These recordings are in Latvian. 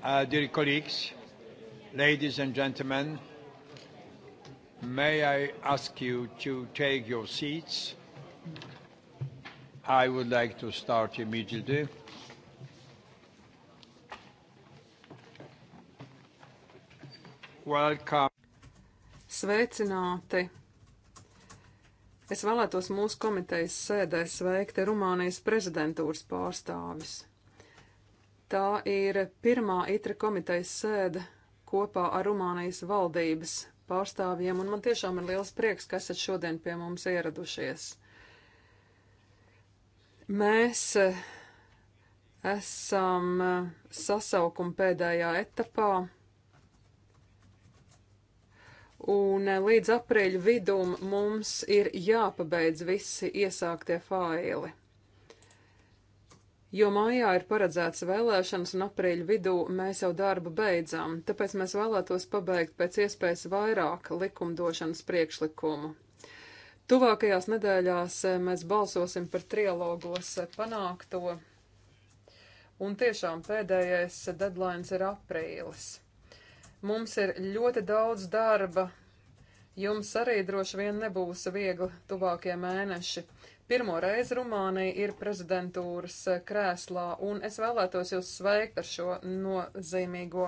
Uh, dear colleagues, ladies and gentlemen, may I ask you to take your seats? I would like to start immediately. Welcome. Sveicināti! Es vēlētos mūsu komitejas sēdē sveikt Rumānijas prezidentūras pārstāvis. Tā ir pirmā itra komitejas sēde kopā ar Rumānijas valdības pārstāvjiem, un man tiešām ir liels prieks, ka esat šodien pie mums ieradušies. Mēs eh, esam eh, sasaukuma pēdējā etapā, un eh, līdz aprīļa vidum mums ir jāpabeidz visi iesāktie faili jo mājā ir paredzēts vēlēšanas un aprīļa vidū mēs jau darbu beidzam, tāpēc mēs vēlētos pabeigt pēc iespējas vairāk likumdošanas priekšlikumu. Tuvākajās nedēļās eh, mēs balsosim par trialogos eh, panākto, un tiešām pēdējais eh, deadlines ir aprīlis. Mums ir ļoti daudz darba, jums arī droši vien nebūs viegli tuvākie mēneši. Pirmo reizi Rumānija ir prezidentūras eh, krēslā, un es vēlētos jūs sveikt ar šo nozīmīgo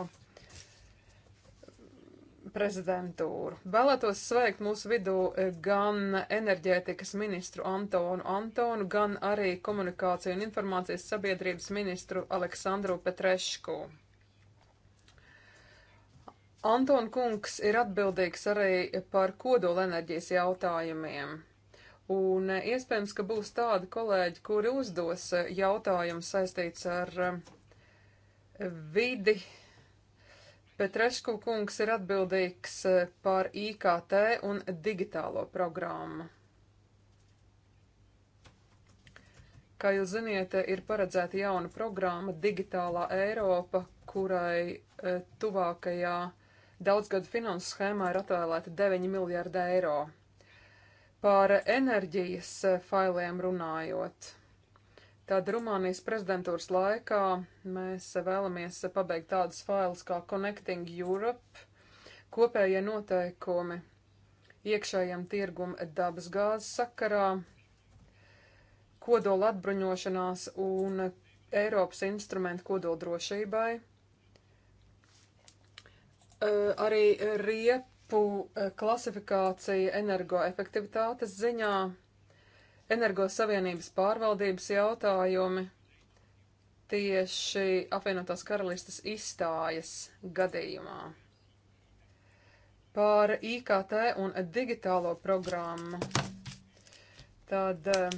prezidentūru. Vēlētos sveikt mūsu vidū eh, gan enerģētikas ministru Antonu Antonu, gan arī komunikāciju un informācijas sabiedrības ministru Aleksandru Petrešku. Anton Kungs ir atbildīgs arī par kodolenerģijas jautājumiem. Un eh, iespējams, ka būs tādi kolēģi, kuri uzdos eh, jautājumu saistīts ar eh, vidi. Petrešku kungs ir atbildīgs par IKT un digitālo programmu. Kā jūs ziniet, ir paredzēta jauna programma Digitālā Eiropa, kurai tuvākajā daudzgadu finanses schēmā ir atvēlēta 9 miljārda eiro. Par enerģijas eh, failiem runājot. Tad Rumānijas prezidentūras laikā mēs eh, vēlamies eh, pabeigt tādas failus kā Connecting Europe, kopējie noteikumi iekšējiem tirgum dabas gāzes sakarā, kodola atbruņošanās un Eiropas instrumenti kodola drošībai. Arī riep grupu eh, klasifikācija energoefektivitātes ziņā, energosavienības pārvaldības jautājumi tieši apvienotās karalistas izstājas gadījumā. Par IKT un digitālo programmu. Tad eh,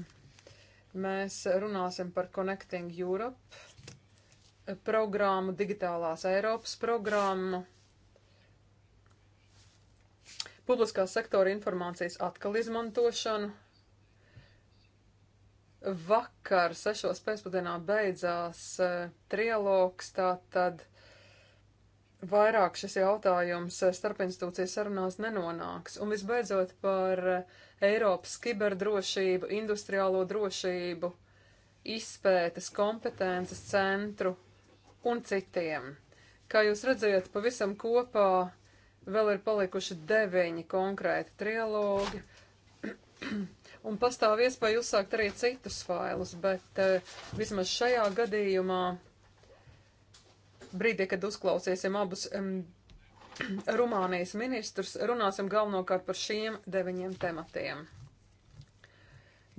mēs runāsim par Connecting Europe programmu, digitālās Eiropas programmu publiskā sektora informācijas atkal izmantošanu. Vakar sešos pēcpadienā beidzās uh, trialogs, tā tad vairāk šis jautājums e, starp institūcijas sarunās nenonāks. Un visbeidzot par e, Eiropas kiberdrošību, industriālo drošību, izpētes kompetences centru un citiem. Kā jūs redzat, pavisam kopā Vēl ir palikuši deviņi konkrēti trilogi. un pastāv iespēja uzsākt arī citus failus, bet uh, vismaz šajā gadījumā, brīdī, kad uzklausīsim abus um, Rumānijas ministrus, runāsim galvenokārt par šiem deviņiem tematiem.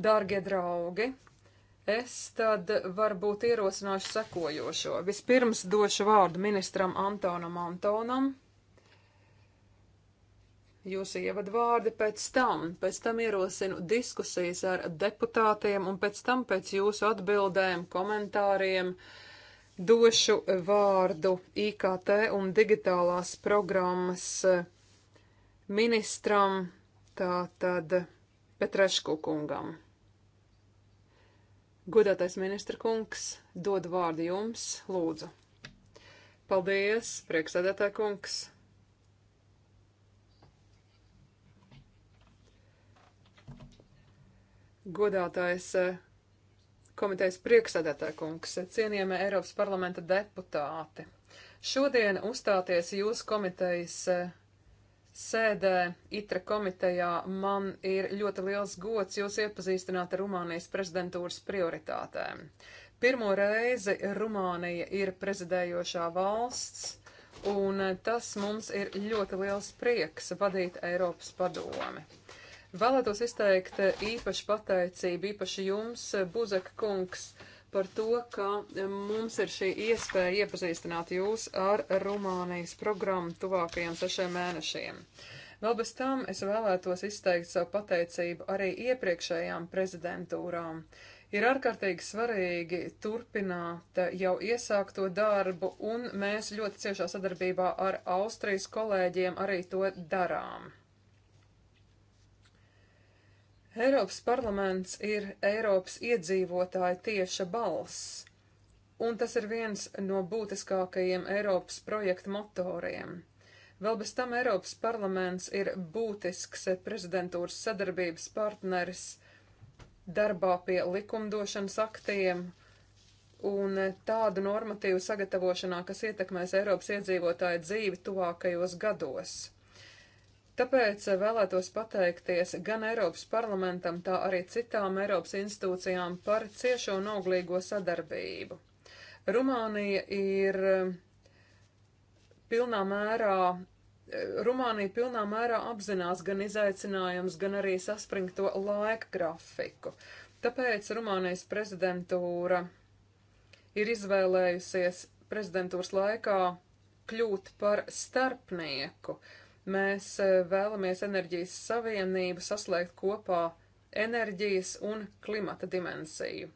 Dārgie draugi, es tad varbūt ierosināšu sekojošo. Vispirms došu vārdu ministram Antonam Antonam jūsu ievadvārdi, pēc tam, pēc tam ierosinu diskusijas ar deputātiem un pēc tam pēc jūsu atbildēm, komentāriem došu vārdu IKT un digitālās programmas eh, ministram, tātad Petrešku kungam. Godātais ministra kungs, dod vārdu jums, lūdzu. Paldies, prieksēdētāj kungs! godātais eh, komitejas priekšsēdētājkungs, cienījamie Eiropas parlamenta deputāti. Šodien uzstāties jūsu komitejas eh, sēdē, ITRA komitejā, man ir ļoti liels gods jūs iepazīstināt ar Rumānijas prezidentūras prioritātēm. Pirmo reizi Rumānija ir prezidējošā valsts, un eh, tas mums ir ļoti liels prieks vadīt Eiropas padomi. Vēlētos izteikt īpašu pateicību, īpaši jums, Buzaka kungs, par to, ka mums ir šī iespēja iepazīstināt jūs ar Rumānijas programmu tuvākajiem sešiem mēnešiem. Vēl bez tam es vēlētos izteikt savu pateicību arī iepriekšējām prezidentūrām. Ir ārkārtīgi svarīgi turpināt jau iesākto darbu, un mēs ļoti ciešā sadarbībā ar Austrijas kolēģiem arī to darām. Eiropas parlaments ir Eiropas iedzīvotāja tieša balss, un tas ir viens no būtiskākajiem Eiropas projekta motoriem. Vēl bez tam Eiropas parlaments ir būtisks prezidentūras sadarbības partneris darbā pie likumdošanas aktiem un tādu normatīvu sagatavošanā, kas ietekmēs Eiropas iedzīvotāju dzīvi tuvākajos gados. Tāpēc eh, vēlētos pateikties gan Eiropas parlamentam, tā arī citām Eiropas institūcijām par ciešo un auglīgo sadarbību. Rumānija ir eh, pilnā mērā. Eh, Rumānija pilnā mērā apzinās gan izaicinājums, gan arī saspringto laika grafiku. Tāpēc Rumānijas prezidentūra ir izvēlējusies prezidentūras laikā kļūt par starpnieku, uh, Mēs e, vēlamies enerģijas savienību saslēgt kopā enerģijas un klimata dimensiju.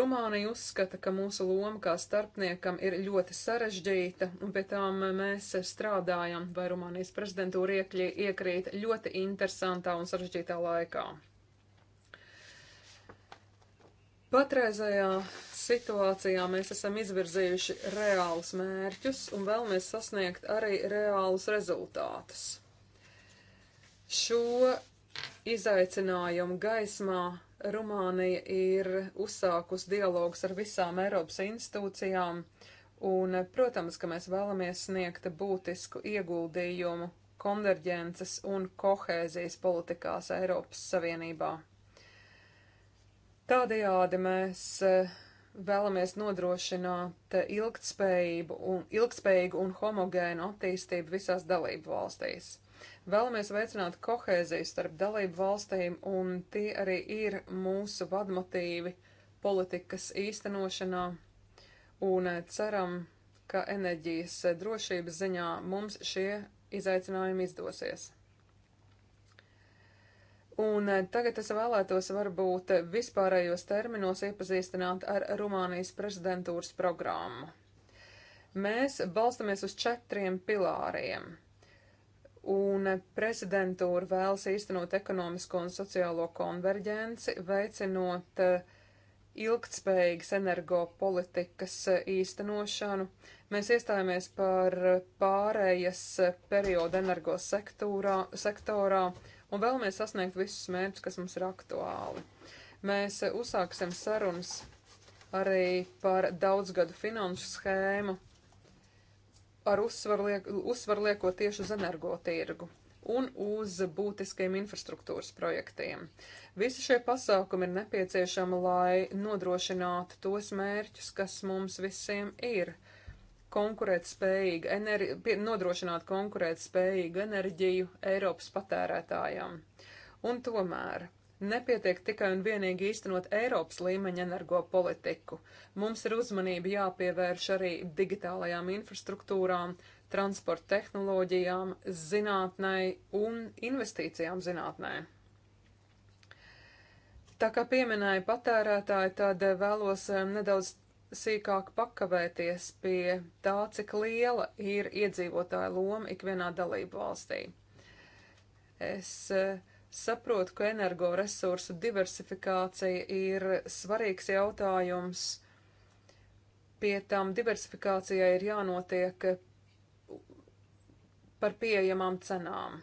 Rumānija uzskata, ka mūsu loma kā starpniekam ir ļoti sarežģīta, un pie tām mēs strādājam, vai Rumānijas prezidentūra iekrīt ļoti interesantā un sarežģītā laikā. Patreizajā situācijā mēs esam izvirzījuši reālus mērķus un vēlamies sasniegt arī reālus rezultātus. Šo izaicinājumu gaismā Rumānija ir uzsākus dialogus ar visām Eiropas institūcijām, un, protams, ka mēs vēlamies sniegt būtisku ieguldījumu konverģences un kohēzijas politikās Eiropas Savienībā. Tādējādi mēs eh, vēlamies nodrošināt ilgtspējību un, ilgtspējīgu un homogēnu attīstību visās dalību valstīs. Vēlamies veicināt kohēziju starp dalību valstīm, un tie arī ir mūsu vadmotīvi politikas īstenošanā, un eh, ceram, ka enerģijas drošības ziņā mums šie izaicinājumi izdosies. Un eh, tagad es vēlētos varbūt vispārējos terminos iepazīstināt ar Rumānijas prezidentūras programmu. Mēs balstamies uz četriem pilāriem. Un eh, prezidentūra vēlas īstenot ekonomisko un sociālo konverģenci, veicinot eh, ilgtspējīgas energopolitikas īstenošanu. Mēs iestājāmies par pārējas periodu energosektorā. sektorā, un vēlamies sasniegt visus mērķus, kas mums ir aktuāli. Mēs eh, uzsāksim sarunas arī par daudzgadu finanšu schēmu, ar uzsvaru, liek, uzsvaru liekot tieši uz energotirgu un uz būtiskiem infrastruktūras projektiem. Visi šie pasākumi ir nepieciešami, lai nodrošinātu tos mērķus, kas mums visiem ir konkurētspējīgu enerģiju, nodrošināt konkurētspējīgu enerģiju Eiropas patērētājām. Un tomēr nepietiek tikai un vienīgi īstenot Eiropas līmeņa energopolitiku. Mums ir uzmanība jāpievērš arī digitālajām infrastruktūrām, transporta tehnoloģijām, zinātnei un investīcijām zinātnē. Tā kā pieminēja patērētāji, tad vēlos eh, nedaudz sīkāk pakavēties pie tā, cik liela ir iedzīvotāja loma ikvienā dalību valstī. Es e, saprotu, ka energoresursu diversifikācija ir svarīgs jautājums. Pie tam diversifikācijai ir jānotiek par pieejamām cenām.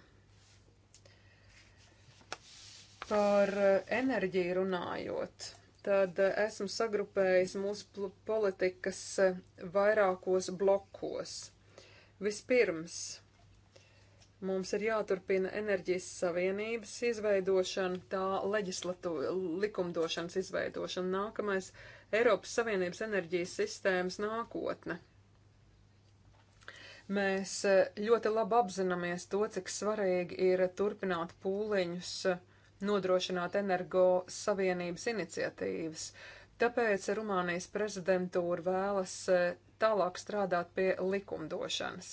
Par enerģiju runājot tad eh, esmu sagrupējis mūsu politikas eh, vairākos blokos. Vispirms mums ir jāturpina enerģijas savienības izveidošana, tā likumdošanas izveidošana. Nākamais - Eiropas Savienības enerģijas sistēmas nākotne. Mēs eh, ļoti labi apzināmies to, cik svarīgi ir turpināt pūliņus uh, nodrošināt energo savienības iniciatīvas. Tāpēc Rumānijas prezidentūra vēlas eh, tālāk strādāt pie likumdošanas.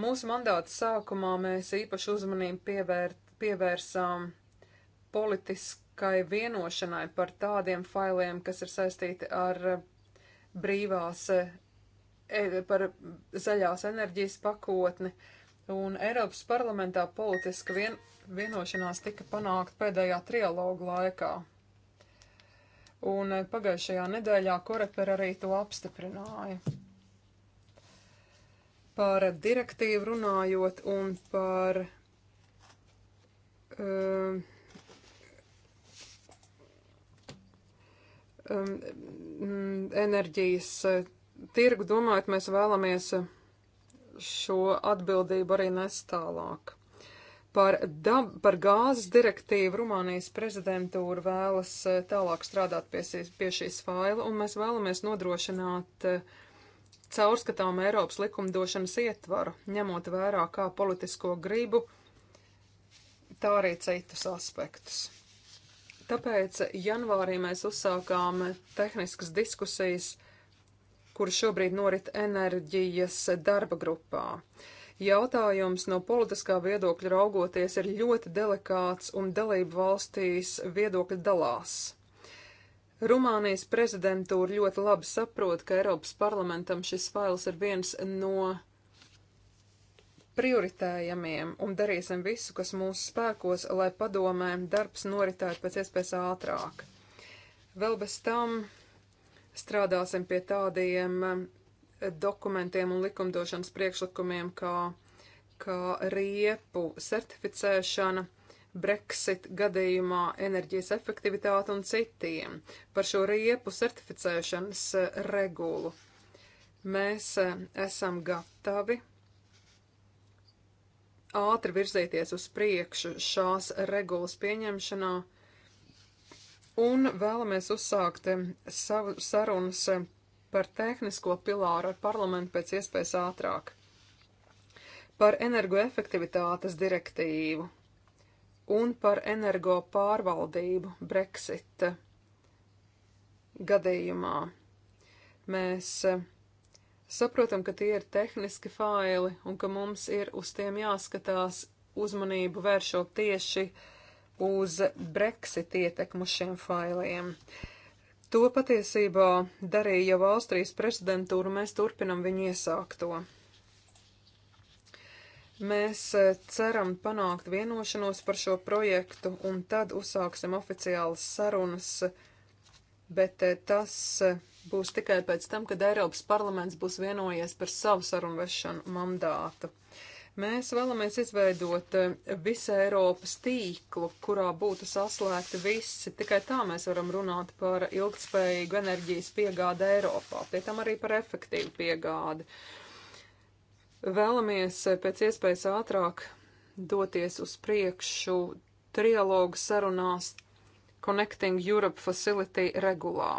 Mūsu mandāta sākumā mēs īpašu uzmanību pievērt, pievērsām politiskai vienošanai par tādiem failiem, kas ir saistīti ar eh, brīvās, eh, e, par zaļās enerģijas pakotni. Un Eiropas parlamentā politiska vien, vienošanās tika panākt pēdējā trialogu laikā. Un eh, pagājušajā nedēļā Koreper arī to apstiprināja. Par direktīvu runājot un par um, um, enerģijas tirgu, domājot, mēs vēlamies šo atbildību arī nes tālāk. Par, dab, par gāzes direktīvu Rumānijas prezidentūra vēlas eh, tālāk strādāt pie, pie šīs faila, un mēs vēlamies nodrošināt eh, caurskatām Eiropas likumdošanas ietvaru, ņemot vērā kā politisko gribu, tā arī citus aspektus. Tāpēc janvārī mēs uzsākām tehniskas diskusijas, kuras šobrīd norit enerģijas darba grupā. Uh, Jautājums no politiskā viedokļa raugoties ir ļoti delikāts un dalību valstīs viedokļi dalās. Rumānijas prezidentūra ļoti labi saprot, ka Eiropas parlamentam šis fails ir viens no prioritējamiem un darīsim visu, kas mūsu spēkos, lai padomēm darbs noritētu pēc iespējas ātrāk. Vēl bez tam strādāsim pie tādiem dokumentiem un likumdošanas priekšlikumiem, kā, kā riepu certificēšana. Brexit gadījumā enerģijas efektivitāte un citiem par šo riepu certificēšanas eh, regulu. Mēs eh, esam gatavi ātri virzīties uz priekšu šās regulas pieņemšanā un vēlamies uzsākt eh, savu sarunas par tehnisko pilāru ar parlamentu pēc iespējas ātrāk, par energoefektivitātes direktīvu un par energo pārvaldību Brexit gadījumā. Mēs eh, saprotam, ka tie ir tehniski faili un ka mums ir uz tiem jāskatās uzmanību vēršot tieši uz Brexit ietekmu šiem failiem. Uh, To patiesībā darīja jau Austrijas prezidentūra, mēs turpinam viņu iesākto. Mēs eh, ceram panākt vienošanos par šo projektu un tad uzsāksim oficiālas sarunas, bet eh, tas eh, būs tikai pēc tam, kad Eiropas parlaments būs vienojies par savu sarunvešanu mandātu. Uh, Mēs vēlamies izveidot eh, visu Eiropas tīklu, kurā būtu saslēgti visi. Tikai tā mēs varam runāt par ilgspējīgu enerģijas piegādi Eiropā, pie tam arī par efektīvu piegādi. Vēlamies eh, pēc iespējas ātrāk doties uz priekšu trialogu sarunās Connecting Europe Facility regulā.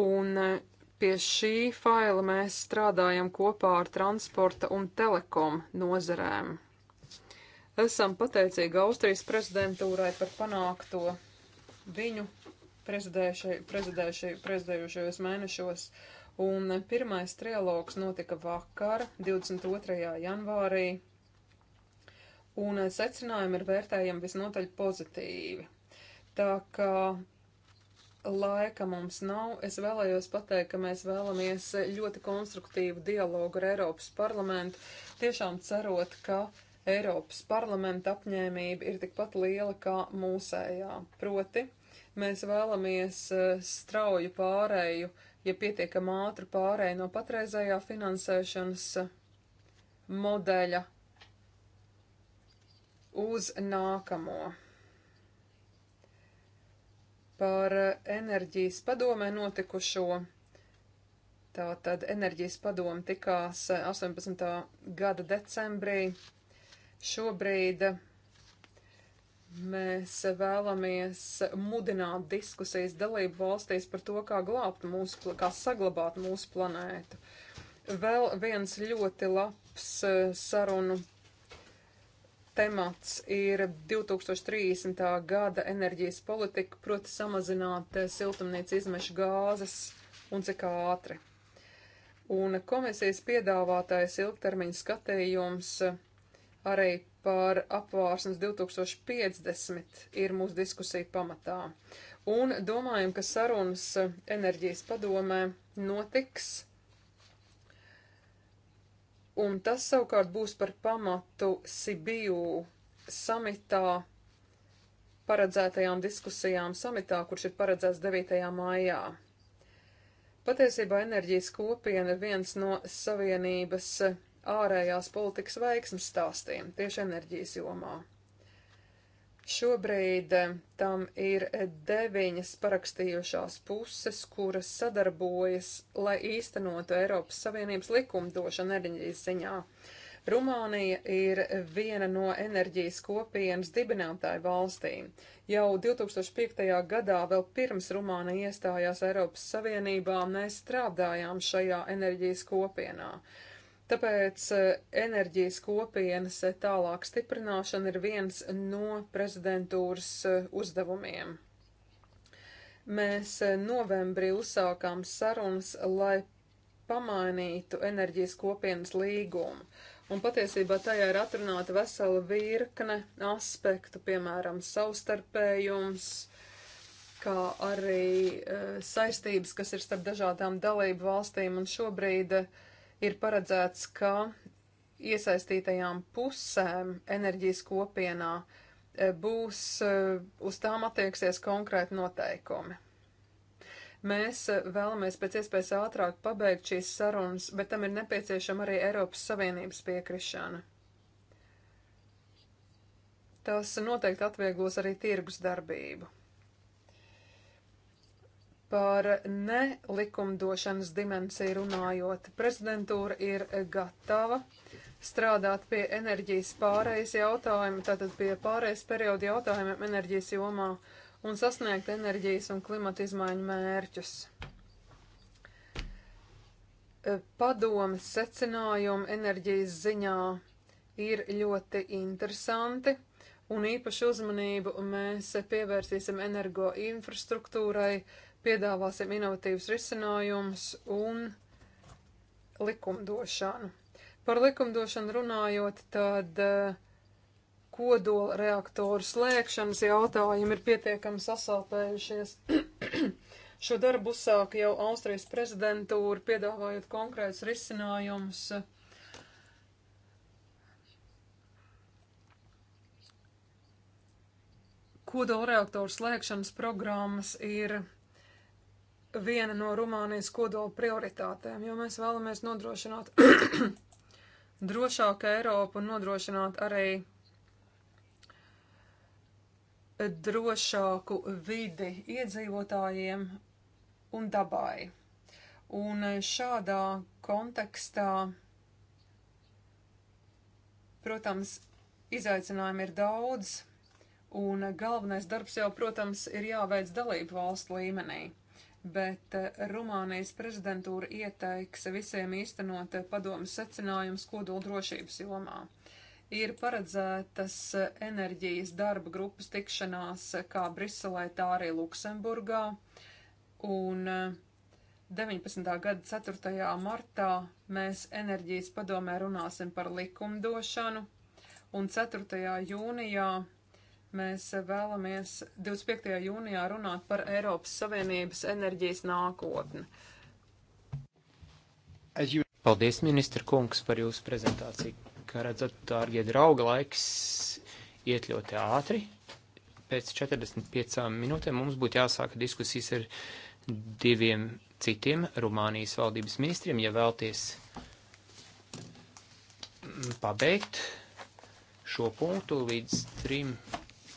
Un eh, Pie šī faila mēs strādājam kopā ar transporta un telekom nozerēm. Esam pateicīgi Austrijas prezidentūrai par panākto viņu prezidējušajos mēnešos, un pirmais trialogs notika vakar, 22. janvārī, un secinājumi ir vērtējami visnotaļ pozitīvi. Tā kā Laika mums nav. Es vēlējos pateikt, ka mēs vēlamies ļoti konstruktīvu dialogu ar Eiropas parlamentu, tiešām cerot, ka Eiropas parlamenta apņēmība ir tikpat liela kā mūsējā. Proti, mēs vēlamies eh, strauju pārēju, ja pietiekam ātru pārēju no patreizējā finansēšanas eh, modeļa uz nākamo par eh, enerģijas padomē notikušo. Tātad enerģijas padoma tikās 18. Eh, gada decembrī. Šobrīd eh, mēs vēlamies mudināt diskusijas dalību valstīs par to, kā glābt mūsu, kā saglabāt mūsu planētu. Vēl viens ļoti labs sarunu temats ir 2030. gada enerģijas politika, proti samazināt eh, siltumnīca izmešu gāzes un cik ātri. Un komisijas piedāvātais ilgtermiņa skatījums eh, arī par apvārsnes 2050 ir mūsu diskusija pamatā. Un domājam, ka sarunas eh, enerģijas padomē notiks Un tas savukārt būs par pamatu Sibiju samitā paredzētajām diskusijām samitā, kurš ir paredzēts 9. maijā. Patiesībā enerģijas kopiena ir viens no savienības ārējās politikas veiksmes stāstiem tieši enerģijas jomā. Šobrīd eh, tam ir deviņas parakstījušās puses, kuras sadarbojas, lai īstenotu Eiropas Savienības likumdošanu enerģijas ziņā. Rumānija ir viena no enerģijas kopienas dibinātāju valstīm. Jau 2005. gadā, vēl pirms Rumānija iestājās Eiropas Savienībā, mēs strādājām šajā enerģijas kopienā. Uh, Tāpēc eh, enerģijas kopienas eh, tālāk stiprināšana ir viens no prezidentūras eh, uzdevumiem. Mēs novembrī uzsākām sarunas, lai pamainītu enerģijas kopienas līgumu. Un patiesībā tajā ir atrunāta vesela virkne aspektu, piemēram, savstarpējums, kā arī e, saistības, kas ir starp dažādām dalību valstīm. Un šobrīd e, ir paredzēts, ka iesaistītajām pusēm enerģijas kopienā e, būs, e, uz tām attieksies konkrēti noteikumi. Mēs e, vēlamies pēc iespējas ātrāk pabeigt šīs sarunas, bet tam ir nepieciešama arī Eiropas Savienības piekrišana. Tas noteikti atvieglos arī tirgus darbību. Par nelikumdošanas dimensiju runājot, prezidentūra ir gatava strādāt pie enerģijas pārejas jautājuma, tātad pie pārejas perioda jautājumiem enerģijas jomā un sasniegt enerģijas un klimata izmaiņu mērķus. Eh, Padomas secinājumi enerģijas ziņā ir ļoti interesanti, un īpašu uzmanību mēs pievērsīsim energo infrastruktūrai, piedāvāsim inovatīvus risinājumus un likumdošanu. Par likumdošanu runājot, tad eh, kodola reaktoru slēgšanas jautājumi ir pietiekami sasaltējušies. Šo darbu uzsāka jau Austrijas prezidentūra, piedāvājot konkrēts risinājums. Kodola reaktoru slēgšanas programmas ir viena no Rumānijas kodola prioritātēm, jo mēs vēlamies nodrošināt drošāku Eiropu un nodrošināt arī drošāku vidi iedzīvotājiem un dabai. Un šādā kontekstā, protams, izaicinājumi ir daudz, un galvenais darbs jau, protams, ir jāveic dalību valstu līmenī bet eh, Rumānijas prezidentūra ieteiks visiem īstenot eh, padomu secinājumus kodoldrošības jomā. Ir paredzētas eh, enerģijas darba grupas tikšanās kā Briselē, tā arī Luksemburgā, un 19. gada 4. martā mēs enerģijas padomē runāsim par likumdošanu, un 4. jūnijā Mēs vēlamies 25. jūnijā runāt par Eiropas Savienības enerģijas nākotni. Paldies, ministra kungs, par jūsu prezentāciju. Kā redzat, dārgie draugi, laiks iet ļoti ātri. Pēc 45 minūtēm mums būtu jāsāka diskusijas ar diviem citiem Rumānijas valdības ministriem, ja vēlties pabeigt šo punktu līdz trim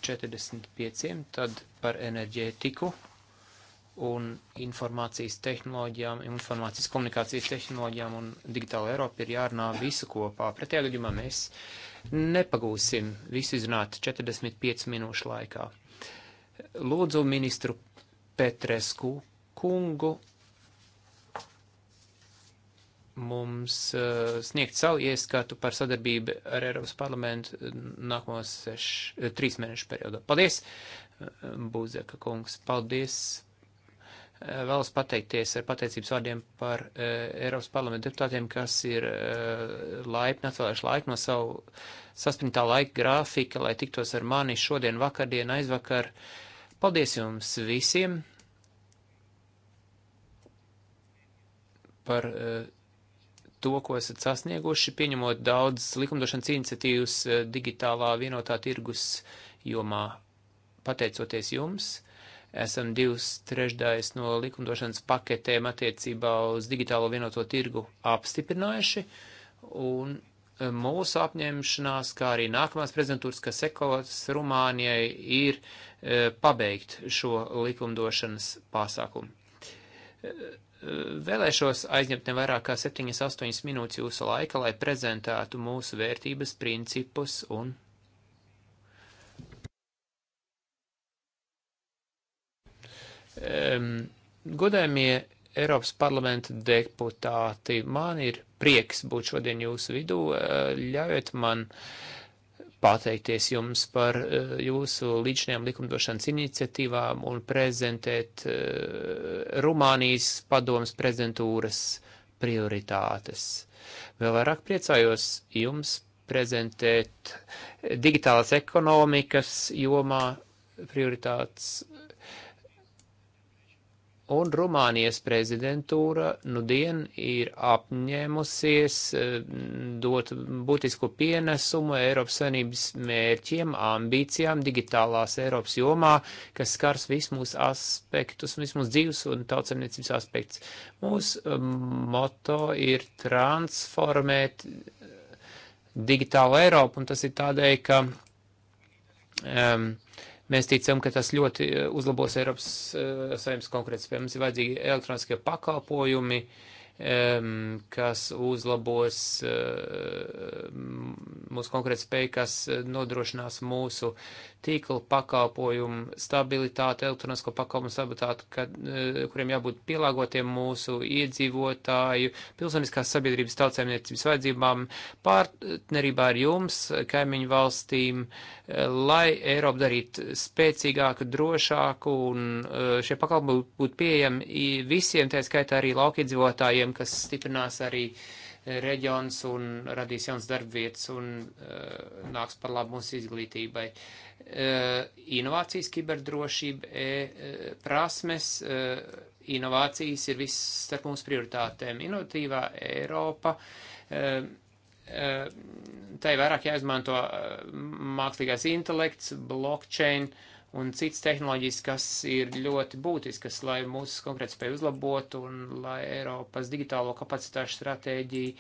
45, tad par enerģētiku un informācijas tehnoloģijām, informācijas komunikācijas tehnoloģijām un digitālo Eiropu ir jārunā visu kopā. Pretējā gadījumā mēs nepagūsim visu izrunāt 45 minūšu laikā. Lūdzu ministru Petresku kungu mums uh, sniegt savu ieskatu par sadarbību ar Eiropas parlamentu eh, nākamos seš, eh, trīs mēnešu periodā. Paldies, Būzeka kungs, paldies. Vēlos pateikties ar pateicības vārdiem par uh, Eiropas parlamentu deputātiem, kas ir uh, laipni atvēlējuši laiku no savu saspringtā laika grāfika, lai tiktos ar mani šodien, vakardien, aizvakar. Paldies jums visiem! par uh, to, ko esat sasnieguši, pieņemot daudz likumdošanas iniciatīvas eh, digitālā vienotā tirgus jomā. Pateicoties jums, esam divas trešdaļas no likumdošanas paketēm attiecībā uz digitālo vienoto tirgu apstiprinājuši, un eh, mūsu apņemšanās, kā arī nākamās prezidentūras, kas sekos Rumānijai, ir eh, pabeigt šo likumdošanas pasākumu. Vēlēšos aizņemt ne vairāk kā 7-8 minūtes jūsu laika, lai prezentētu mūsu vērtības, principus un Um, godējumie Eiropas parlamenta deputāti, man ir prieks būt šodien jūsu vidū. Ļaujiet man pateikties jums par eh, jūsu līdzinām likumdošanas iniciatīvām un prezentēt eh, Rumānijas padomas prezentūras prioritātes. Vēl vairāk priecājos jums prezentēt eh, digitālās ekonomikas jomā prioritātes Un Rumānijas prezidentūra nu dien ir apņēmusies eh, dot būtisku pienesumu Eiropas Savienības mērķiem, ambīcijām digitālās Eiropas jomā, kas skars visus mūsu aspektus, visus mūsu dzīves un tautsemniecības aspektus. Mūsu eh, moto ir transformēt eh, digitālu Eiropu, un tas ir tādēļ, ka um, Mēs ticam, ka tas ļoti eh, uzlabos Eiropas eh, Savienības konkurētspēju. Mums ir vajadzīgi elektroniskie pakalpojumi. Uh, kas uzlabos eh, mūsu konkurētspēju, kas eh, nodrošinās mūsu tīkla pakalpojumu stabilitāti, elektronisko pakalpojumu stabilitāti, kad, eh, kuriem jābūt pielāgotiem mūsu iedzīvotāju, pilsoniskās sabiedrības tautsēmniecības vajadzībām, partnerībā ar jums, kaimiņu valstīm, lai Eiropu darītu spēcīgāku, drošāku un šie pakalpojumi būtu pieejami visiem, tā skaitā arī laukiedzīvotājiem projektiem, kas stiprinās arī e, reģions un radīs jauns darbvietas un uh, nāks par labu mūsu izglītībai. Uh, inovācijas, kiberdrošība, e, prasmes, uh, inovācijas ir viss starp mūsu prioritātēm. Inovatīvā Eiropa. Uh, Tai vairāk jāizmanto mākslīgās intelekts, blockchain, uh, un citas tehnoloģijas, kas ir ļoti būtiskas, lai mūsu konkurētspēju uzlabotu un lai Eiropas digitālo kapacitāšu stratēģiju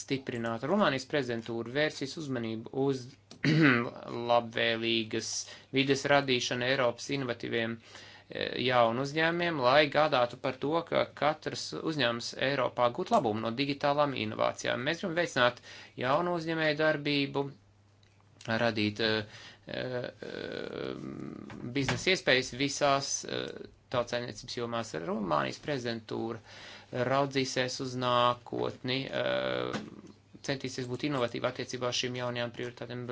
stiprinātu. Rumānijas prezidentūra vērsīs uzmanību uz labvēlīgas vides radīšanu Eiropas inovatīviem e, jaunu uzņēmiem, lai gādātu par to, ka katrs uzņēmums Eiropā gūt labumu no digitālām inovācijām. Mēs gribam veicināt jaunu uzņēmēju darbību, radīt uh, Eh, eh, biznesa iespējas visās eh, tautsainiecības jomās. Rumānijas prezidentūra raudzīsies uz nākotni, centīsies būt inovatīva attiecībā šīm jaunajām prioritātēm.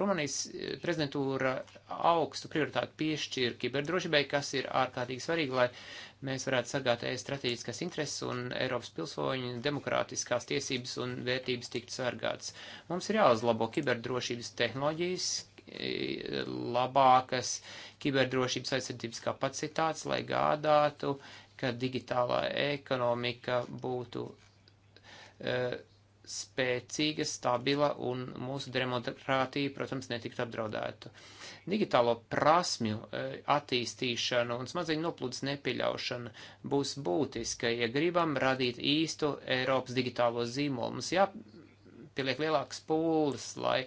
Rumānijas prezidentūra augstu prioritāti piešķir kiberdrošībai, kas ir ārkārtīgi svarīgi, lai mēs varētu sargāt ES strateģiskās intereses un Eiropas pilsoņu demokrātiskās tiesības un vērtības tiktu sargātas. Mums ir jāuzlabo kiberdrošības tehnoloģijas, labākas kiberdrošības aizsardzības kapacitātes, lai gādātu, ka digitālā ekonomika būtu uh, spēcīga, stabila un mūsu demokrātija, protams, netiktu apdraudēta. Digitālo prasmju e, attīstīšana un smadzeņu noplūdes nepieļaušana būs būtiska, ja gribam radīt īstu Eiropas digitālo zīmolu. Mums jā, jāpieliek lielākas pūles, lai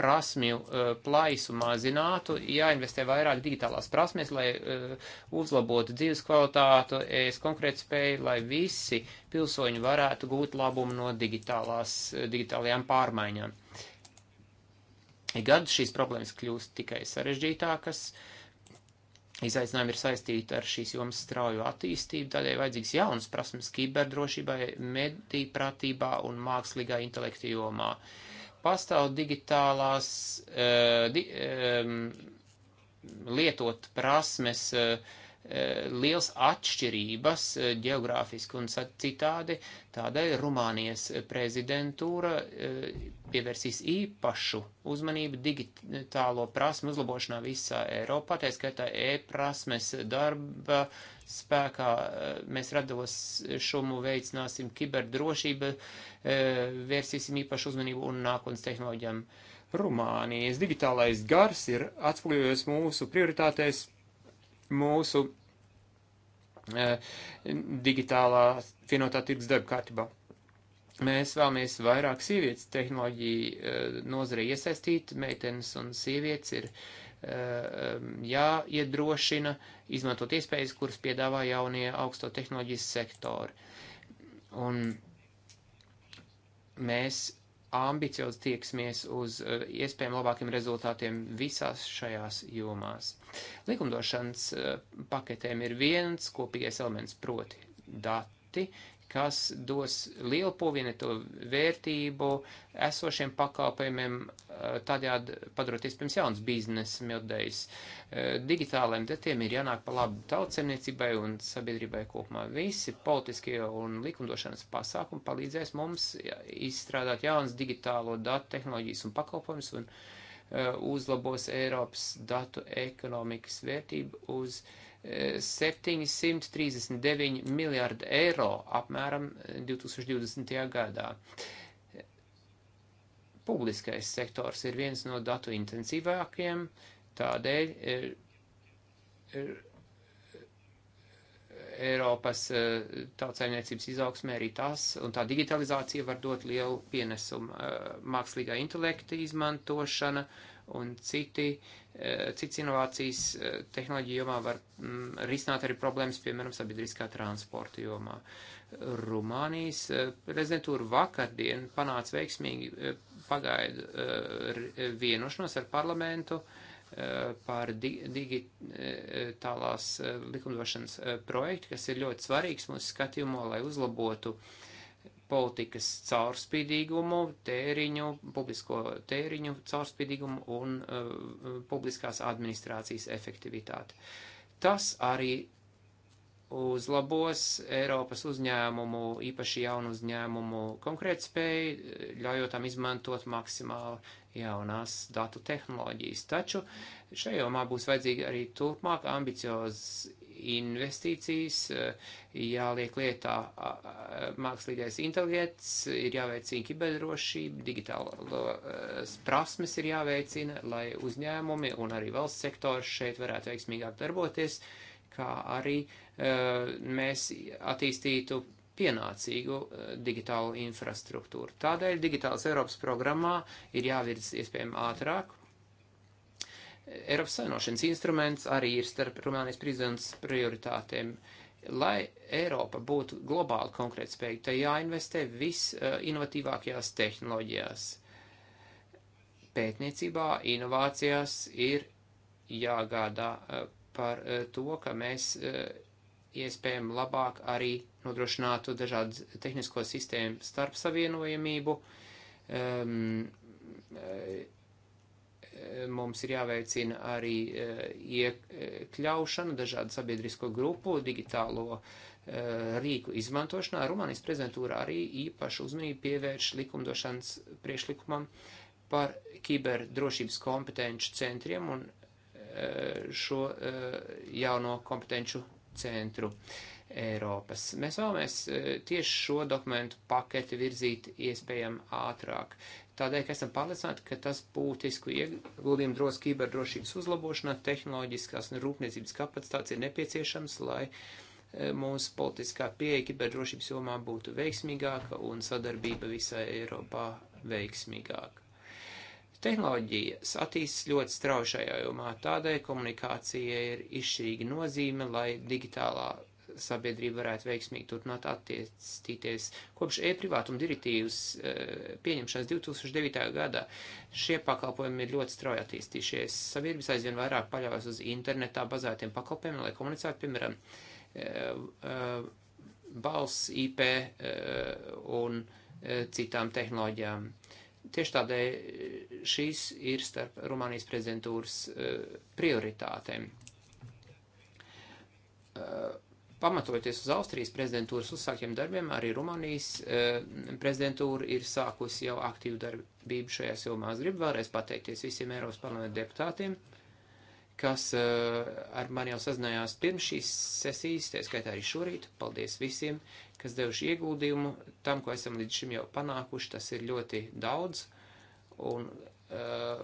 prasmju uh, plaisu mazinātu, jāinvestē vairāk digitālās prasmes, lai uh, uzlabotu dzīves kvalitātu, es konkrēti spēju, lai visi pilsoņi varētu gūt labumu no digitālās, eh, digitālajām pārmaiņām. Gadu šīs problēmas kļūst tikai sarežģītākas. Uh, Izaicinājumi ir saistīti ar šīs jomas strauju attīstību, tādēļ vajadzīgs jaunas prasmes kiberdrošībai, mediprātībā un mākslīgā intelekta jomā. Pastāv digitālās uh, di, um, lietot prasmes uh, Eh, liels atšķirības eh, geogrāfiski un citādi. Tādēļ Rumānijas prezidentūra eh, pievērsīs īpašu uzmanību digitālo prasmu uzlabošanā visā Eiropā, tā skaitā e-prasmes darba spēkā. Mēs rados šumu veicināsim kiberdrošību, vērsīsim īpašu uzmanību un nākotnes tehnoloģijām. Rumānijas digitālais gars ir atspūļojies mūsu prioritātēs mūsu eh, digitālā vienotā tirgus darba kārtībā. Mēs vēlamies vairāk sievietes tehnoloģiju eh, nozarei iesaistīt. Meitenes un sievietes ir eh, jāiedrošina izmantot iespējas, kuras piedāvā jaunie augsto tehnoloģijas sektori. Un mēs ambiciozi tieksmies uz eh, iespējami labākiem rezultātiem visās šajās jomās. Likumdošanas eh, paketēm ir viens kopīgais elements, proti dati, kas dos lielu pievienoto vērtību esošiem pakalpojumiem, eh, tādējādi padarot iespējams jauns biznesa modeļus. Eh, Digitālajiem datiem ir jānāk pa labu tautsemniecībai un sabiedrībai kopumā. Visi politiskie un likumdošanas pasākumi palīdzēs mums izstrādāt jaunas digitālo datu tehnoloģijas un pakalpojumus un eh, uzlabos Eiropas datu ekonomikas vērtību uz uh, 739 miljārdi eiro apmēram 2020. Eh, gadā. Publiskais sektors ir viens no datu intensīvākiem, tādēļ ir, eh, ir, Eiropas eh, tautsājumniecības izaugsmē arī tas, un tā digitalizācija var dot lielu pienesumu mākslīgā intelekta izmantošana. Uh, un citi, e, cits inovācijas e, tehnoloģija jomā var mm, risināt arī problēmas, piemēram, sabiedriskā transporta jomā. Rumānijas e, prezidentūra vakardien panāca veiksmīgi pagaidu vienošanos ar parlamentu par digitālās likumdošanas projektu, kas ir ļoti svarīgs mūsu skatījumā, lai uzlabotu uh, politikas caurspīdīgumu, tēriņu, publisko tēriņu caurspīdīgumu un uh, publiskās administrācijas efektivitāti. Tas arī uzlabos Eiropas uzņēmumu, īpaši jaunu uzņēmumu konkurētspēju, ļaujot tam izmantot maksimāli jaunās datu tehnoloģijas. Taču šajā jomā būs vajadzīga arī turpmāk ambiciozs investīcijas, eh, jāliek lietā mākslīgais intelekts, ir jāveicina kiberdrošība, digitālās eh, prasmes ir jāveicina, lai uzņēmumi un arī valsts sektors šeit varētu veiksmīgāk darboties, kā arī eh, mēs attīstītu pienācīgu digitālu infrastruktūru. Tādēļ digitālas Eiropas programmā ir jāvirz iespējami ātrāk Eiropas savienošanas instruments arī ir starp Rumānijas prezidents prioritātēm. Lai Eiropa būtu globāli konkurētspējīga, tai jāinvestē visinovatīvākajās eh, tehnoloģijās. Pētniecībā, inovācijās ir jāgādā eh, par eh, to, ka mēs iespējami labāk arī nodrošinātu dažādas tehnisko sistēmu starpsavienojamību, um, mums ir jāveicina arī eh, iekļaušana dažādu sabiedrisko grupu, digitālo eh, rīku izmantošanā. Rumānijas prezidentūra arī īpašu uzmanību pievērš likumdošanas priešlikumam par kiberdrošības kompetenču centriem un eh, šo jauno kompetenču centru Eiropas. Mēs vēlamies tieši šo dokumentu paketi virzīt iespējami ātrāk. Tādēļ, ka esam pārliecināti, ka tas būtisku ieguldījumu dros kiberdrošības uzlabošanā, tehnoloģiskās un rūpniecības kapacitātes ir nepieciešams, lai e, mūsu politiskā pieeja kiberdrošības jomā būtu veiksmīgāka un sadarbība visā Eiropā veiksmīgāka. Tehnoloģijas attīstās ļoti strauji šajā jomā, tādēļ komunikācija ir izšķirīga nozīme, lai digitālā sabiedrība varētu veiksmīgi turpināt attīstīties. Kopš e-privātuma direktīvas eh, pieņemšanas 2009. gadā šie pakalpojumi ir ļoti strauji attīstījušies. Sabiedrības aizvien vairāk paļaujas uz internetā bazētiem pakalpojumiem, lai komunicētu, piemēram, eh, eh, balss, IP un citām tehnoloģijām. Tieši tādēļ šīs ir starp Rumānijas prezidentūras prioritātēm Pamatojoties uz Austrijas prezidentūras uzsāktiem darbiem, arī Rumānijas e, prezidentūra ir sākusi jau aktīvu darbību šajās jomās. Gribu vēlreiz pateikties visiem Eiropas parlamenta deputātiem, kas e, ar mani jau sazinājās pirms šīs sesijas, tā skaitā arī šorīt. Paldies visiem, kas devuši ieguldījumu tam, ko esam līdz šim jau panākuši. Tas ir ļoti daudz. Un Eh,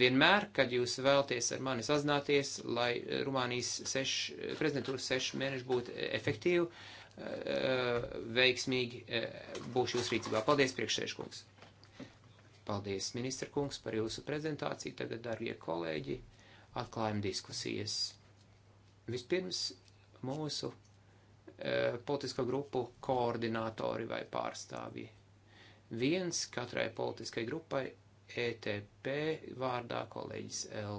vienmēr, kad jūs vēlties ar mani sazināties, lai Rumānijas seš, prezidentūras sešu mēnešu būtu efektīvi, eh, veiksmīgi eh, būšu jūs rīcībā. Paldies, priekšsēškungs! Paldies, ministra kungs, par jūsu prezentāciju. Tagad, darbie kolēģi, atklājam diskusijas. Vispirms mūsu politisko grupu koordinātori vai pārstāvji. Viens katrai politiskai grupai ETP vārdā kolēģis El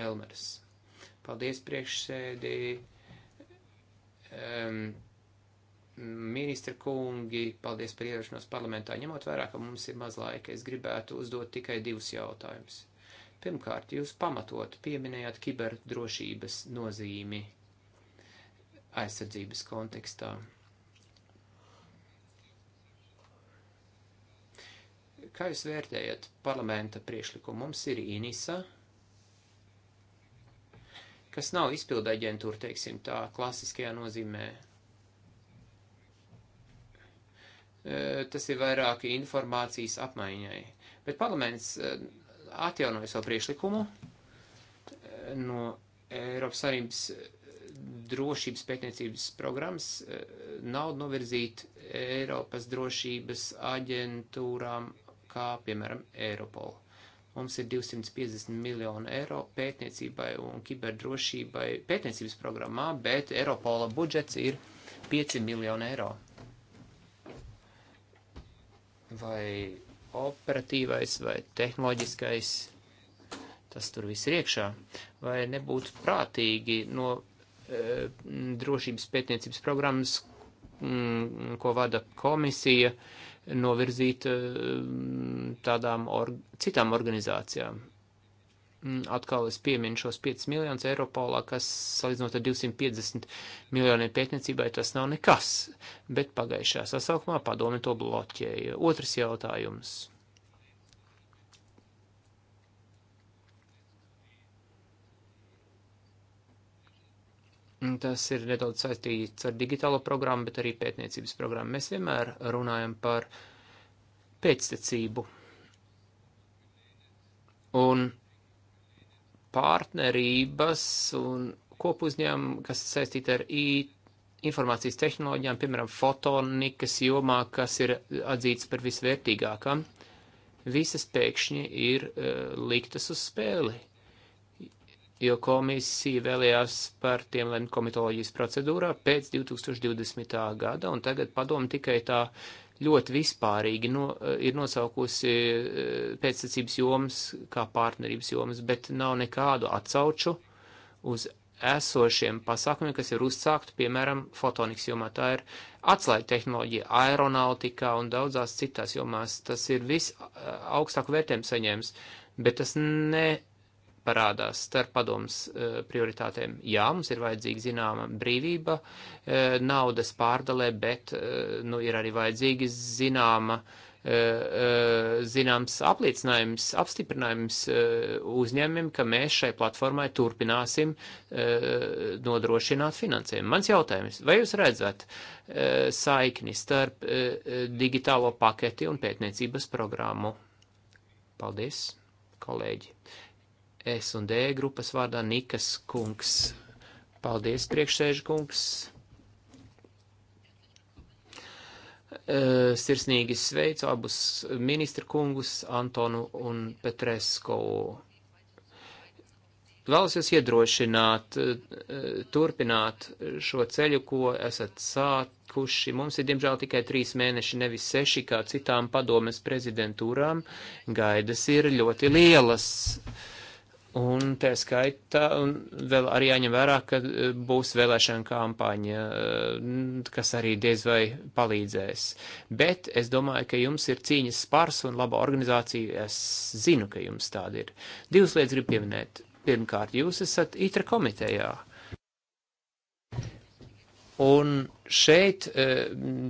Elmers. Paldies priekšsēdī. Um, ministra kungi, paldies par ierašanos parlamentā. Ņemot vērā, ka mums ir maz laika, es gribētu uzdot tikai divus jautājumus. Pirmkārt, jūs pamatot pieminējāt kiberdrošības nozīmi aizsardzības kontekstā. Kā jūs vērtējat parlamenta priešlikumu? Mums ir INISA, kas nav izpilda aģentūra, teiksim tā, klasiskajā nozīmē. E, tas ir vairāk informācijas apmaiņai. Bet parlaments e, atjaunoja savu priešlikumu e, no Eiropas Savienības drošības pētniecības programmas naudu novirzīt Eiropas drošības aģentūrām kā piemēram Eiropola. Mums ir 250 miljonu eiro pētniecībai un kiberdrošībai pētniecības programmā, bet Eiropola budžets ir 5 miljoni eiro. Vai operatīvais vai tehnoloģiskais, tas tur viss ir iekšā. Vai nebūtu prātīgi no e, drošības pētniecības programmas, m, mm, ko vada komisija, e, novirzīt eh, tādām or citām organizācijām. Mm, atkal es pieminu šos 5 miljonus Eiropolā, kas salīdzinot ar 250 miljoniem pētniecībai tas nav nekas, bet pagājušajā sasaukumā padome to bloķēja. Otrs jautājums Tas ir nedaudz saistīts ar digitālo programmu, bet arī pētniecības programmu. Mēs vienmēr runājam par pēctecību. Un partnerības un kopuzņēmumu, kas saistīti ar IT informācijas tehnoloģijām, piemēram, fotonikas jomā, kas ir atzīts par visvērtīgākam, visas pēkšņi ir uh, liktas uz spēli jo komisija vēlējās par tiem lemt komitoloģijas procedūrā pēc 2020. gada, un tagad padomu tikai tā ļoti vispārīgi no, ir nosaukusi eh, pēctecības jomas kā partnerības jomas, bet nav nekādu atsauču uz esošiem pasākumiem, kas ir uzsākti, piemēram, fotonikas jomā. Tā ir atslēga tehnoloģija aeronautikā un daudzās citās jomās. Tas ir viss eh, augstāk vērtējums saņēmis, bet tas ne parādās starp padomus e, prioritātēm. Jā, mums ir vajadzīga zināma brīvība e, naudas pārdalē, bet e, nu, ir arī vajadzīga zināma zināms apliecinājums, apstiprinājums uzņēmumiem, ka mēs šai platformai turpināsim nodrošināt finansējumu. Mans jautājums, vai jūs redzat saikni starp digitālo paketi un pētniecības programmu? Paldies, kolēģi! S un D grupas vārdā Nikas kungs. Paldies, priekšsēžu kungs. Sirsnīgi sveicu abus ministra kungus, Antonu un Petresko. Vēlos jūs iedrošināt, turpināt šo ceļu, ko esat sākuši. Mums ir, diemžēl, tikai trīs mēneši, nevis seši, kā citām padomes prezidentūrām. Gaidas ir ļoti lielas. Uh, Un tā skaita, un vēl arī jāņem vērā, ka e, būs vēlēšana kampaņa, e, kas arī diez vai palīdzēs. Bet es domāju, ka jums ir cīņas spars un laba organizācija. Es zinu, ka jums tāda ir. Divas lietas gribu pieminēt. Pirmkārt, jūs esat ITRA komitejā. Un šeit e,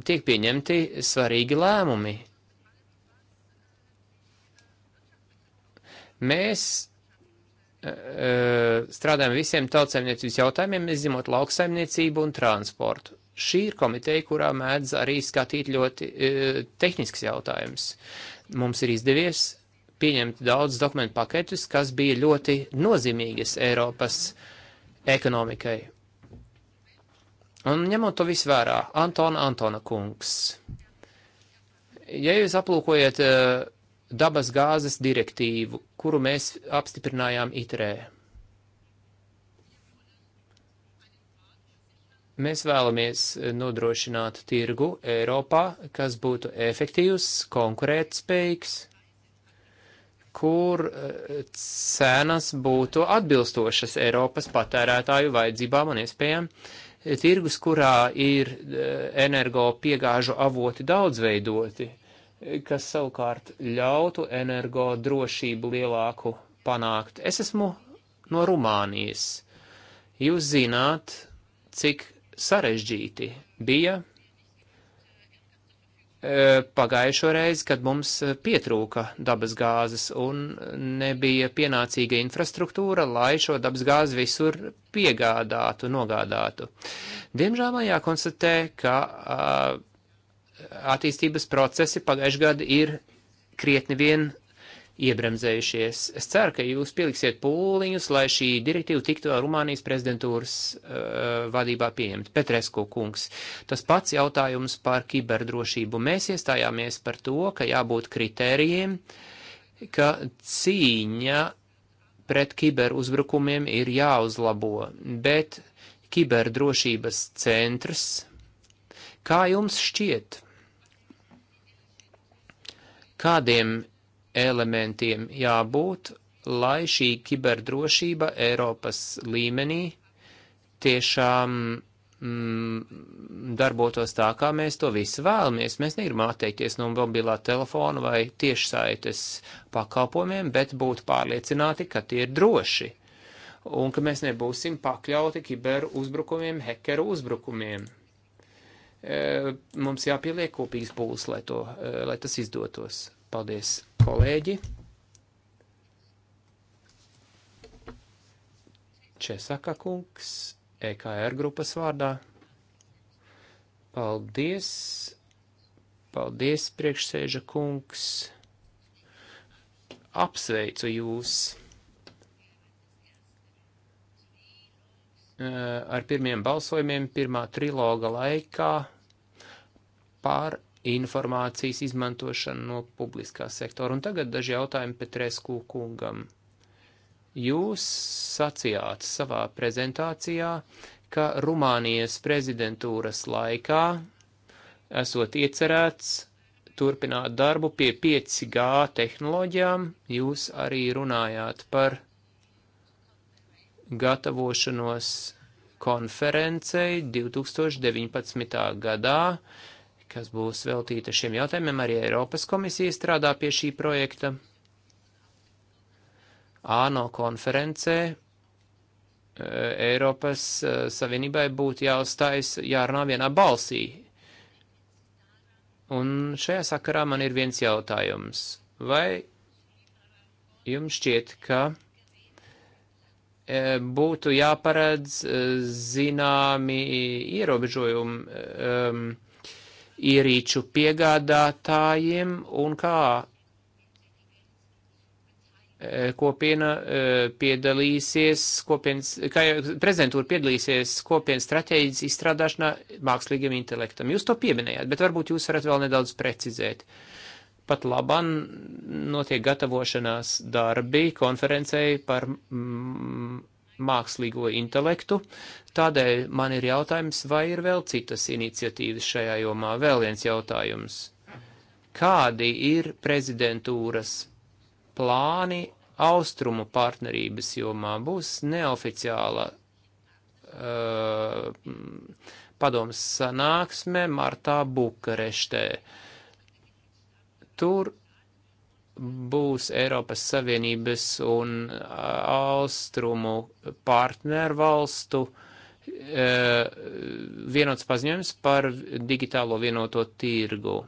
tiek pieņemti svarīgi lēmumi. Mēs Eh, strādājam visiem tautsaimniecības jautājumiem, izņemot lauksaimniecību un transportu. Šī ir komiteja, kurā mēdz arī skatīt ļoti e, tehnisks jautājums. Mums ir izdevies pieņemt daudz dokumentu paketus, kas bija ļoti nozīmīgas Eiropas ekonomikai. Un ņemot to visu vērā, Antona Antona kungs, ja jūs aplūkojat e, dabas gāzes direktīvu, kuru mēs apstiprinājām ITRē. Mēs vēlamies nodrošināt tirgu Eiropā, kas būtu efektīvs, konkurētspējīgs, kur eh, cenas būtu atbilstošas Eiropas patērētāju vajadzībām un iespējām. Tirgus, kurā ir eh, energo piegāžu avoti daudzveidoti. veidoti kas savukārt ļautu energo drošību lielāku panākt. Es esmu no Rumānijas. Jūs zināt, cik sarežģīti bija e, pagājušo reizi, kad mums pietrūka dabasgāzes un nebija pienācīga infrastruktūra, lai šo dabasgāzi visur piegādātu, nogādātu. Diemžēl man jākonstatē, ka uh, attīstības procesi pagājušajā gadā ir krietni vien iebremzējušies. Es ceru, ka jūs pieliksiet pūliņus, lai šī direktīva tiktu Rumānijas prezidentūras uh, vadībā pieņemta. Petresko kungs, tas pats jautājums par kiberdrošību. Mēs iestājāmies par to, ka jābūt kritērijiem, ka cīņa pret kiberuzbrukumiem ir jāuzlabo, bet kiberdrošības centrs, kā jums šķiet? kādiem elementiem jābūt, lai šī kiberdrošība Eiropas līmenī tiešām mm, darbotos tā, kā mēs to visi vēlamies. Mēs negribam atteikties no mobilā telefona vai tiešsaites pakalpojumiem, bet būt pārliecināti, ka tie ir droši un ka mēs nebūsim pakļauti kiber uzbrukumiem, hekeru uzbrukumiem. E, mums jāpieliek kopīgs pūls, lai, to, e, lai tas izdotos. Paldies, kolēģi! Česaka kungs, EKR grupas vārdā. Paldies, paldies, priekšsēža kungs. Apsveicu jūs ar pirmiem balsojumiem pirmā triloga laikā par informācijas izmantošanu no publiskā sektora. Un tagad daži jautājumi Petresku kungam. Jūs sacījāt savā prezentācijā, ka Rumānijas prezidentūras laikā esot iecerēts turpināt darbu pie 5G tehnoloģijām, jūs arī runājāt par gatavošanos konferencei 2019. gadā, kas būs veltīta šiem jautājumiem. Arī Eiropas komisija strādā pie šī projekta. ANO konferencē e, Eiropas e, Savienībai būtu jāuzstājas jārunā vienā balsī. Un šajā sakarā man ir viens jautājums. Vai jums šķiet, ka e, būtu jāparedz zināmi ierobežojumi? Um, ierīču piegādātājiem un kā e, kopiena e, piedalīsies, kopienas, kā prezidentūra piedalīsies kopienas strateģijas izstrādāšanā mākslīgiem intelektam. Jūs to pieminējāt, bet varbūt jūs varat vēl nedaudz precizēt. Pat laban notiek gatavošanās darbi konferencei par mm, mākslīgo intelektu. Tādēļ man ir jautājums, vai ir vēl citas iniciatīvas šajā jomā. Vēl viens jautājums. Kādi ir prezidentūras plāni austrumu partnerības jomā? Būs neoficiāla uh, padomas sanāksme martā Bukareštē. Tur būs Eiropas Savienības un Austrumu partneru valstu vienots paziņojums par digitālo vienoto tirgu,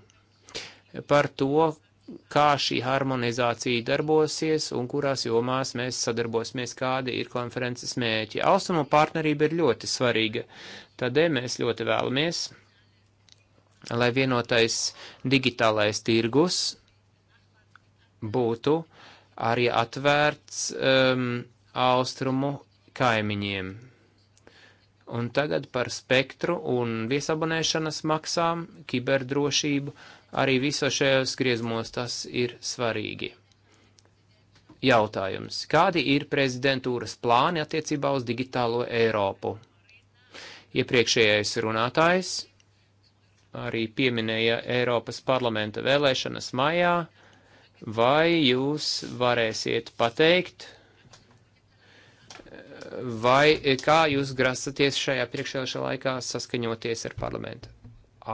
par to, kā šī harmonizācija darbosies un kurās jomās mēs sadarbosimies, kādi ir konferences mēķi. Austrumu partnerība ir ļoti svarīga, tādēļ mēs ļoti vēlamies, lai vienotais digitālais tirgus būtu arī atvērts um, austrumu kaimiņiem. Un tagad par spektru un viesabonēšanas maksām, kiberdrošību, arī visos šajos griezmos tas ir svarīgi. Jautājums. Kādi ir prezidentūras plāni attiecībā uz digitālo Eiropu? Iepriekšējais runātājs arī pieminēja Eiropas parlamenta vēlēšanas maijā Vai jūs varēsiet pateikt, vai kā jūs grasaties šajā priekšējošā laikā saskaņoties ar parlamentu?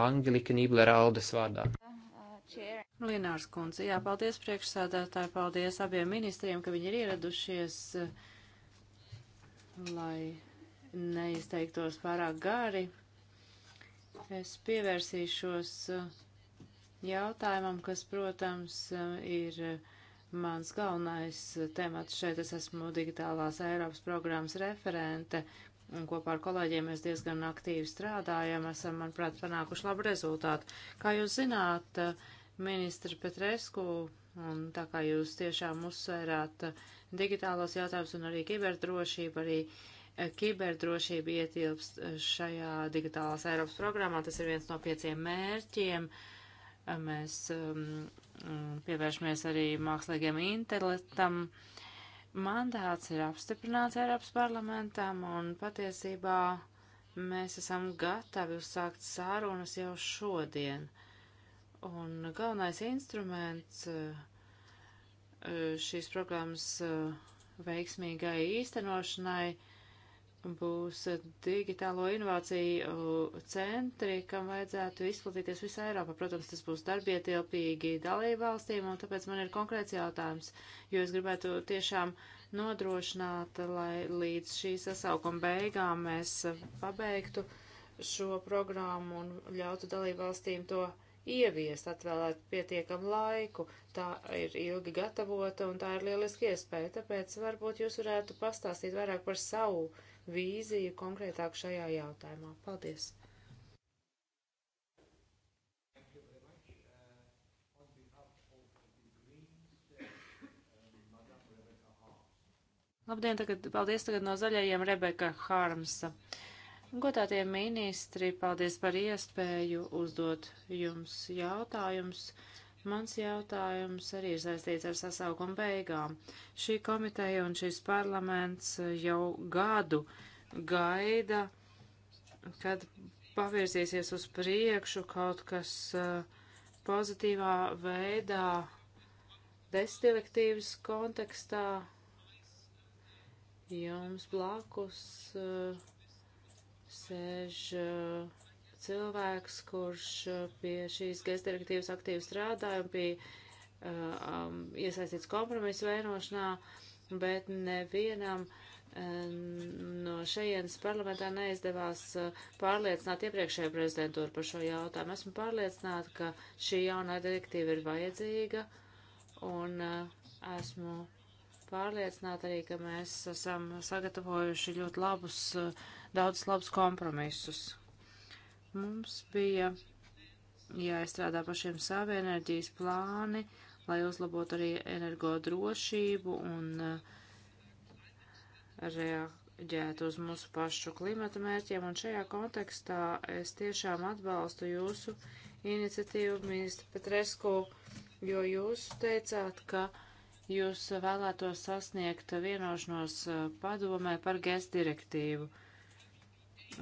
Anglika Nīblera Aldes vārdā. Nu, Linārs kundze, jā, paldies priekšsādātāji, paldies abiem ministriem, ka viņi ir ieradušies, eh, lai neizteiktos pārāk gari. Es pievērsīšos uh, jautājumam, kas, protams, ir mans galvenais temats šeit. Es esmu digitālās Eiropas programmas referente, un kopā ar kolēģiem mēs diezgan aktīvi strādājam. Esam, manuprāt, panākuši labu rezultātu. Kā jūs zināt, ministra Petresku, un tā kā jūs tiešām uzsvērāt digitālos jautājumus un arī kiberdrošību, arī eh, kiberdrošība ietilpst eh, šajā digitālās Eiropas programmā. Tas ir viens no pieciem mērķiem. Uh, Mēs um, mm, pievēršamies arī mākslīgiem intelektam. Mandāts ir apstiprināts Eiropas parlamentam un patiesībā mēs esam gatavi uzsākt sārunas jau šodien. Un galvenais instruments uh, uh, šīs programmas uh, veiksmīgai īstenošanai būs digitālo inovāciju centri, kam vajadzētu izplatīties visā Eiropā. Protams, tas būs darbietilpīgi dalību valstīm, un tāpēc man ir konkrēts jautājums, jo es gribētu tiešām nodrošināt, lai līdz šī sasaukuma beigām mēs pabeigtu šo programmu un ļautu dalību valstīm to ieviest, atvēlēt pietiekamu laiku. Tā ir ilgi gatavota un tā ir lieliski iespēja, tāpēc varbūt jūs varētu pastāstīt vairāk par savu vīziju konkrētāk šajā jautājumā. Paldies! Labdien, tagad, paldies tagad no zaļajiem Rebeka Hārmsa. Uh, Godātie ministri, paldies par iespēju uzdot jums jautājumus. Mans jautājums arī ir saistīts ar sasaukuma beigām. Šī komiteja un šis parlaments jau gadu gaida, kad pavirzīsies uz priekšu kaut kas uh, pozitīvā veidā destilektīvas kontekstā. Jums blakus uh, sēž uh, cilvēks, kurš uh, pie šīs gaisa e direktīvas aktīvi strādāja un pie uh, um, iesaistīts kompromisu vērošanā, bet nevienam um, no šajienas parlamentā neizdevās pārliecināt iepriekšējo prezidentūru par šo jautājumu. Esmu pārliecināta, ka šī jaunā direktīva ir vajadzīga un uh, esmu pārliecināta arī, ka mēs esam sagatavojuši ļoti labus uh, daudz labus kompromisus. Mums bija jāizstrādā pašiem savi enerģijas plāni, lai uzlabotu arī energo drošību un eh, reaģētu uz mūsu pašu klimata mērķiem. Un šajā kontekstā es tiešām atbalstu jūsu iniciatīvu, ministra Petresku, jo jūs teicāt, ka jūs vēlētos sasniegt vienošanos eh, padomē par GES direktīvu.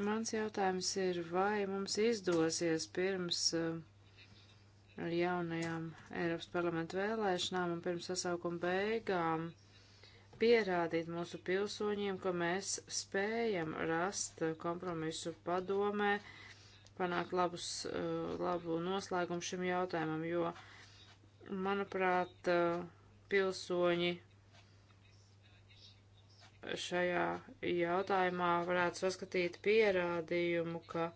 Mans jautājums ir, vai mums izdosies pirms eh, jaunajām Eiropas parlamentu vēlēšanām un pirms sasaukuma beigām pierādīt mūsu pilsoņiem, ka mēs spējam rast kompromisu padomē, panākt labus, eh, labu noslēgumu šim jautājumam, jo, manuprāt, eh, pilsoņi šajā jautājumā varētu saskatīt pierādījumu, ka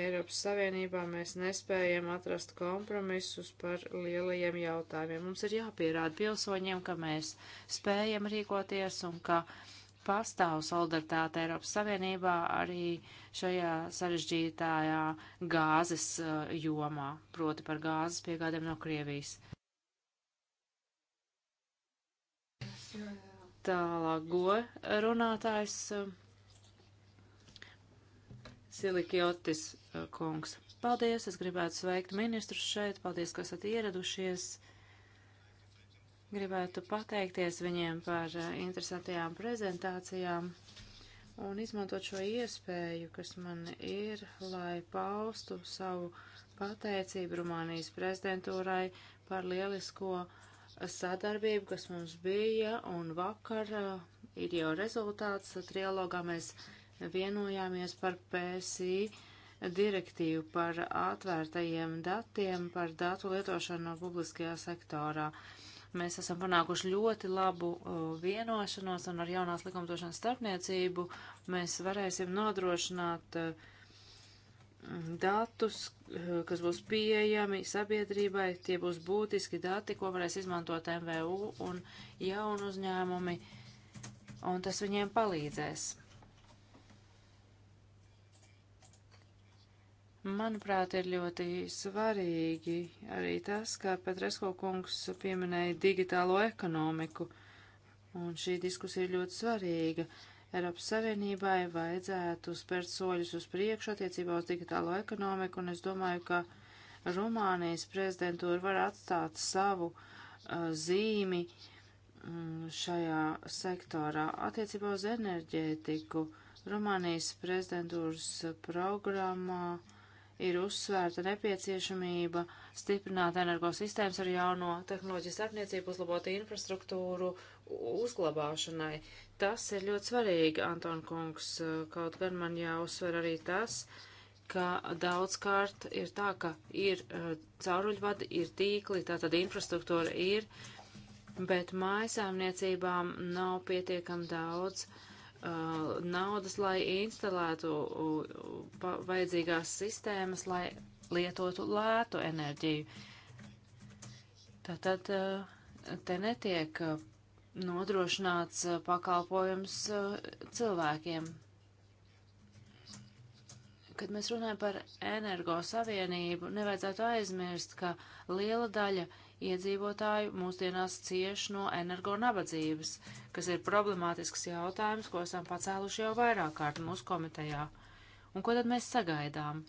Eiropas Savienībā mēs nespējam atrast kompromisus par lielajiem jautājumiem. Mums ir jāpierāda pilsoņiem, ka mēs spējam rīkoties un ka pastāv solidaritāte Eiropas Savienībā arī šajā sarežģītājā gāzes uh, jomā, proti par gāzes piegādēm no Krievijas. Yes, Tālāk go runātājs eh, Silikjotis eh, kungs. Paldies, es gribētu sveikt ministrus šeit, paldies, ka esat ieradušies. Gribētu pateikties viņiem par eh, interesantajām prezentācijām un izmantot šo iespēju, kas man ir, lai paustu savu pateicību Rumānijas prezidentūrai par lielisko uh, sadarbību, kas mums bija, un vakar eh, ir jau rezultāts. Trialogā mēs vienojāmies par PSI direktīvu par atvērtajiem datiem, par datu lietošanu no publiskajā sektorā. Mēs esam panākuši ļoti labu eh, vienošanos, un ar jaunās likumdošanas starpniecību mēs varēsim nodrošināt uh, datus, eh, kas būs pieejami sabiedrībai, tie būs būtiski dati, ko varēs izmantot MVU un jaunu uzņēmumi, un tas viņiem palīdzēs. Manuprāt, ir ļoti svarīgi arī tas, kā Petresko kungs pieminēja digitālo ekonomiku, un šī diskusija ir ļoti svarīga. Uh, Eiropas Savienībai vajadzētu spērt soļus uz priekšu attiecībā uz digitālo ekonomiku, un es domāju, ka Rumānijas prezidentūra var atstāt savu uh, zīmi mm, šajā sektorā. Attiecībā uz enerģētiku Rumānijas prezidentūras programmā uh, ir uzsvērta nepieciešamība stiprināt energosistēmas ar jauno tehnoloģiju starpniecību, uzlabot infrastruktūru uzglabāšanai. Tas ir ļoti svarīgi, Anton Kungs, kaut gan man jāuzsver arī tas, ka daudzkārt ir tā, ka ir uh, cauruļvadi, ir tīkli, tātad infrastruktūra ir, bet mājasāmniecībām nav pietiekam daudz uh, Uh, naudas, lai instalētu uh, vajadzīgās sistēmas, lai lietotu lētu enerģiju. Tātad uh, te netiek nodrošināts pakalpojums cilvēkiem. Kad mēs runājam par energosavienību, nevajadzētu aizmirst, ka liela daļa iedzīvotāju mūsdienās cieš no energonabadzības, kas ir problemātisks jautājums, ko esam pacēluši jau vairāk kārt mūsu komitejā. Un ko tad mēs sagaidām?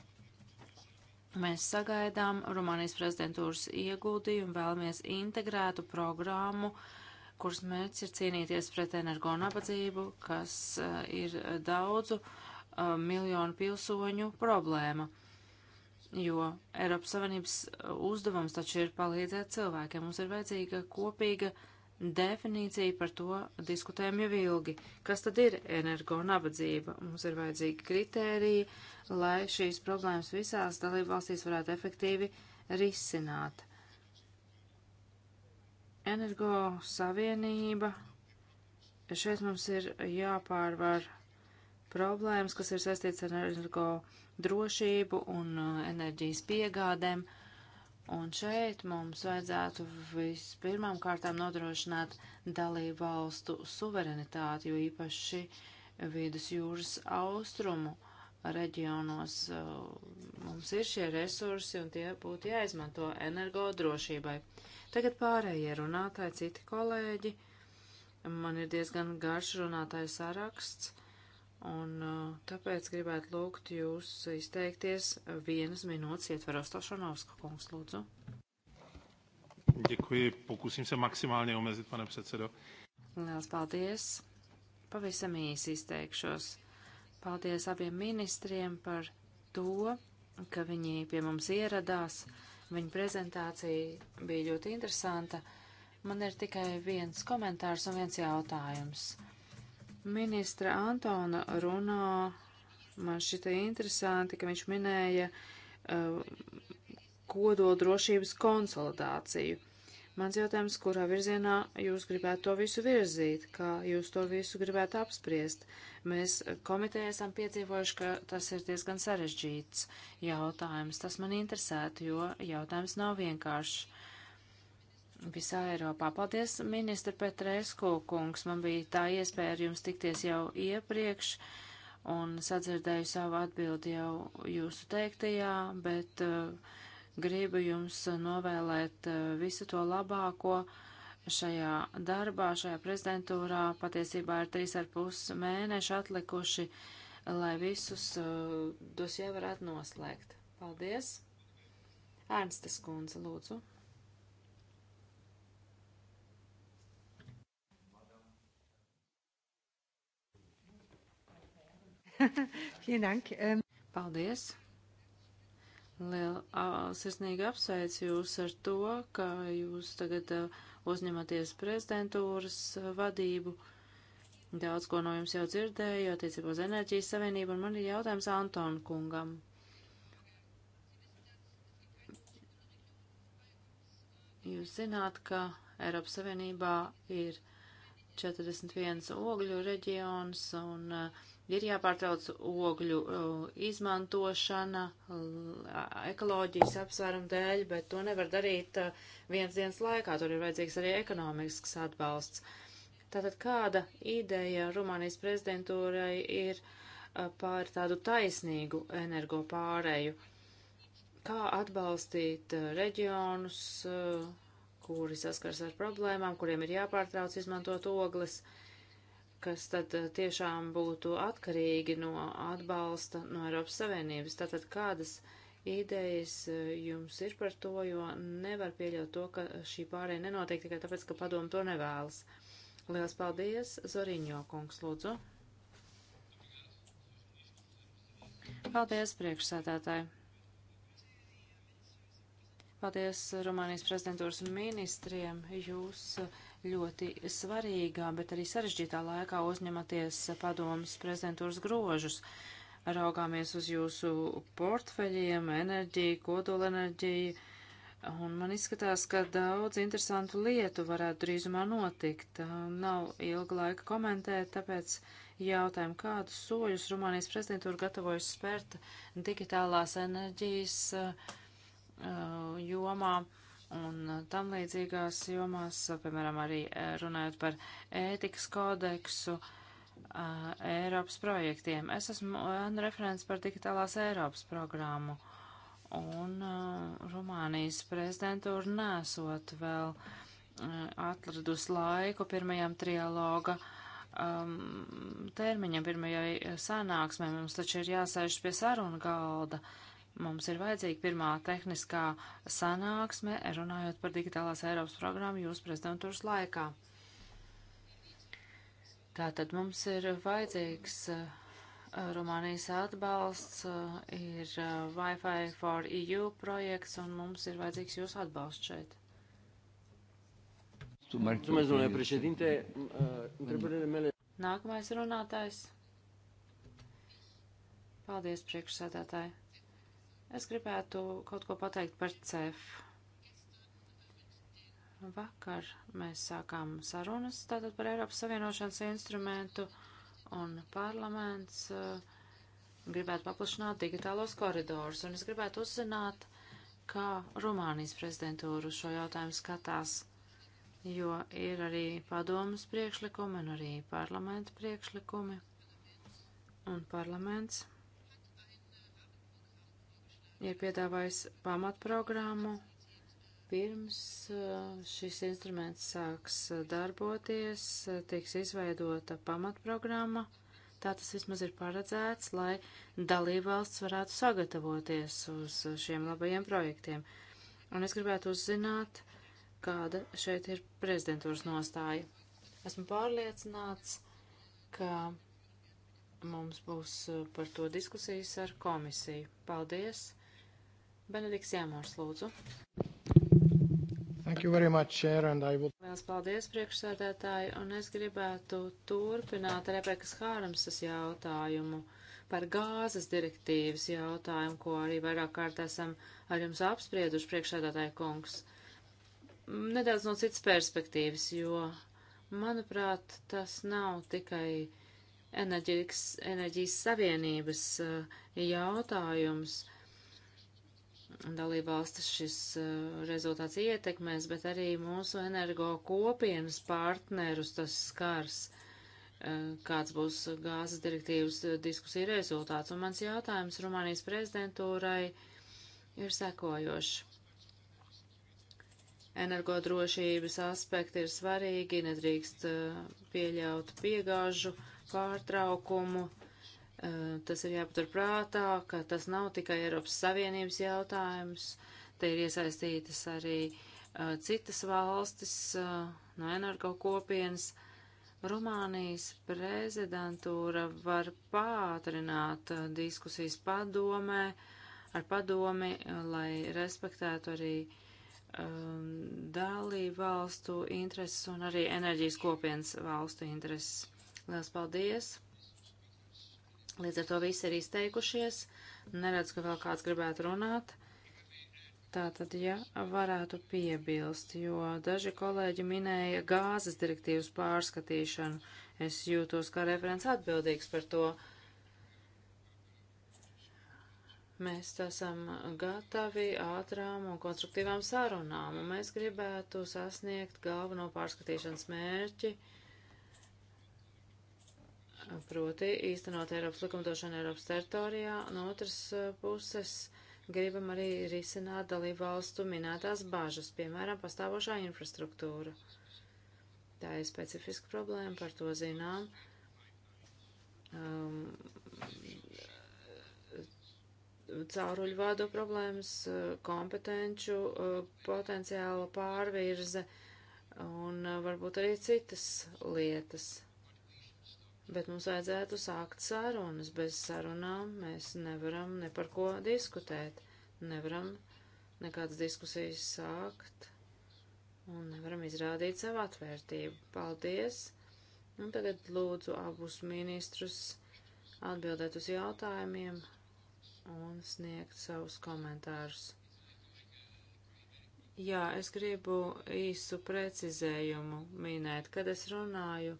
Mēs sagaidām Rumānijas prezidentūras ieguldījumu, vēlamies integrētu programmu, kuras mērķis ir cīnīties pret energonabadzību, kas uh, ir daudzu uh, miljonu pilsoņu problēma. Uh, jo Eiropas Savienības uh, uzdevums taču ir palīdzēt cilvēkiem. Mums ir vajadzīga kopīga definīcija, par to diskutējam jau ilgi. Kas tad ir energo nabadzība? Mums ir vajadzīgi kritēriji, lai šīs problēmas visās dalībvalstīs varētu efektīvi risināt. Energo savienība. Šeit mums ir jāpārvar problēmas, kas ir saistīts ar energo drošību un uh, enerģijas piegādēm. Un šeit mums vajadzētu vispirmām kārtām nodrošināt dalību valstu suverenitāti, jo īpaši vidus jūras austrumu reģionos uh, mums ir šie resursi un tie būtu jāizmanto energodrošībai. Tagad pārējie runātāji, citi kolēģi. Man ir diezgan garš runātāju saraksts. Un uh, tāpēc gribētu lūgt jūs izteikties vienas minūtes ietveros Tošanovska kungs, lūdzu. Děkuji, pokusím se maximálně omezit, pane předsedo. Lielas paldies. Pavisam īsi izteikšos. Paldies abiem ministriem par to, ka viņi pie mums ieradās. Viņa prezentācija bija ļoti interesanta. Man ir tikai viens komentārs un viens jautājums. Ministra Antona runā man šita interesanti, ka viņš minēja uh, kodoldrošības konsolidāciju. Mans jautājums, kurā virzienā jūs gribētu to visu virzīt, kā jūs to visu gribētu apspriest? Mēs komiteja esam piedzīvojuši, ka tas ir diezgan sarežģīts jautājums. Tas man interesētu, jo jautājums nav vienkāršs visā Eiropā. Paldies, ministra Petresku kungs. Man bija tā iespēja ar jums tikties jau iepriekš un sadzirdēju savu atbildi jau jūsu teiktajā, bet uh, gribu jums novēlēt uh, visu to labāko šajā darbā, šajā prezidentūrā. Patiesībā ir trīs ar pus mēneši atlikuši, lai visus uh, dosie varētu noslēgt. Paldies! Ernstes kundze, lūdzu. Ähm, Paldies! Liela uh, sirsnīgi apsveicu jūs ar to, ka jūs tagad uh, uzņematies prezidentūras uh, vadību. Daudz ko no jums jau dzirdēju attiecībā uz enerģijas savienību, un man ir jautājums Antonu kungam. Jūs zināt, ka Eiropas Savienībā ir 41 ogļu reģions, un uh, ir jāpārtrauc ogļu uh, izmantošana ekoloģijas apsvērumu dēļ, bet to nevar darīt uh, viens dienas laikā, tur ir vajadzīgs arī ekonomisks atbalsts. Tātad kāda ideja Rumānijas prezidentūrai ir uh, pār tādu taisnīgu energo pārēju? Kā atbalstīt reģionus, kuri saskars ar problēmām, kuriem ir jāpārtrauc izmantot ogles? Uh, kas tad eh, tiešām būtu atkarīgi no atbalsta no Eiropas Savienības. Tātad kādas idejas eh, jums ir par to, jo nevar pieļaut to, ka šī pārēja nenotiek tikai tāpēc, ka padomu to nevēlas. Lielas paldies, Zoriņo kungs, lūdzu. Paldies, priekšsētātāji. Paldies Rumānijas prezidentūras ministriem. Jūs uh, ļoti svarīgā, bet arī sarežģītā laikā uzņematies padomus prezidentūras grožus. Raugāmies uz jūsu portfeļiem, enerģiju, kodolenerģiju, un man izskatās, ka daudz interesantu lietu varētu drīzumā notikt. Nav ilga laika komentēt, tāpēc jautājumu, kādus soļus Rumānijas prezidentūra gatavojas spērt digitālās enerģijas uh, jomā. Uh, un uh, tam līdzīgās jomās, uh, piemēram, arī uh, runājot par ētikas kodeksu, Eiropas projektiem. Es esmu referents par digitālās Eiropas programmu, un Rumānijas prezidentūra nesot vēl atradus laiku pirmajam trialoga um, termiņam, pirmajai sanāksmē. Mums taču ir jāsēž pie saruna galda. Uh, Mums ir vajadzīga pirmā tehniskā sanāksme, runājot par digitālās Eiropas programmu jūsu prezidentūras laikā. Tātad mums ir vajadzīgs eh, Rumānijas atbalsts, eh, ir eh, Wi-Fi for EU projekts, un mums ir vajadzīgs jūsu atbalsts šeit. Mulțumesc, domnule președinte. Mm, întrebările mele. Nākamais runātājs. Paldies, priekšsēdētāji. Es gribētu kaut ko pateikt par CEF. Vakar mēs sākām sarunas tātad par Eiropas Savienošanas instrumentu un parlaments uh, gribētu paplašināt digitālos koridors. Un es gribētu uzzināt, kā Rumānijas prezidentūra šo jautājumu skatās, jo ir arī padomas priekšlikumi un arī parlamenta priekšlikumi. Un parlaments ir piedāvājis pamatprogrammu pirms uh, šis instruments sāks uh, darboties, uh, tiks izveidota pamatprogramma. Tā tas vismaz ir paredzēts, lai dalībvalsts varētu sagatavoties uz šiem labajiem projektiem. Un es gribētu uzzināt, kāda šeit ir prezidentūras nostāja. Esmu pārliecināts, ka mums būs par to diskusijas ar komisiju. Paldies! Benedikts Jāmors, lūdzu. Thank you very much, Chair, and I would... Liels paldies, priekšsēdētāji, un es gribētu turpināt Rebekas Hārmsas jautājumu par gāzes direktīvas jautājumu, ko arī vairāk kārt esam ar jums apsprieduši, priekšsēdētāji kungs. Nedaudz no citas perspektīvas, jo, manuprāt, tas nav tikai enerģijas savienības eh, jautājums, dalībvalstis šis eh, rezultāts ietekmēs, bet arī mūsu energo kopienas partnerus tas skars, eh, kāds būs gāzes direktīvas diskusija rezultāts. Un mans jautājums Rumānijas prezidentūrai ir sekojošs. Energodrošības aspekti ir svarīgi, nedrīkst eh, pieļaut piegāžu pārtraukumu Eh, tas ir jāpatur prātā, ka tas nav tikai Eiropas Savienības jautājums, te ir iesaistītas arī uh, citas valstis uh, no energo kopienas. Rumānijas prezidentūra var pātrināt uh, diskusijas padomē, ar padomi, lai respektētu arī um, dalību valstu intereses un arī enerģijas kopienas valstu intereses. Lielas paldies! Līdz ar to visi ir izteikušies. Neredz, ka vēl kāds gribētu runāt. Tātad, ja varētu piebilst, jo daži kolēģi minēja gāzes direktīvas pārskatīšanu, es jūtos kā referents atbildīgs par to. Mēs esam gatavi ātrām un konstruktīvām sarunām, un mēs gribētu sasniegt galveno pārskatīšanas mērķi. Uh, proti īstenot Eiropas likumdošanu Eiropas teritorijā, no otras eh, puses gribam arī risināt dalību valstu minētās bāžas, piemēram, pastāvošā infrastruktūra. Tā ir specifiska problēma, par to zinām. Um, cauruļvādu problēmas, eh, kompetenču eh, potenciāla pārvirze un varbūt arī citas lietas. Bet mums vajadzētu sākt sarunas. Bez sarunām mēs nevaram ne par ko diskutēt. Nevaram nekādas diskusijas sākt un nevaram izrādīt savu atvērtību. Paldies! Un tagad lūdzu abus ministrus atbildēt uz jautājumiem un sniegt savus komentārus. Jā, es gribu īsu precizējumu minēt, kad es runāju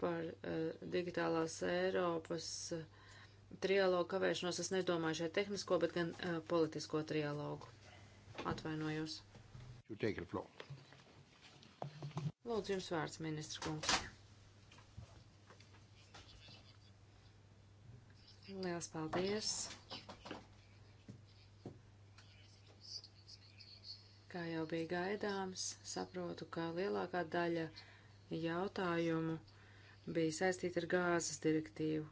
par uh, digitālās Eiropas uh, trialogu kavēšanos. Es nedomāju šeit tehnisko, bet gan uh, politisko trialogu. Atvainojos. Lūdzu, jums vārds, ministra kungs. Liels paldies. Kā jau bija gaidāms, saprotu, ka lielākā daļa jautājumu bija saistīta ar gāzes direktīvu.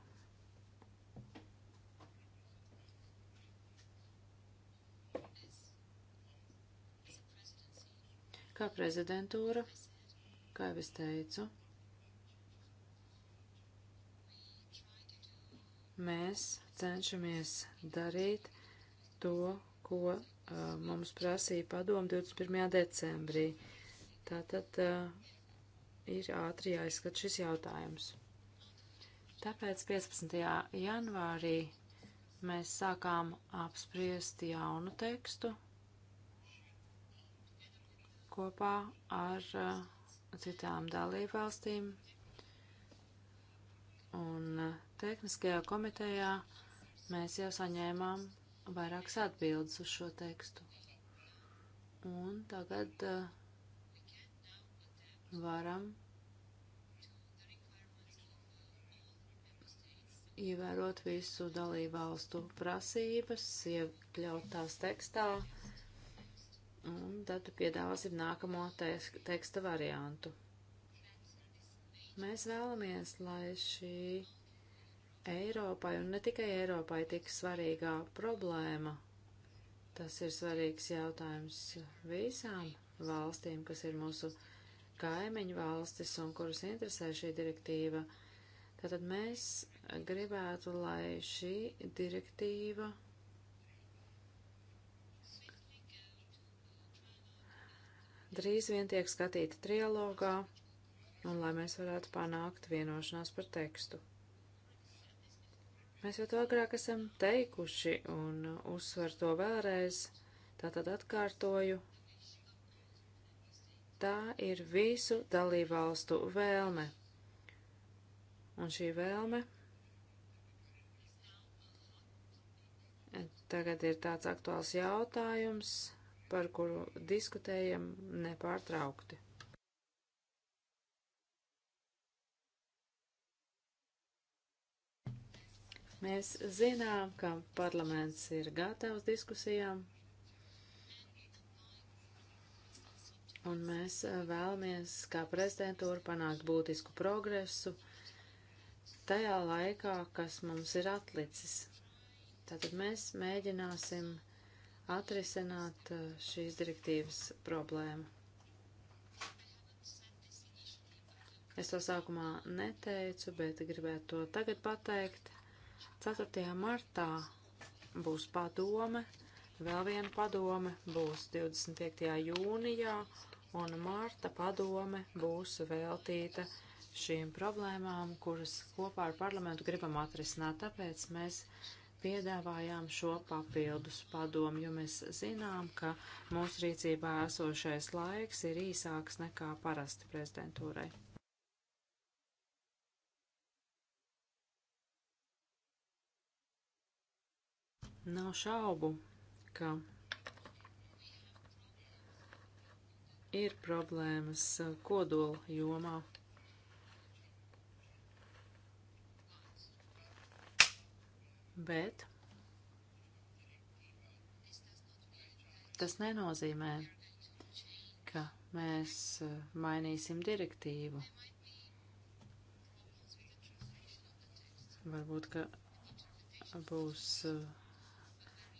Kā prezidentūra, kā jau es teicu, mēs cenšamies darīt to, ko uh, mums prasīja padomu 21. decembrī. Tātad uh, ir ātri jāizskat šis jautājums. Tāpēc 15. janvārī mēs sākām apspriest jaunu tekstu kopā ar uh, citām dalībvalstīm. Un uh, tehniskajā komitejā mēs jau saņēmām vairākas atbildes uz šo tekstu. Un tagad uh, varam ievērot visu dalībvalstu prasības, iekļaut tās tekstā, un tad piedāvāsim nākamo teksta variantu. Mēs vēlamies, lai šī Eiropai, un ne tikai Eiropai, tik svarīgā problēma, tas ir svarīgs jautājums visām valstīm, kas ir mūsu kaimiņu valstis un kurus interesē šī direktīva. Tātad mēs gribētu, lai šī direktīva drīz vien tiek skatīta trialogā un lai mēs varētu panākt vienošanās par tekstu. Mēs jau to agrāk esam teikuši un uzsver to vēlreiz, tātad atkārtoju, Tā ir visu dalībvalstu vēlme. Un šī vēlme tagad ir tāds aktuāls jautājums, par kuru diskutējam nepārtraukti. Mēs zinām, ka parlaments ir gatavs diskusijām Un mēs eh, vēlamies, kā prezidentūra, panākt būtisku progresu tajā laikā, kas mums ir atlicis. Tātad mēs mēģināsim atrisināt eh, šīs direktīvas problēmu. Es to sākumā neteicu, bet gribētu to tagad pateikt. 4. martā būs padome Vēl viena padome būs 25. jūnijā, un Marta padome būs veltīta šīm problēmām, kuras kopā ar parlamentu gribam atrisināt. Tāpēc mēs piedāvājām šo papildus padomu, jo mēs zinām, ka mūsu rīcībā esošais laiks ir īsāks nekā parasti prezidentūrai. Nav šaubu, ka ir problēmas uh, kodola jomā. Bet tas nenozīmē, ka mēs uh, mainīsim direktīvu. Varbūt, ka būs uh,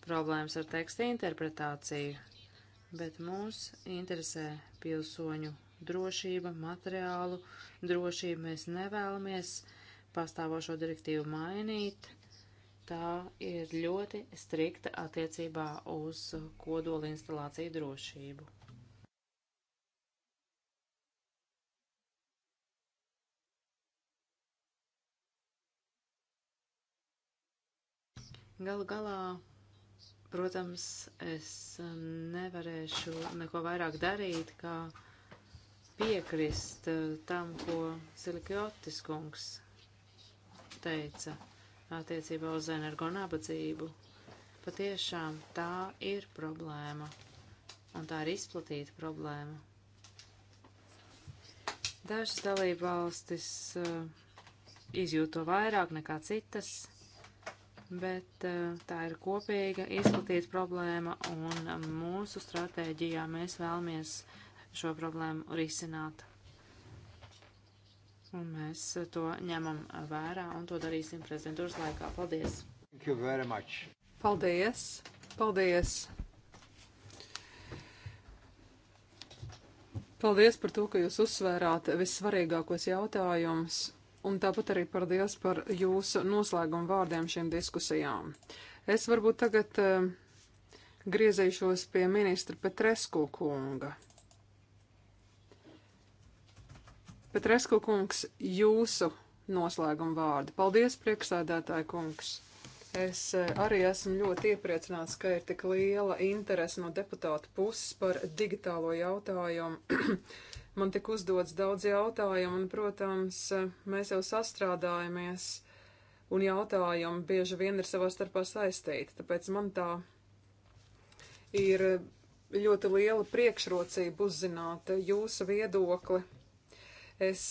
problēmas ar teksta interpretāciju, bet mūs interesē pilsoņu drošība, materiālu drošība. Mēs nevēlamies pastāvošo direktīvu mainīt. Tā ir ļoti strikta attiecībā uz kodola instalāciju drošību. Galu galā Protams, es um, nevarēšu neko vairāk darīt, kā piekrist uh, tam, ko Silikjotis kungs teica attiecībā uz energonabadzību. Patiešām tā ir problēma, un tā ir izplatīta problēma. Dažas dalībvalstis uh, izjūto vairāk nekā citas bet eh, tā ir kopīga, izplatīta problēma, un eh, mūsu stratēģijā mēs vēlamies šo problēmu risināt. Un mēs to ņemam vērā un to darīsim prezidentūras laikā. Paldies! Paldies! Paldies! Paldies par to, ka jūs uzsvērāt vissvarīgākos jautājumus un tāpat arī paldies par jūsu noslēgumu vārdiem šīm diskusijām. Es varbūt tagad uh, griezīšos pie ministra Petresku kunga. Petresku kungs, jūsu noslēguma vārdi. Paldies, priekšsēdētāji kungs! Es eh, arī esmu ļoti iepriecināts, ka ir tik liela interese no deputāta puses par digitālo jautājumu Man tik uzdots daudz jautājumu, un, protams, mēs jau sastrādājamies, un jautājumi bieži vien ir savā starpā saistīti, tāpēc man tā ir ļoti liela priekšrocība uzzināt jūsu viedokli. Es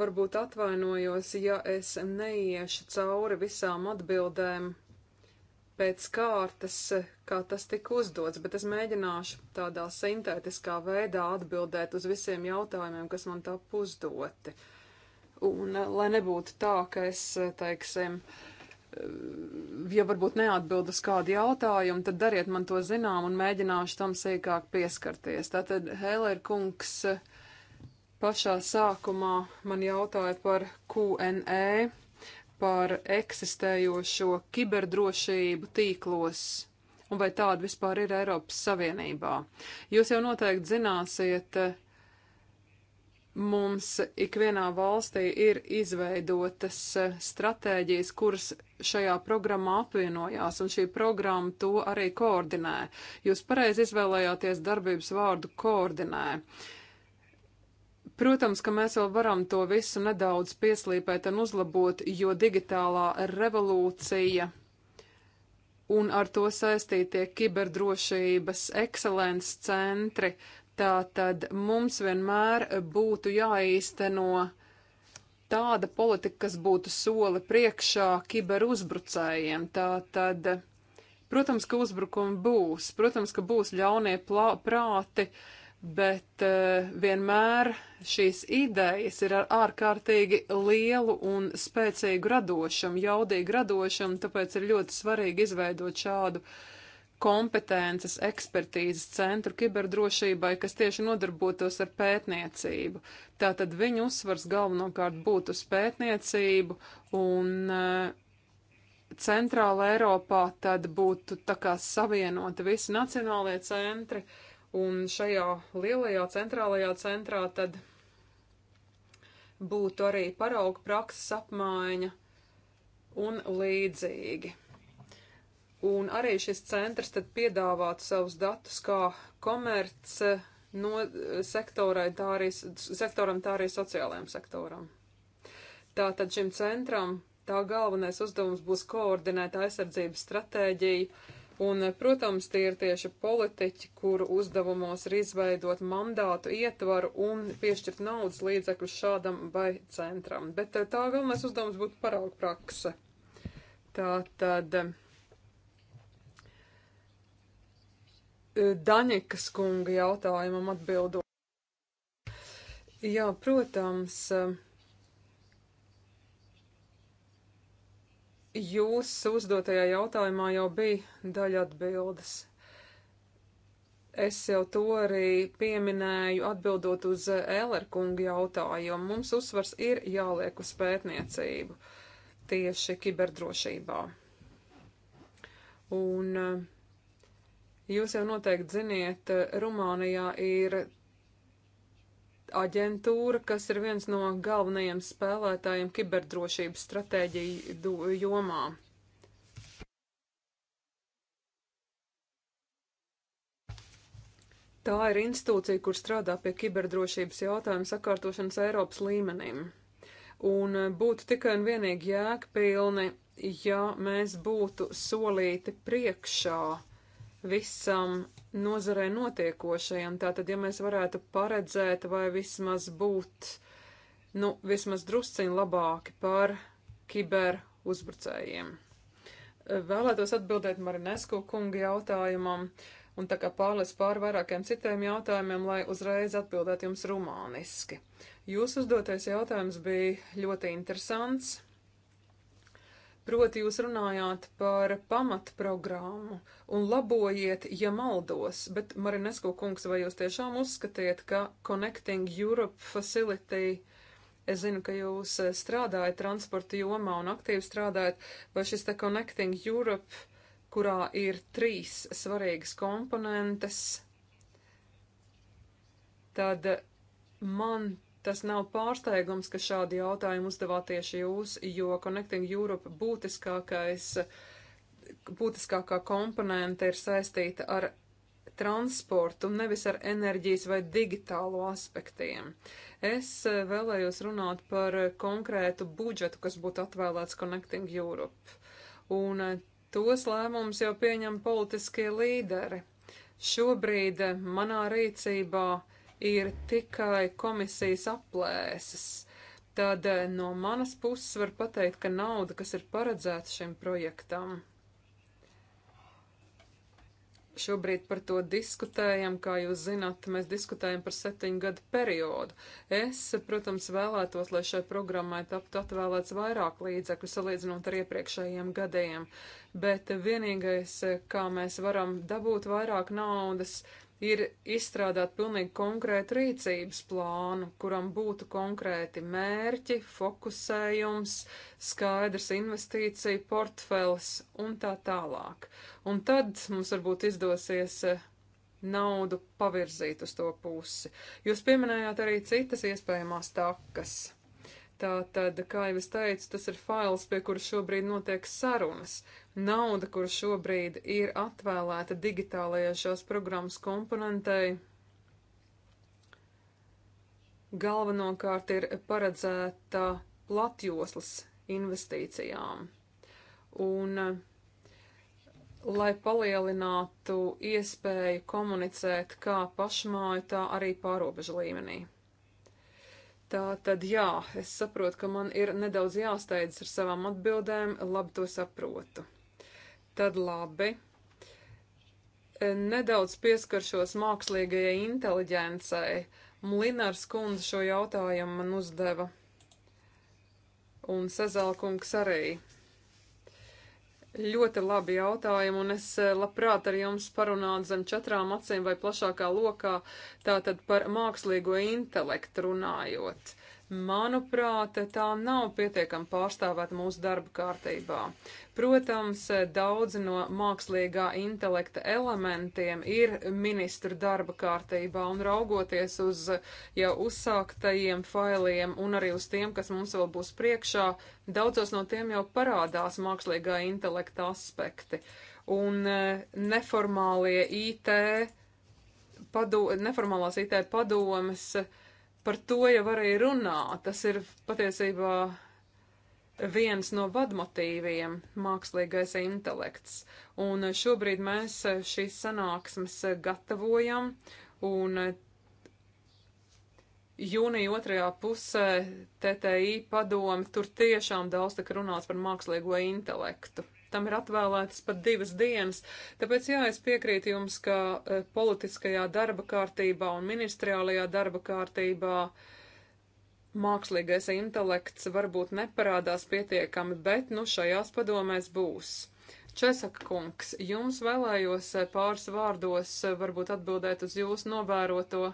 varbūt atvainojos, ja es neiešu cauri visām atbildēm pēc kārtas, kā tas tika uzdots, bet es mēģināšu tādā sintētiskā veidā atbildēt uz visiem jautājumiem, kas man tap uzdoti. Un eh, lai nebūtu tā, ka es, eh, teiksim, eh, ja varbūt neatbildu uz kādu jautājumu, tad dariet man to zinām un mēģināšu tam sīkāk pieskarties. Tātad Hēlēr kungs pašā sākumā man jautāja par QNE par eksistējošo kiberdrošību tīklos un vai tāda vispār ir Eiropas Savienībā. Jūs jau noteikti zināsiet, mums ikvienā valstī ir izveidotas stratēģijas, kuras šajā programmā apvienojās, un šī programma to arī koordinē. Jūs pareizi izvēlējāties darbības vārdu koordinē. Uh, Protams, ka mēs vēl varam to visu nedaudz pieslīpēt un uzlabot, jo digitālā revolūcija un ar to saistītie kiberdrošības ekscelences centri, tā tad mums vienmēr būtu jāīsteno tāda politika, kas būtu soli priekšā kiberuzbrucējiem. Tā tad, protams, ka uzbrukumi būs, protams, ka būs ļaunie plā, prāti, uh, bet uh, vienmēr šīs idejas ir ar ārkārtīgi lielu un spēcīgu radošumu, jaudīgu radošumu, tāpēc ir ļoti svarīgi izveidot šādu kompetences ekspertīzes centru kiberdrošībai, kas tieši nodarbotos ar pētniecību. Tātad viņu uzsvars galvenokārt būtu uz pētniecību un uh, Centrāla Eiropā tad būtu tā kā savienota visi nacionālie centri, uh, Un šajā lielajā centrālajā centrā tad būtu arī parauga prakses apmaiņa un līdzīgi. Un arī šis centrs tad piedāvātu savus datus kā komerc no sektorai, tā arī, sektoram, tā arī sociālajam sektoram. Tātad šim centram tā galvenais uzdevums būs koordinēt aizsardzības stratēģiju, Un, eh, protams, tie ir tieši politiķi, kuru uzdevumos ir izveidot mandātu ietvaru un piešķirt naudas līdzekļus šādam vai centram. Bet eh, tā galvenais uzdevums būtu parauga prakse. Tā tad. Eh, Daņikas kunga jautājumam atbildot. Jā, protams, uh, jūsu uzdotajā jautājumā jau bija daļa atbildes. Es jau to arī pieminēju atbildot uz Ēlerkunga jautājumu. Mums uzsvars ir jāliek uz pētniecību tieši kiberdrošībā. Un eh, jūs jau noteikti ziniet, Rumānijā ir aģentūra, kas ir viens no galvenajiem spēlētājiem kiberdrošības stratēģiju jomā. Tā ir institūcija, kur strādā pie kiberdrošības jautājumu sakārtošanas Eiropas līmenim. Un e, būtu tikai un vienīgi jēgpilni, ja mēs būtu solīti priekšā visam nozarē notiekošajam. Tātad, ja mēs varētu paredzēt vai vismaz būt, nu, vismaz drusciņ labāki par kiber uzbrucējiem. Vēlētos atbildēt Marinesku kunga jautājumam, un tā kā pārlis pār vairākiem citiem jautājumiem, lai uzreiz atbildētu jums rumāniski. Jūsu uzdotais jautājums bija ļoti interesants. Proti jūs runājāt par pamatprogrammu un labojiet, ja maldos, bet Marinesko kungs, vai jūs tiešām uzskatiet, ka Connecting Europe Facility, es zinu, ka jūs eh, strādājat transporta jomā un aktīvi strādājat, vai šis te Connecting Europe, kurā ir trīs svarīgas komponentes, tad man Tas nav pārsteigums, ka šādi jautājumi uzdevāt tieši jūs, jo Connecting Europe būtiskākais, būtiskākā komponente ir saistīta ar transportu, nevis ar enerģijas vai digitālo aspektiem. Es eh, vēlējos runāt par konkrētu budžetu, kas būtu atvēlēts Connecting Europe. Un eh, tos lēmumus jau pieņem politiskie līderi. Šobrīd eh, manā rīcībā ir ir tikai komisijas aplēses. Tad eh, no manas puses var pateikt, ka nauda, kas ir paredzēta šim projektam, Šobrīd par to diskutējam, kā jūs zināt, mēs diskutējam par septiņu gadu periodu. Es, protams, vēlētos, lai šai programmai taptu atvēlēts vairāk līdzekļu salīdzinot ar iepriekšējiem gadiem, bet vienīgais, eh, kā mēs varam dabūt vairāk naudas, ir izstrādāt pilnīgi konkrētu rīcības plānu, kuram būtu konkrēti mērķi, fokusējums, skaidrs investīcija portfels un tā tālāk. Un tad mums varbūt izdosies eh, naudu pavirzīt uz to pusi. Jūs pieminējāt arī citas iespējamās takas. Tātad, kā jau es teicu, tas ir fails, pie kuras šobrīd notiek sarunas, Nauda, kur šobrīd ir atvēlēta digitālajai šās programmas komponentei, galvenokārt ir paredzēta platjoslas investīcijām. Un, lai palielinātu iespēju komunicēt kā pašmāju, tā arī pārobežu līmenī. Tā tad jā, es saprotu, ka man ir nedaudz jāsteidzas ar savām atbildēm, labi to saprotu tad labi. Nedaudz pieskaršos mākslīgajai inteliģencei. Mlinārs kundze šo jautājumu man uzdeva. Un Sezalkungs arī. Ļoti labi jautājumi, un es e, labprāt ar jums parunātu zem četrām acīm vai plašākā lokā, tātad par mākslīgo intelektu runājot. Uh, Manuprāt, tā nav pietiekami pārstāvēta mūsu darba kārtībā. Protams, daudzi no mākslīgā intelekta elementiem ir ministru darba kārtībā un raugoties uz jau uzsāktajiem failiem un arī uz tiem, kas mums vēl būs priekšā, daudzos no tiem jau parādās mākslīgā intelekta aspekti. Un eh, neformālie IT, pado, neformālās IT padomes, uh, par to jau arī runā. Tas ir patiesībā viens no vadmotīviem - mākslīgais intelekts. Un šobrīd mēs šīs sanāksmes gatavojam, un jūnija otrajā pusē TTI padomi, tur tiešām daudz tika runāts par mākslīgo intelektu tam ir atvēlētas pat divas dienas. Tāpēc jā, es piekrītu jums, ka e, politiskajā darba kārtībā un ministriālajā darba kārtībā mākslīgais intelekts varbūt neparādās pietiekami, bet nu šajās padomēs būs. Česaka kungs, jums vēlējos e, pāris vārdos e, varbūt atbildēt uz jūsu novēroto,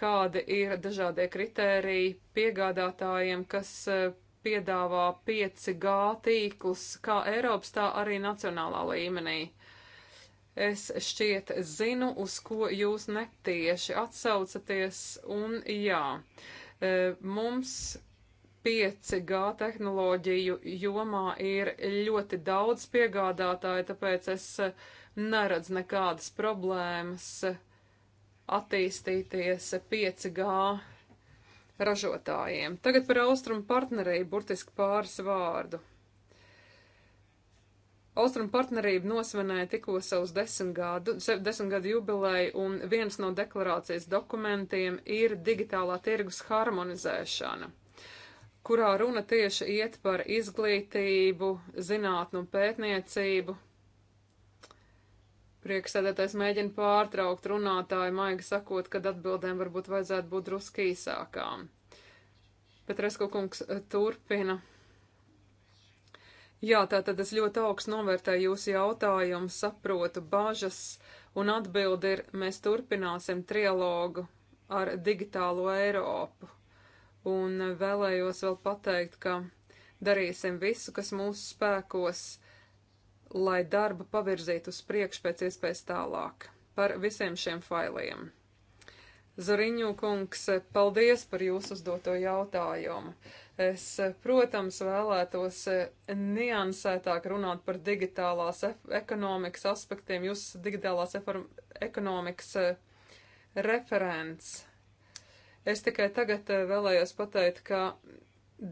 kādi ir dažādie kritēriji piegādātājiem, kas piedāvā 5G tīklus kā Eiropas, tā arī nacionālā līmenī. Es šķiet zinu, uz ko jūs netieši atsaucaties, un jā, e, mums 5G tehnoloģiju jomā ir ļoti daudz piegādātāju, tāpēc es neredzu nekādas problēmas attīstīties 5G ražotājiem. Tagad par austrumu partnerību burtiski pāris vārdu. Austrumu partnerība nosvinēja tikko savus desmit gadu, desmit gadu jubileju, un viens no deklarācijas dokumentiem ir digitālā tirgus harmonizēšana, kurā runa tieši iet par izglītību, zinātnu un pētniecību, Priekšsēdētājs mēģina pārtraukt runātāju, maigi sakot, kad atbildēm varbūt vajadzētu būt drusku īsākām. Petresko kungs eh, turpina. Jā, tātad es ļoti augstu novērtēju jūsu jautājumu, saprotu bažas, un atbildi ir, mēs turpināsim trialogu ar digitālo Eiropu. Un vēlējos vēl pateikt, ka darīsim visu, kas mūsu spēkos, lai darbu pavirzītu uz priekšu pēc iespējas tālāk par visiem šiem failiem. Zariņu kungs, paldies par jūsu uzdoto jautājumu. Es, protams, vēlētos niansētāk runāt par digitālās ekonomikas aspektiem. Jūs esat digitālās ekonomikas eh, referents. Es tikai tagad eh, vēlējos pateikt, ka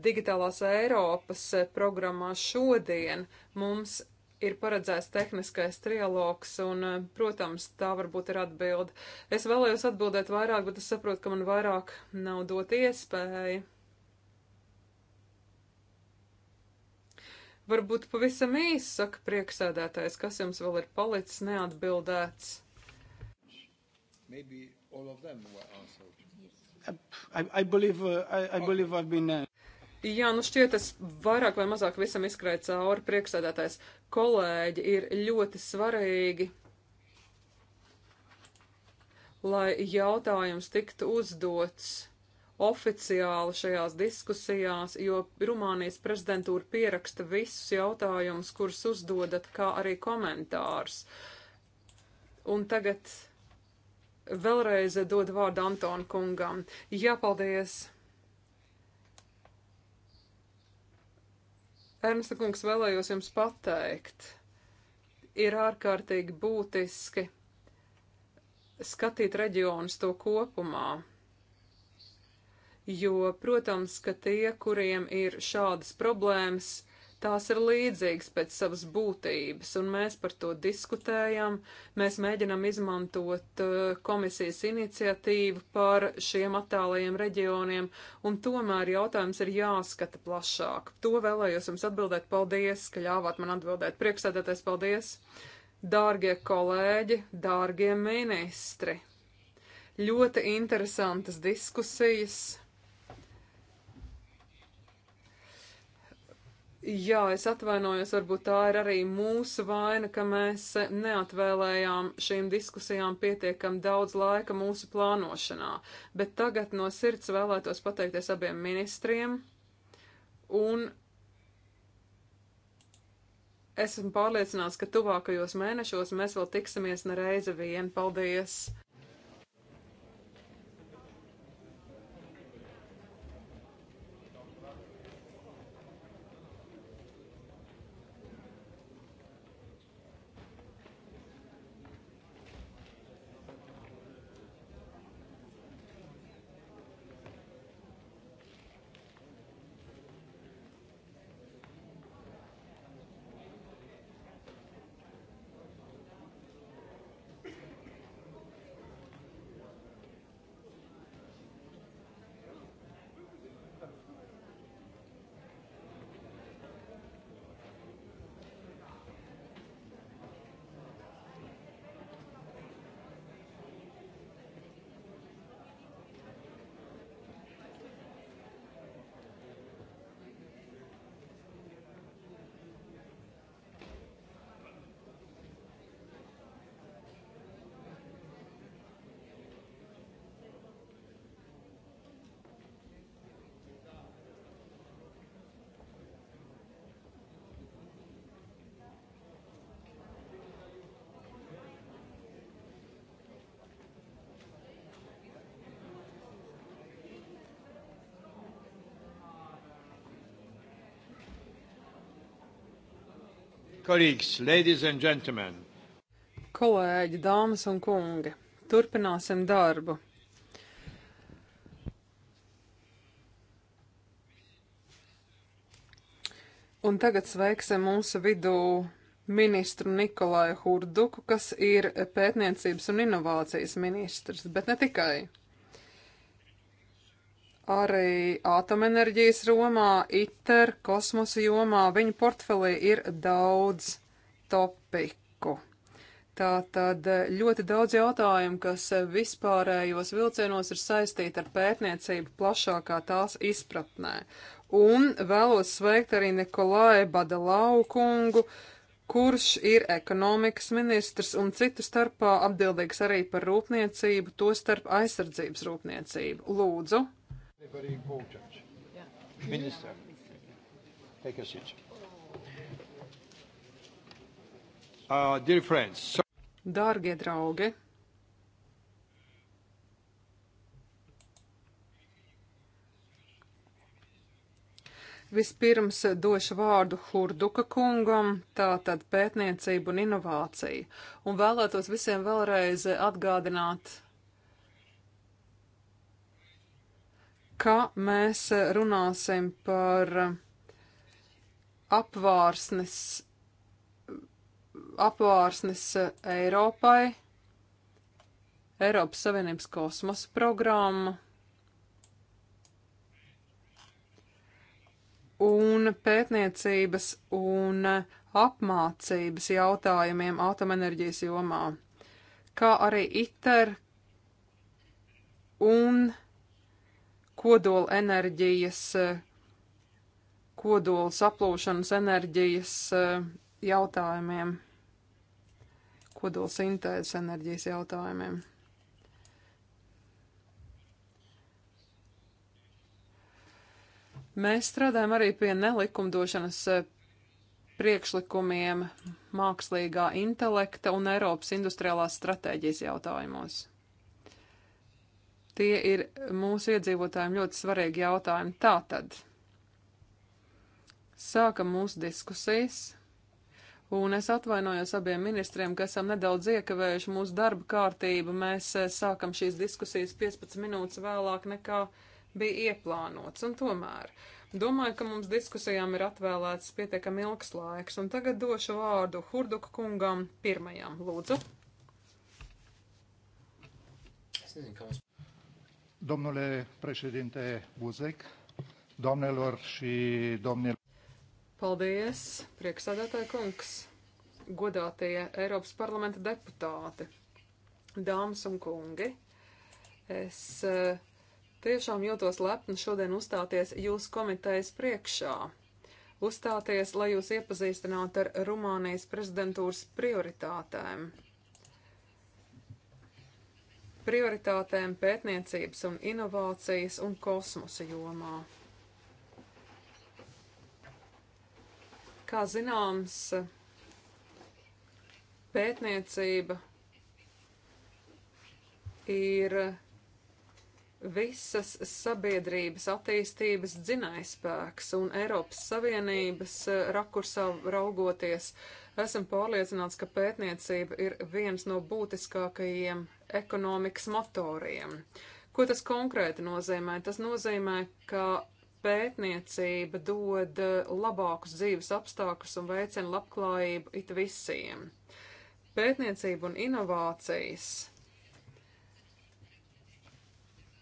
digitālās Eiropas eh, programmā šodien mums ir paredzēts tehniskais trialogs, un, eh, protams, tā varbūt ir atbilde. Es vēlējos atbildēt vairāk, bet es saprotu, ka man vairāk nav dot iespēju. Varbūt pavisam īsi saka prieksēdētājs, kas jums vēl ir palicis neatbildēts. I, I believe, uh, I, I believe I've been, uh... Jā, nu šķiet, es vairāk vai mazāk visam izskrēju cauri. Prieksēdētais kolēģi ir ļoti svarīgi, lai jautājums tiktu uzdots oficiāli šajās diskusijās, jo Rumānijas prezidentūra pieraksta visus jautājumus, kurus uzdodat, kā arī komentārus. Un tagad vēlreiz dod vārdu Antona kungam. Jā, paldies! Ernsta kungs, vēlējos jums pateikt, ir ārkārtīgi būtiski skatīt reģionus to kopumā. Jo, protams, ka tie, kuriem ir šādas problēmas, Tās ir līdzīgas pēc savas būtības, un mēs par to diskutējam. Mēs mēģinam izmantot eh, komisijas iniciatīvu par šiem attālajiem reģioniem, un tomēr jautājums ir jāskata plašāk. To vēlējos jums atbildēt. Paldies, ka ļāvāt man atbildēt. Priekšsēdētais, paldies! Dārgie kolēģi, dārgie ministri! Ļoti interesantas diskusijas. Jā, es atvainojos, varbūt tā ir arī mūsu vaina, ka mēs neatvēlējām šīm diskusijām pietiekam daudz laika mūsu plānošanā. Bet tagad no sirds vēlētos pateikties abiem ministriem. Un esmu pārliecināts, ka tuvākajos mēnešos mēs vēl tiksimies nereize vien. Paldies! Kolīgs, ladies and gentlemen. Kolēģi, dāmas un kungi, turpināsim darbu. Un tagad sveiksim mūsu vidū ministru Nikolai Hurduku, kas ir pētniecības un inovācijas ministrs, bet ne tikai arī atomenerģijas romā, ITER, kosmosa jomā. Viņa portfelī ir daudz topiku. Tā tad eh, ļoti daudz jautājumu, kas eh, vispārējos vilcienos ir saistīti ar pētniecību plašākā tās izpratnē. Un vēlos sveikt arī Nikolai Badalau kungu, kurš ir ekonomikas ministrs un citu starpā atbildīgs arī par rūpniecību, to starp aizsardzības rūpniecību. Lūdzu! Very important. Yeah. Minister, take a seat. Uh, dear friends, so Dārgie draugi, Vispirms došu vārdu Hurduka kungam, tātad pētniecību un inovāciju, un vēlētos visiem vēlreiz atgādināt ka mēs runāsim par apvārsnes, apvārsnes Eiropai, Eiropas Savienības kosmosa programmu. un pētniecības un apmācības jautājumiem atomenerģijas jomā, kā arī ITER un kodola enerģijas, kodola saplūšanas enerģijas eh, jautājumiem, kodola sintēzes enerģijas jautājumiem. Mēs strādājam arī pie nelikumdošanas eh, priekšlikumiem mākslīgā intelekta un Eiropas industriālās stratēģijas jautājumos. Tie ir mūsu iedzīvotājiem ļoti svarīgi jautājumi. Tātad sākam mūsu diskusijas, un es atvainojos abiem ministriem, ka esam nedaudz iekavējuši mūsu darba kārtību. Mēs eh, sākam šīs diskusijas 15 minūtes vēlāk nekā bija ieplānots, un tomēr domāju, ka mums diskusijām ir atvēlēts pietiekami ilgs laiks, un tagad došu vārdu Hurduka kungam pirmajam. Lūdzu! Es nezinu, kā mums. Domnule președinte Buzek, doamnelor și domnilor. Paldies, prieksēdētāji kungs, godātie Eiropas parlamenta deputāti, dāmas un kungi. Es eh, tiešām jūtos lepni šodien uzstāties jūsu komitejas priekšā. Uzstāties, lai jūs iepazīstinātu ar Rumānijas prezidentūras prioritātēm prioritātēm pētniecības un inovācijas un kosmosa jomā. Kā zināms, pētniecība ir visas sabiedrības attīstības dzinējspēks un Eiropas Savienības rakursā raugoties, esam pārliecināts, ka pētniecība ir viens no būtiskākajiem ekonomikas motoriem. Ko tas konkrēti nozīmē? Tas nozīmē, ka pētniecība dod eh, labākus dzīves apstākļus un veicina labklājību it visiem. Pētniecība un inovācijas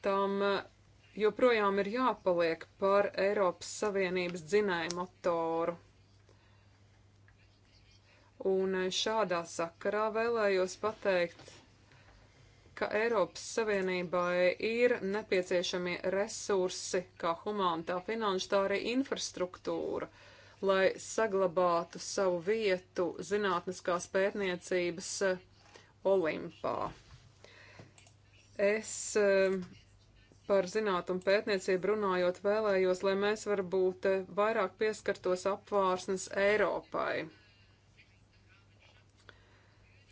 tam eh, joprojām ir jāpaliek par Eiropas Savienības dzinēju motoru. Un eh, šādā sakarā vēlējos pateikt ka Eiropas Savienībai ir nepieciešamie resursi, kā humānā, finanšu, tā arī infrastruktūra, lai saglabātu savu vietu zinātniskās pētniecības eh, olimpā. Es eh, par zinātnum pētniecību runājot vēlējos, lai mēs varbūt eh, vairāk pieskartos apvārsnes Eiropai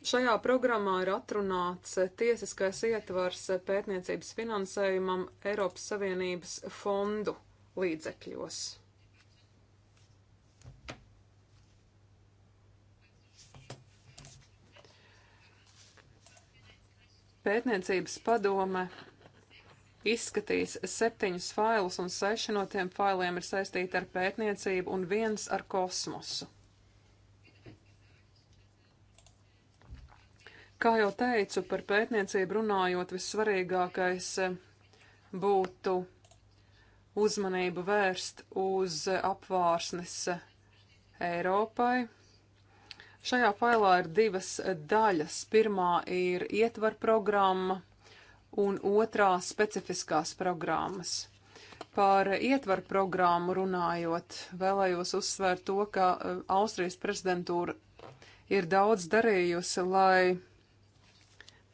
Šajā programmā ir atrunāts tiesiskais ietvars pētniecības finansējumam Eiropas Savienības fondu līdzekļos. Pētniecības padome izskatīs septiņus failus, un seši no tiem failiem ir saistīti ar pētniecību un viens ar kosmosu. Kā jau teicu, par pētniecību runājot, vissvarīgākais eh, būtu uzmanību vērst uz eh, apvārsnes eh, Eiropai. Šajā failā ir divas daļas. Pirmā ir ietvar programma un otrā specifiskās programmas. Par ietvaru programmu runājot, vēlējos uzsvērt to, ka Austrijas prezidentūra ir daudz darījusi, lai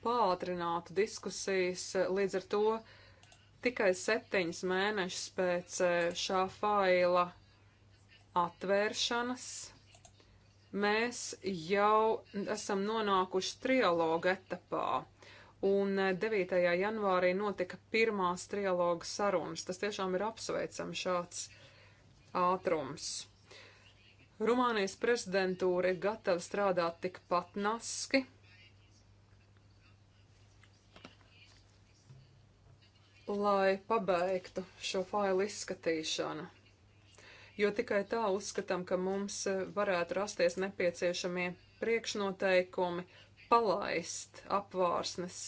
pātrinātu diskusijas, eh, līdz ar to tikai septiņus mēnešus pēc eh, šā faila atvēršanas mēs jau esam nonākuši trialoga etapā. Un 9. Eh, janvārī notika pirmās trialoga sarunas. Tas tiešām ir apsveicams šāds ātrums. Rumānijas prezidentūra ir gatava strādāt tikpat naski, lai pabeigtu šo failu izskatīšanu, jo tikai tā uzskatām, ka mums varētu rasties nepieciešamie priekšnoteikumi palaist apvārsnes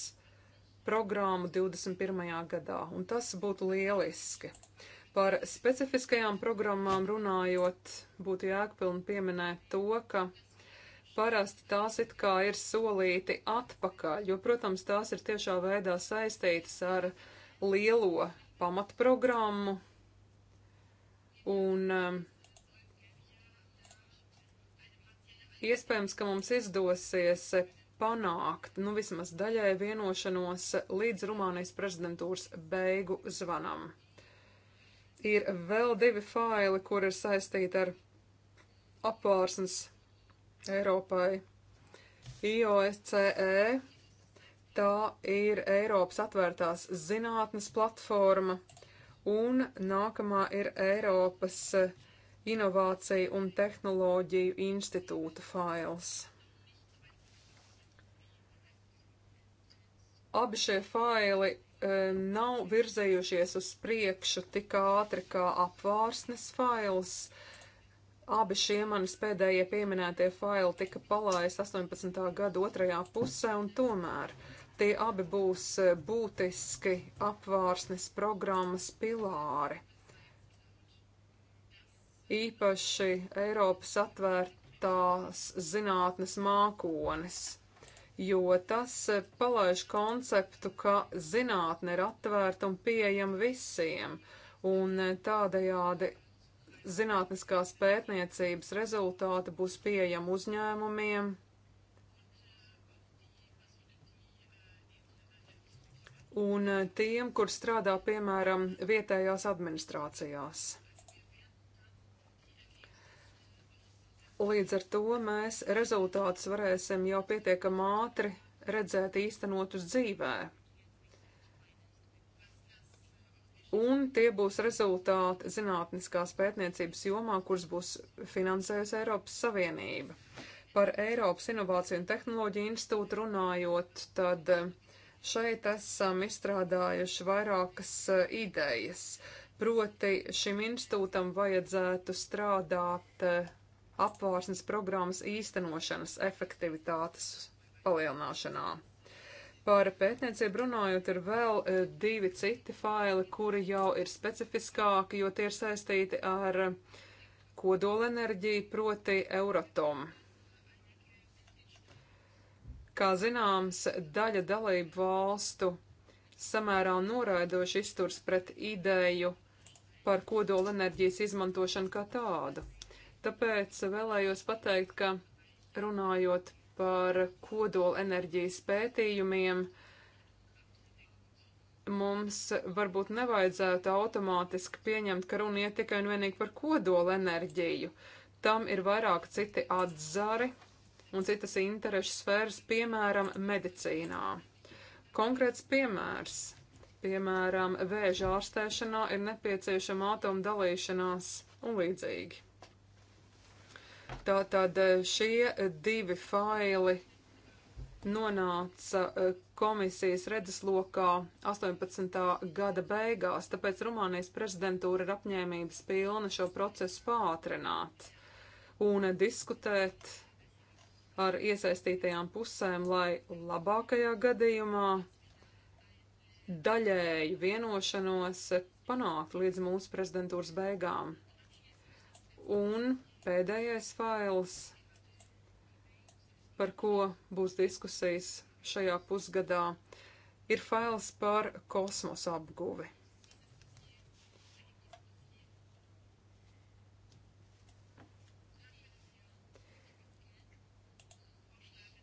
programmu 21. gadā, un tas būtu lieliski. Par specifiskajām programmām runājot, būtu jēgpilni pieminēt to, ka parasti tās it kā ir solīti atpakaļ, jo, protams, tās ir tiešā veidā saistītas ar uh, lielo pamatprogrammu. Un um, iespējams, ka mums izdosies panākt, nu vismaz daļai vienošanos līdz Rumānijas prezidentūras beigu zvanam. Ir vēl divi faili, kur ir saistīti ar apvārsnes Eiropai. IOSCE Tā ir Eiropas atvērtās zinātnes platforma, un nākamā ir Eiropas eh, Inovāciju un tehnoloģiju institūta fails. Abi šie faili e, nav virzējušies uz priekšu tik ātri kā apvārsnes fails. Abi šie manis pēdējie pieminētie faili tika palaisti 18. gada otrajā pusē, un tomēr uh, Tie abi būs eh, būtiski apvārsnes programmas pilāri. Īpaši Eiropas atvērtās zinātnes mākonis, jo tas eh, palaiž konceptu, ka zinātne ir atvērta un pieejama visiem, un eh, tādējādi zinātniskās pētniecības rezultāti būs pieejami uzņēmumiem, un eh, tiem, kur strādā, piemēram, vietējās administrācijās. Līdz ar to mēs rezultātus varēsim jau pietiekam ātri redzēt īstenot uz dzīvē. Un tie būs rezultāti zinātniskās pētniecības jomā, kuras būs finansējusi Eiropas Savienība. Par Eiropas Inovāciju un Tehnoloģiju institūtu runājot, tad uh, Šeit esam izstrādājuši vairākas eh, idejas. Proti šim institūtam vajadzētu strādāt eh, apvārsnes programmas īstenošanas efektivitātes palielināšanā. Par pētniecību runājot, ir vēl eh, divi citi faili, kuri jau ir specifiskāki, jo tie ir saistīti ar kodolenerģiju, proti Euratom. Kā zināms, daļa dalību valstu samērā noraidoši izturs pret ideju par kodola enerģijas izmantošanu kā tādu. Tāpēc vēlējos pateikt, ka runājot par kodola enerģijas pētījumiem, mums varbūt nevajadzētu automātiski pieņemt, ka runa iet tikai un vienīgi par kodola enerģiju. Tam ir vairāk citi atzari, un citas interešu sfēras, piemēram, medicīnā. Konkrēts piemērs. Piemēram, vēža ārstēšanā ir nepieciešama atomu dalīšanās un līdzīgi. Tātad eh, šie divi faili nonāca eh, komisijas redzeslokā 18. gada beigās, tāpēc Rumānijas prezidentūra ir apņēmības pilna šo procesu pātrināt un diskutēt ar iesaistītajām pusēm, lai labākajā gadījumā daļēju vienošanos panāktu līdz mūsu prezidentūras beigām. Un pēdējais fails, par ko būs diskusijas šajā pusgadā, ir fails par kosmosa apguvi.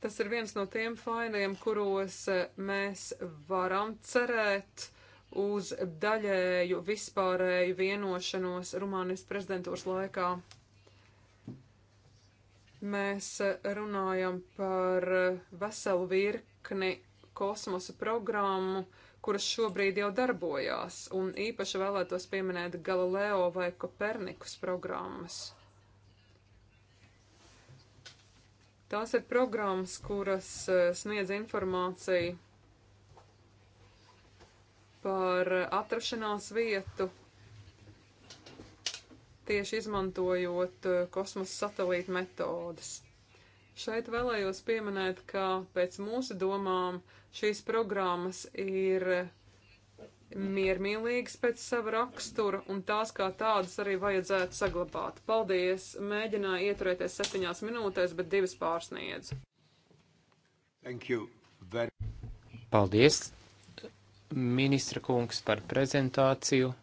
Tas ir viens no tiem failiem, kuros eh, mēs varam cerēt uz daļēju vispārēju vienošanos Rumānijas prezidentūras laikā. Mēs eh, runājam par eh, veselu virkni kosmosa programmu, kuras šobrīd jau darbojās, un īpaši vēlētos pieminēt Galileo vai Kopernikus programmas. Tās ir programmas, kuras e, sniedz informāciju par atrašanās vietu, tieši izmantojot e, kosmosa satelīta metodas. Šeit vēlējos pieminēt, ka pēc mūsu domām šīs programmas ir miermīlīgas pēc sava rakstura, un tās kā tādas arī vajadzētu saglabāt. Paldies! Mēģināju ieturēties septiņās minūtēs, bet divas pārsniedzu. Very... Paldies, ministra kungs, par prezentāciju.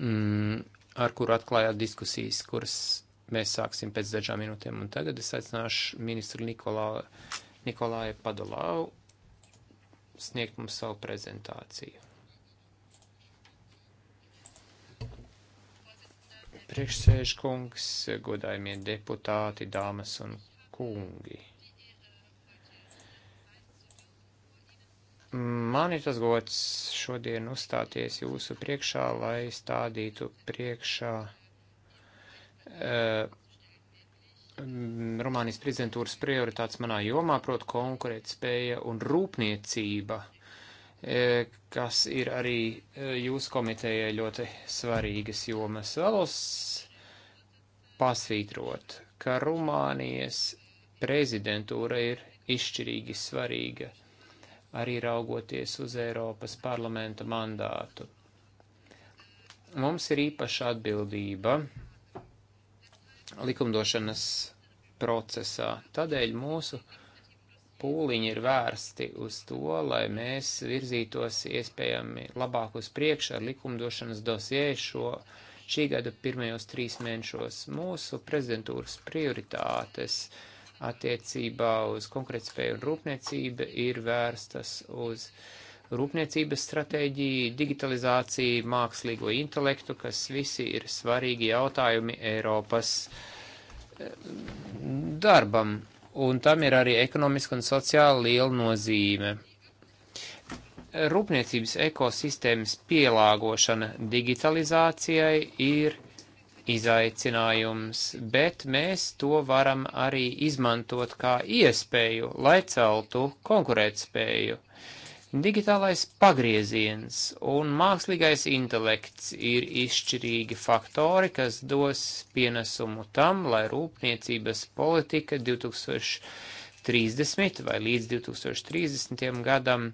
Mm, ar kuru atklājāt diskusijas, kuras mēs sāksim pēc dažām minūtēm. Un tagad es aicināšu ministru Nikolālu Nikolāja Padalau sniegt mums savu prezentāciju. Priekšsēžkungs, godājumie deputāti, dāmas un kungi. Man ir tas gods šodien uzstāties jūsu priekšā, lai stādītu priekšā uh, Mm, Rumānijas prezidentūras prioritātes manā jomā, proti, konkurētspēja un rūpniecība, e, kas ir arī e, jūsu komitejai ļoti svarīgas jomas. Vēlos pasvītrot, ka Rumānijas prezidentūra ir izšķirīgi svarīga, arī raugoties uz Eiropas parlamenta mandātu. Mums ir īpaša atbildība likumdošanas procesā. Tādēļ mūsu pūliņi ir vērsti uz to, lai mēs virzītos iespējami labāk uz priekšu ar likumdošanas dosie šo šī gada pirmajos trīs mēnešos. Mūsu prezidentūras prioritātes attiecībā uz konkrētspēju un rūpniecību ir vērstas uz uh, rūpniecības stratēģiju, digitalizāciju, mākslīgo intelektu, kas visi ir svarīgi jautājumi Eiropas eh, darbam. Un tam ir arī ekonomiska un sociāla liela nozīme. Rūpniecības ekosistēmas pielāgošana digitalizācijai ir izaicinājums, bet mēs to varam arī izmantot kā iespēju, lai celtu konkurētspēju Digitālais pagrieziens un mākslīgais intelekts ir izšķirīgi faktori, kas dos pienesumu tam, lai rūpniecības politika 2030 vai līdz 2030. gadam e,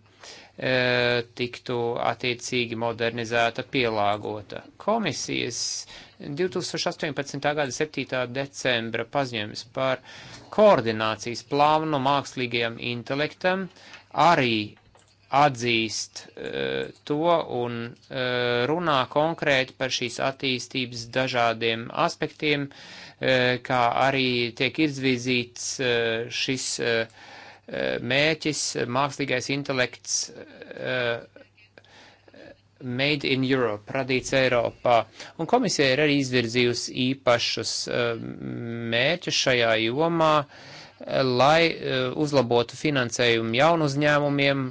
tiktu attiecīgi modernizēta, pielāgota. Komisijas 2018. gada 7. decembra paziņojums par koordinācijas plānu mākslīgajam intelektam arī atzīst uh, to un uh, runā konkrēti par šīs attīstības dažādiem aspektiem, uh, kā arī tiek izvizīts uh, šis uh, mēķis, mākslīgais intelekts uh, Made in Europe, radīts Eiropā. Un komisija ir arī izvirzījusi īpašus uh, mērķus šajā jomā, lai uh, uzlabotu finansējumu jaunu uzņēmumiem,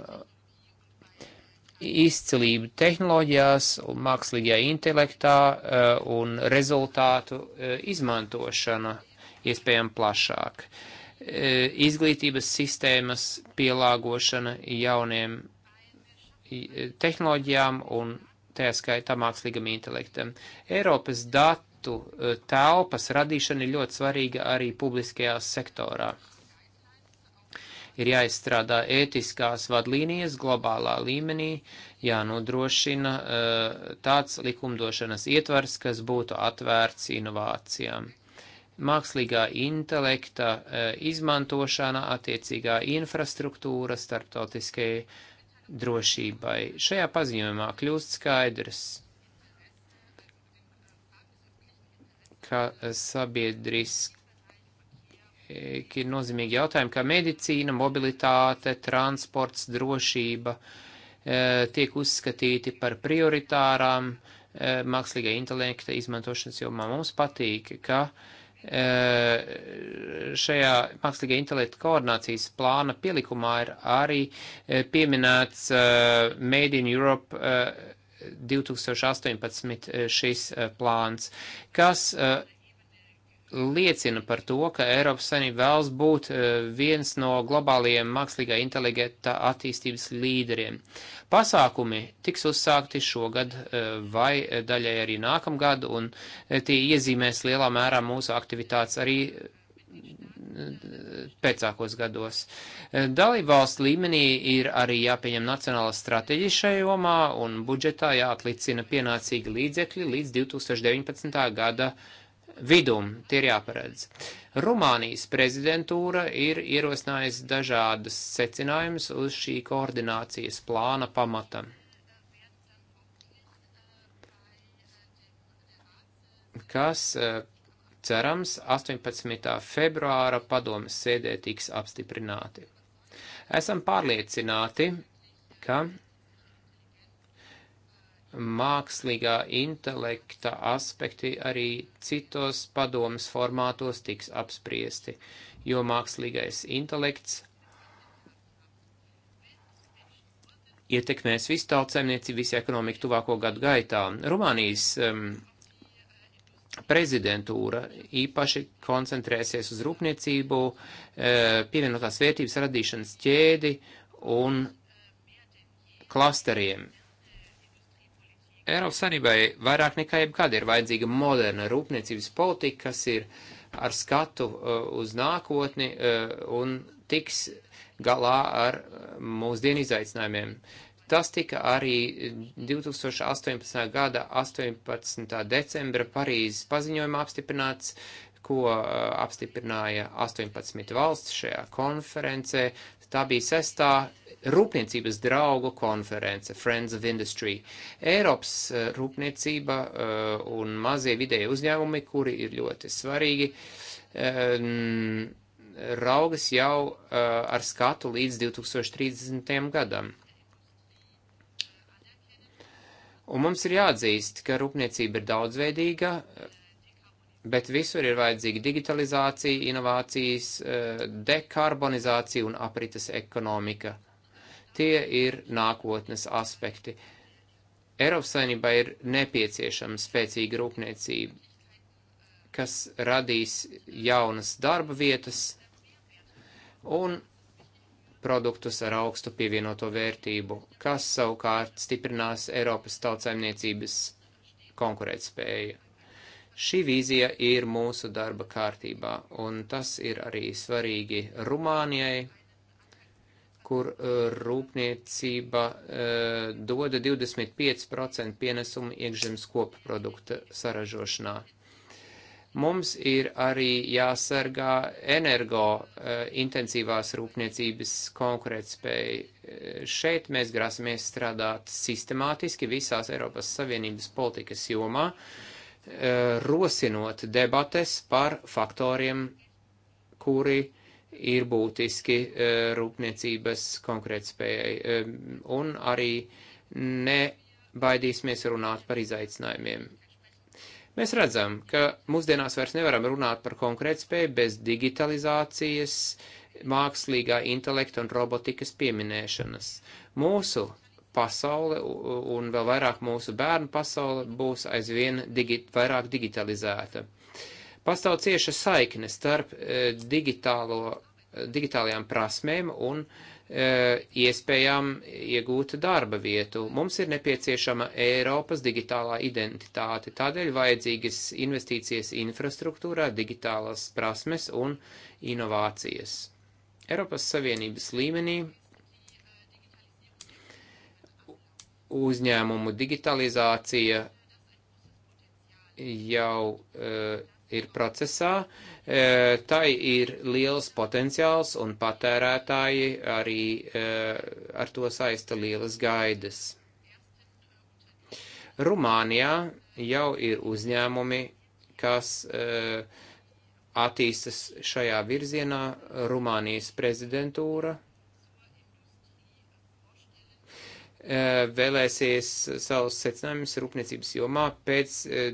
izcilību tehnoloģijās, mākslīgajā intelektā eh, un rezultātu eh, izmantošana iespējami plašāk. Eh, izglītības sistēmas pielāgošana jauniem tehnoloģijām un tā skaitā mākslīgam intelektam. Eiropas datu telpas radīšana ir ļoti svarīga arī publiskajā sektorā. Ir jāizstrādā ētiskās vadlīnijas globālā līmenī, jānodrošina eh, tāds likumdošanas ietvars, kas būtu atvērts inovācijām. Mākslīgā intelekta eh, izmantošana, attiecīgā infrastruktūra starptautiskajai drošībai. Šajā paziņojumā kļūst skaidrs, ka sabiedrisk ir nozīmīgi jautājumi, kā medicīna, mobilitāte, transports, drošība e, tiek uzskatīti par prioritārām e, mākslīgā intelekta izmantošanas jomā. Mums patīk, ka e, šajā mākslīgā intelekta koordinācijas plāna pielikumā ir arī pieminēts Made in Europe 2018 šis plāns, kas liecina par to, ka Eiropas Savienība vēlas būt eh, viens no globālajiem mākslīgā inteligenta attīstības līderiem. Pasākumi tiks uzsākti šogad eh, vai daļai arī nākamgad, un eh, tie iezīmēs lielā mērā mūsu aktivitātes arī pēcākos gados. Dalībvalsts līmenī ir arī jāpieņem nacionāla stratēģija šajā jomā un budžetā jāatlicina pienācīgi līdzekļi līdz 2019. gada vidum tie ir jāparedz. Rumānijas prezidentūra ir ierosinājusi dažādas secinājumus uz šī koordinācijas plāna pamata. kas eh, cerams 18. februāra padomas sēdē tiks apstiprināti. Esam pārliecināti, ka mākslīgā intelekta aspekti arī citos padomas formātos tiks apspriesti, jo mākslīgais intelekts ietekmēs visu tautsēmniecību, visu ekonomiku tuvāko gadu gaitā. Rumānijas um, prezidentūra īpaši koncentrēsies uz rūpniecību, uh, pievienotās vērtības radīšanas ķēdi un klasteriem. Eiropas Sanībai vairāk nekā jebkad ir vajadzīga moderna rūpniecības politika, kas ir ar skatu uh, uz nākotni uh, un tiks galā ar uh, mūsdienu izaicinājumiem. Tas tika arī 2018. gada 18. decembra Parīzes paziņojumā apstiprināts, ko apstiprināja 18 valsts šajā konferencē. Tā bija sestā Rūpniecības draugu konference Friends of Industry. Eiropas eh, rūpniecība eh, un mazie vidēji uzņēmumi, kuri ir ļoti svarīgi, ehm, raugas jau eh, ar skatu līdz 2030. gadam. Un mums ir jāatzīst, ka rūpniecība ir daudzveidīga, bet visur ir vajadzīga digitalizācija, inovācijas, dekarbonizācija un aprites ekonomika. Tie ir nākotnes aspekti. Eiropas Savienībā ir nepieciešama spēcīga rūpniecība, kas radīs jaunas darba vietas un produktus ar augstu pievienoto vērtību, kas savukārt stiprinās Eiropas tautsaimniecības konkurētspēju. Šī vīzija ir mūsu darba kārtībā, un tas ir arī svarīgi Rumānijai, kur uh, rūpniecība uh, doda 25% pienesumu iekšzemes koprodukta saražošanā. Mums ir arī jāsargā energo uh, intensīvās rūpniecības konkurētspēja. Šeit mēs grasamies strādāt sistemātiski visās Eiropas Savienības politikas jomā, rosinot debates par faktoriem, kuri uh, ir būtiski e, rūpniecības konkrētspējai. E, un arī nebaidīsimies runāt par izaicinājumiem. Mēs redzam, ka mūsdienās vairs nevaram runāt par konkrētspēju bez digitalizācijas, mākslīgā intelekta un robotikas pieminēšanas. Mūsu pasaule un vēl vairāk mūsu bērnu pasaule būs aizvien digi vairāk digitalizēta. Pastāv cieša saikne starp e, digitālo digitālajām prasmēm un e, iespējām iegūt darba vietu. Mums ir nepieciešama Eiropas digitālā identitāte, tādēļ vajadzīgas investīcijas infrastruktūrā, digitālās prasmes un inovācijas. Eiropas Savienības līmenī uzņēmumu digitalizācija jau uh, e, ir procesā, e, tai ir liels potenciāls un patērētāji arī e, ar to saista lielas gaidas. Rumānijā jau ir uzņēmumi, kas e, attīstas šajā virzienā Rumānijas prezidentūra E, vēlēsies savus secinājumus rūpniecības jomā pēc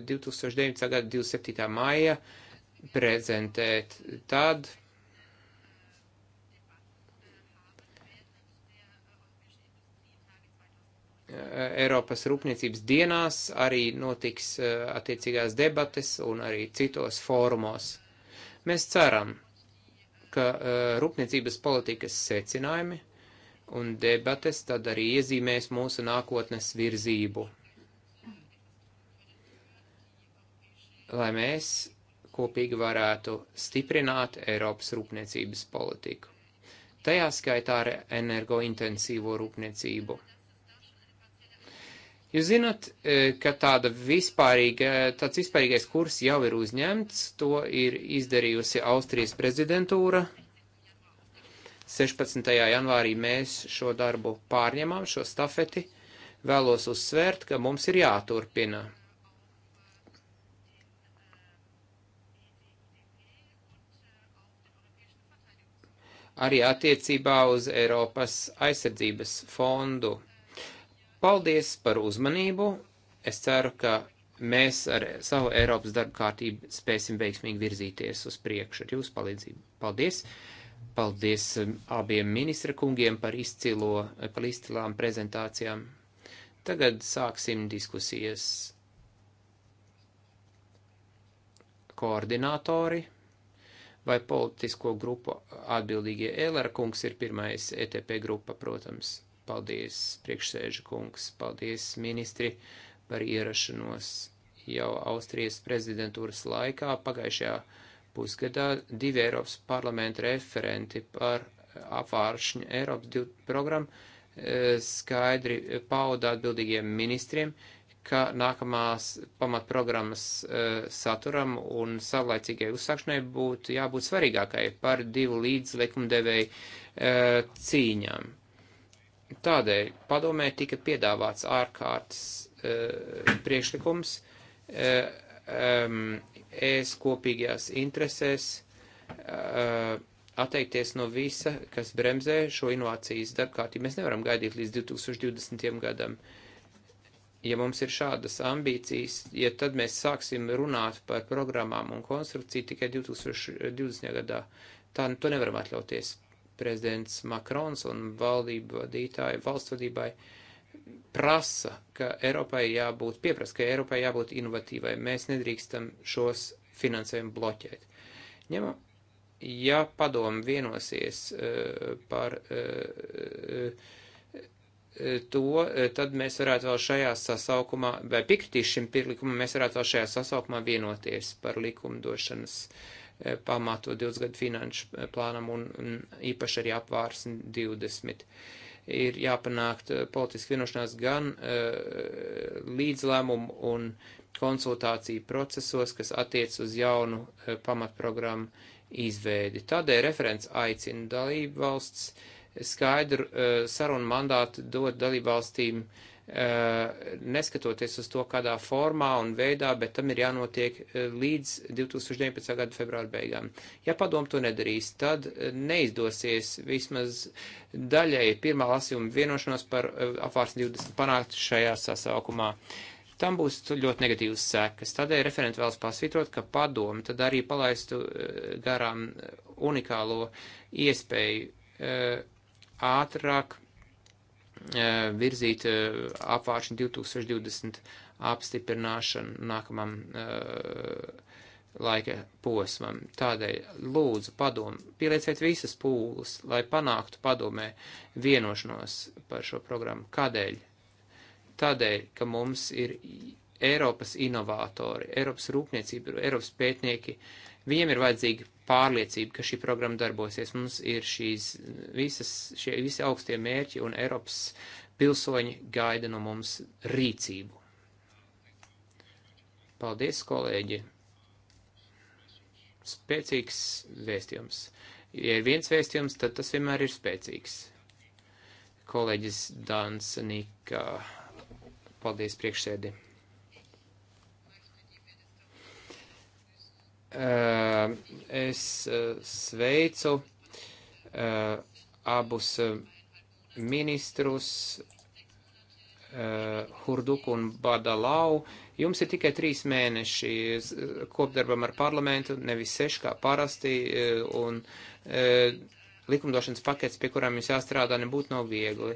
2019. E, gada 27. maija prezentēt. Tad e, Eiropas rūpniecības dienās arī notiks attiecīgās debates un arī citos fórumos. Mēs ceram, ka rūpniecības politikas secinājumi un debates tad arī iezīmēs mūsu nākotnes virzību. Lai mēs kopīgi varētu stiprināt Eiropas rūpniecības politiku. Tajā skaitā ar energointensīvo rūpniecību. Jūs zinat, e, ka tāda vispārīga, tāds vispārīgais kurs jau ir uzņemts, to ir izdarījusi Austrijas prezidentūra, 16. janvārī mēs šo darbu pārņemam, šo stafeti. Vēlos uzsvērt, ka mums ir jāturpina. Arī attiecībā uz Eiropas aizsardzības fondu. Paldies par uzmanību. Es ceru, ka mēs ar savu Eiropas darba kārtību spēsim veiksmīgi virzīties uz priekšu ar jūsu palīdzību. Paldies! Paldies um, abiem ministra kungiem par, izcilo, par izcilām prezentācijām. Tagad sāksim diskusijas. Koordinātori vai politisko grupu atbildīgie Ēlera kungs ir pirmais ETP grupa, protams. Paldies, priekšsēža kungs, paldies, ministri, par ierašanos jau Austrijas prezidentūras laikā pagājušajā gadā pusgadā divi Eiropas parlamenta referenti par apvāršņu Eiropas divu programmu e, skaidri pauda atbildīgiem ministriem, ka nākamās pamatprogrammas e, saturam un savlaicīgai uzsākšanai būtu jābūt svarīgākai par divu līdz likumdevēju e, cīņām. Tādēļ padomē tika piedāvāts ārkārtas priekšlikums um, es kopīgajās interesēs uh, atteikties no visa, kas bremzē šo inovācijas darbkārtību. Mēs nevaram gaidīt līdz 2020. gadam. Ja mums ir šādas ambīcijas, ja tad mēs sāksim runāt par programmām un konstrukciju tikai 2020. gadā, tā to nevaram atļauties. Prezidents Makrons un valdību vadītāji, valsts vadībai uh, prasa, ka Eiropai jābūt, pieprasa, ka Eiropai jābūt inovatīvai. Mēs nedrīkstam šos finansējumu bloķēt. Ņemam, ja padomu vienosies uh, par uh, to, tad mēs varētu vēl šajā sasaukumā, vai piekritīs šim pirlikumam, mēs varētu vēl šajā sasaukumā vienoties par likumdošanas pamāto 20 gadu finanšu plānam un, un īpaši arī apvārsni 20. Uh, ir jāpanāk eh, politiski vienošanās gan uh, līdzlēmumu un konsultāciju procesos, kas attiec uz jaunu uh, pamatprogrammu izveidi. Tādēļ referents aicina dalību valsts skaidru uh, sarunu mandātu dot dalību valstīm uh, Eh, neskatoties uz to, kādā formā un veidā, bet tam ir jānotiek eh, līdz 2019. gada februāra beigām. Ja padom to nedarīs, tad eh, neizdosies vismaz daļai pirmā lasījuma vienošanos par apvārs 20 panākt šajā sasaukumā. Tam būs ļoti negatīvas sekas. Tādēļ referenti vēlas pasvītrot, ka padomi tad arī palaistu garām unikālo iespēju ātrāk Eh, virzīt eh, apvāršanu 2020 apstiprināšanu nākamam eh, laika posmam. Tādēļ lūdzu padomu, pielieciet visas pūles, lai panāktu padomē vienošanos par šo programmu. Kādēļ? Tādēļ, ka mums ir Eiropas inovātori, Eiropas rūpniecība, Eiropas pētnieki, uh, Viņiem ir vajadzīga pārliecība, ka šī programma darbosies. Mums ir šīs visas, šie visi augstie mērķi un Eiropas pilsoņi gaida no mums rīcību. Paldies, kolēģi! Spēcīgs vēstījums. Ja ir viens vēstījums, tad tas vienmēr ir spēcīgs. Kolēģis Dans Nika, paldies priekšsēdi. Eh, es eh, sveicu eh, abus ministrus uh, Hurduku un Badalau. Jums ir tikai trīs mēneši kopdarbam ar parlamentu, nevis seši kā parasti, un uh, likumdošanas pakets, pie kurām jums jāstrādā, nebūtu nav viegli.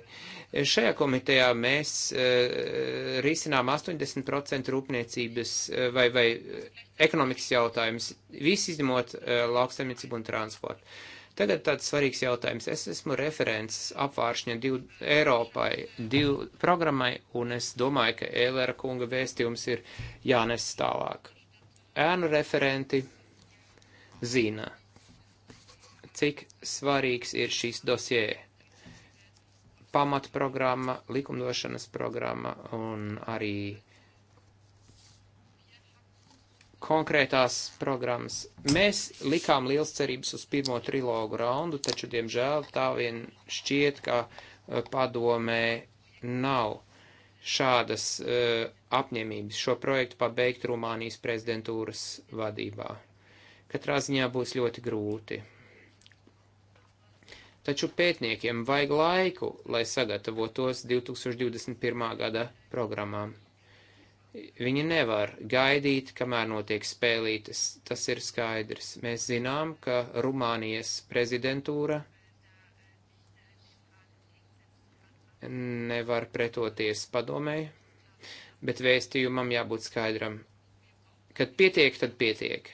Šajā komitejā mēs uh, risinām 80% rūpniecības uh, vai, vai eh, ekonomikas jautājumus, visi izņemot uh, lauksaimniecību un transportu. Tagad tāds svarīgs jautājums. Es esmu referents apvāršņa divu Eiropai, divu programmai, un es domāju, ka Ēlera kunga vēstījums ir jānes tālāk. Ēnu referenti zina cik svarīgs ir šīs dosie pamatprogramma, likumdošanas programma un arī konkrētās programmas. Mēs likām liels cerības uz pirmo trilogu raundu, taču, diemžēl, tā vien šķiet, ka eh, padomē nav šādas uh, eh, apņemības šo projektu pabeigt Rumānijas prezidentūras vadībā. Katrā ziņā būs ļoti grūti taču pētniekiem vajag laiku, lai sagatavotos 2021. gada programmām. Viņi nevar gaidīt, kamēr notiek spēlītes, tas ir skaidrs. Mēs zinām, ka Rumānijas prezidentūra nevar pretoties padomēji, bet vēstījumam jābūt skaidram. Kad pietiek, tad pietiek.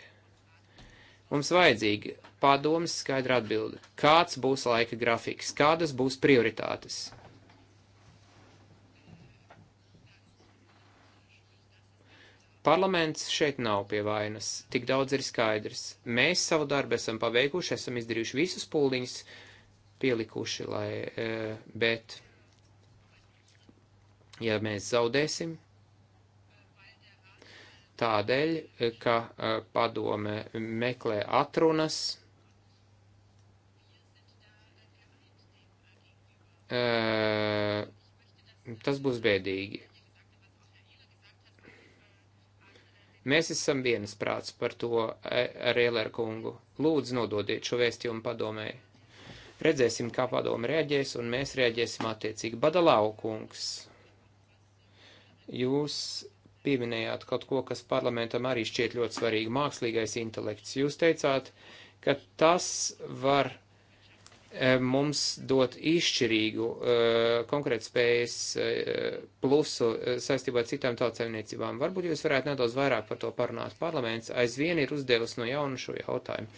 Mums vajadzīga padomas skaidra atbilde. Kāds būs laika grafiks, kādas būs prioritātes? Parlaments šeit nav pie vainas, tik daudz ir skaidrs. Mēs savu darbu esam paveikuši, esam izdarījuši visus pūliņus, pielikuši, lai, e, bet, ja mēs zaudēsim, tādēļ, ka e, padome meklē atrunas, tas būs bēdīgi. Mēs esam vienas prāts par to ar Ielēru kungu. Lūdzu, nododiet šo vēstījumu padomēji. Redzēsim, kā padome reaģēs, un mēs reaģēsim attiecīgi. Badalau kungs, jūs pieminējāt kaut ko, kas parlamentam arī šķiet ļoti svarīgi - mākslīgais intelekts. Jūs teicāt, ka tas var E, mums dot izšķirīgu e, konkrētspējas e, plusu saistībā ar citām tautsaimniecībām. Varbūt jūs varētu nedaudz vairāk par to parunāt. Parlaments aizvien ir uzdevusi no jauna šo jautājumu.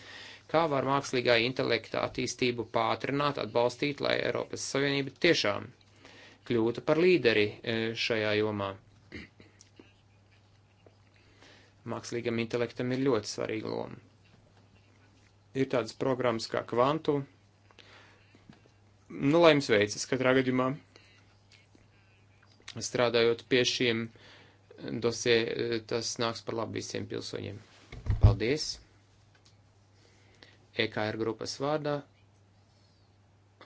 Kā var mākslīgā intelekta attīstību pātrināt, atbalstīt, lai Eiropas Savienība tiešām kļūtu par līderi šajā jomā? Mākslīgam intelektam ir ļoti svarīga loma. Ir tādas programmas kā kvantu Nu, lai jums veicas katrā gadījumā, strādājot pie šiem dosie, eh, tas nāks par labu visiem pilsoņiem. Paldies! EKR grupas vārdā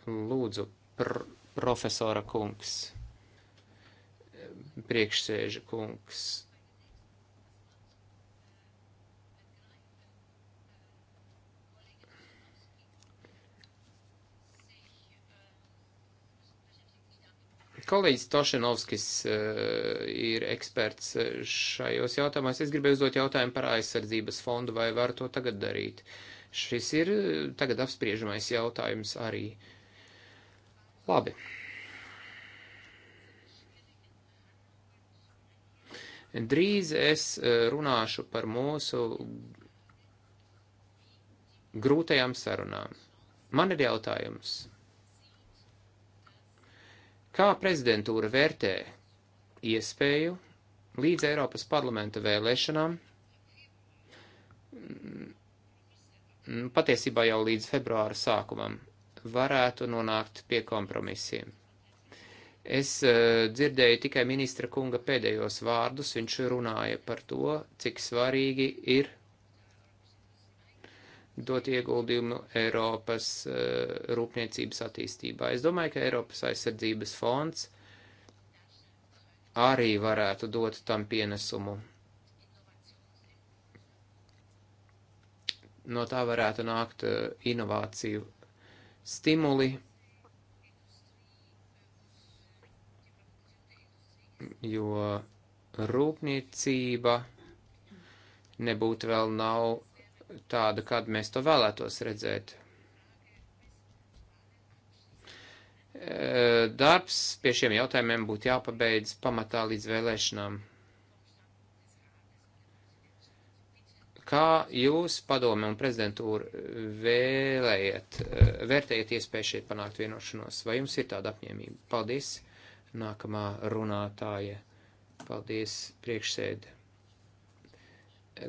lūdzu pr profesora kungs, priekšsēža kungs Kolēģis Tošenovskis eh, ir eksperts eh, šajos jautājumos. Es gribēju uzdot jautājumu par aizsardzības fondu, vai var to tagad darīt. Šis ir eh, tagad apspriežamais jautājums arī. Labi. Drīz es runāšu par mūsu grūtajām sarunām. Man ir jautājums. Kā prezidentūra vērtē iespēju līdz Eiropas parlamenta vēlēšanām, mm, patiesībā jau līdz februāra sākumam, varētu nonākt pie kompromisiem? Es uh, dzirdēju tikai ministra kunga pēdējos vārdus, viņš runāja par to, cik svarīgi ir dot ieguldījumu no Eiropas uh, rūpniecības attīstībā. Es domāju, ka Eiropas aizsardzības fonds arī varētu dot tam pienesumu. No tā varētu nākt uh, inovāciju stimuli, jo rūpniecība nebūtu vēl nav tādu, kādu mēs to vēlētos redzēt. E, darbs pie šiem jautājumiem būtu jāpabeidz pamatā līdz vēlēšanām. Kā jūs, padome un prezidentūra, vēlējat, e, vērtējat iespēju šeit panākt vienošanos? Vai jums ir tāda apņēmība? Paldies! Nākamā runātāja. Paldies, priekšsēde.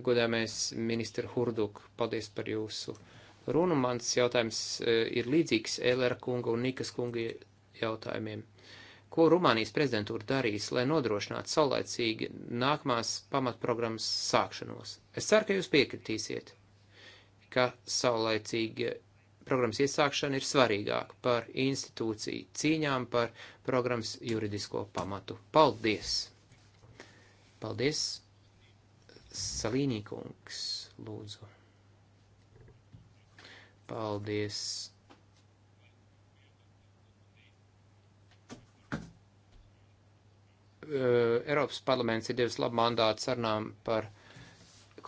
Godāmais ministra Hurduk, paldies par jūsu runu. Mans jautājums e, ir līdzīgs Elera kunga un Nikas kunga jautājumiem. Ko Rumānijas prezidentūra darīs, lai nodrošinātu saulēcīgi nākamās pamatprogrammas sākšanos? Es ceru, ka jūs piekritīsiet, ka saulēcīga programmas iesākšana ir svarīgāka par institūciju cīņām par programmas juridisko pamatu. Paldies! Paldies! Salīnīkungs, lūdzu. Paldies. Eiropas parlaments ir devis labu mandātu sarunām par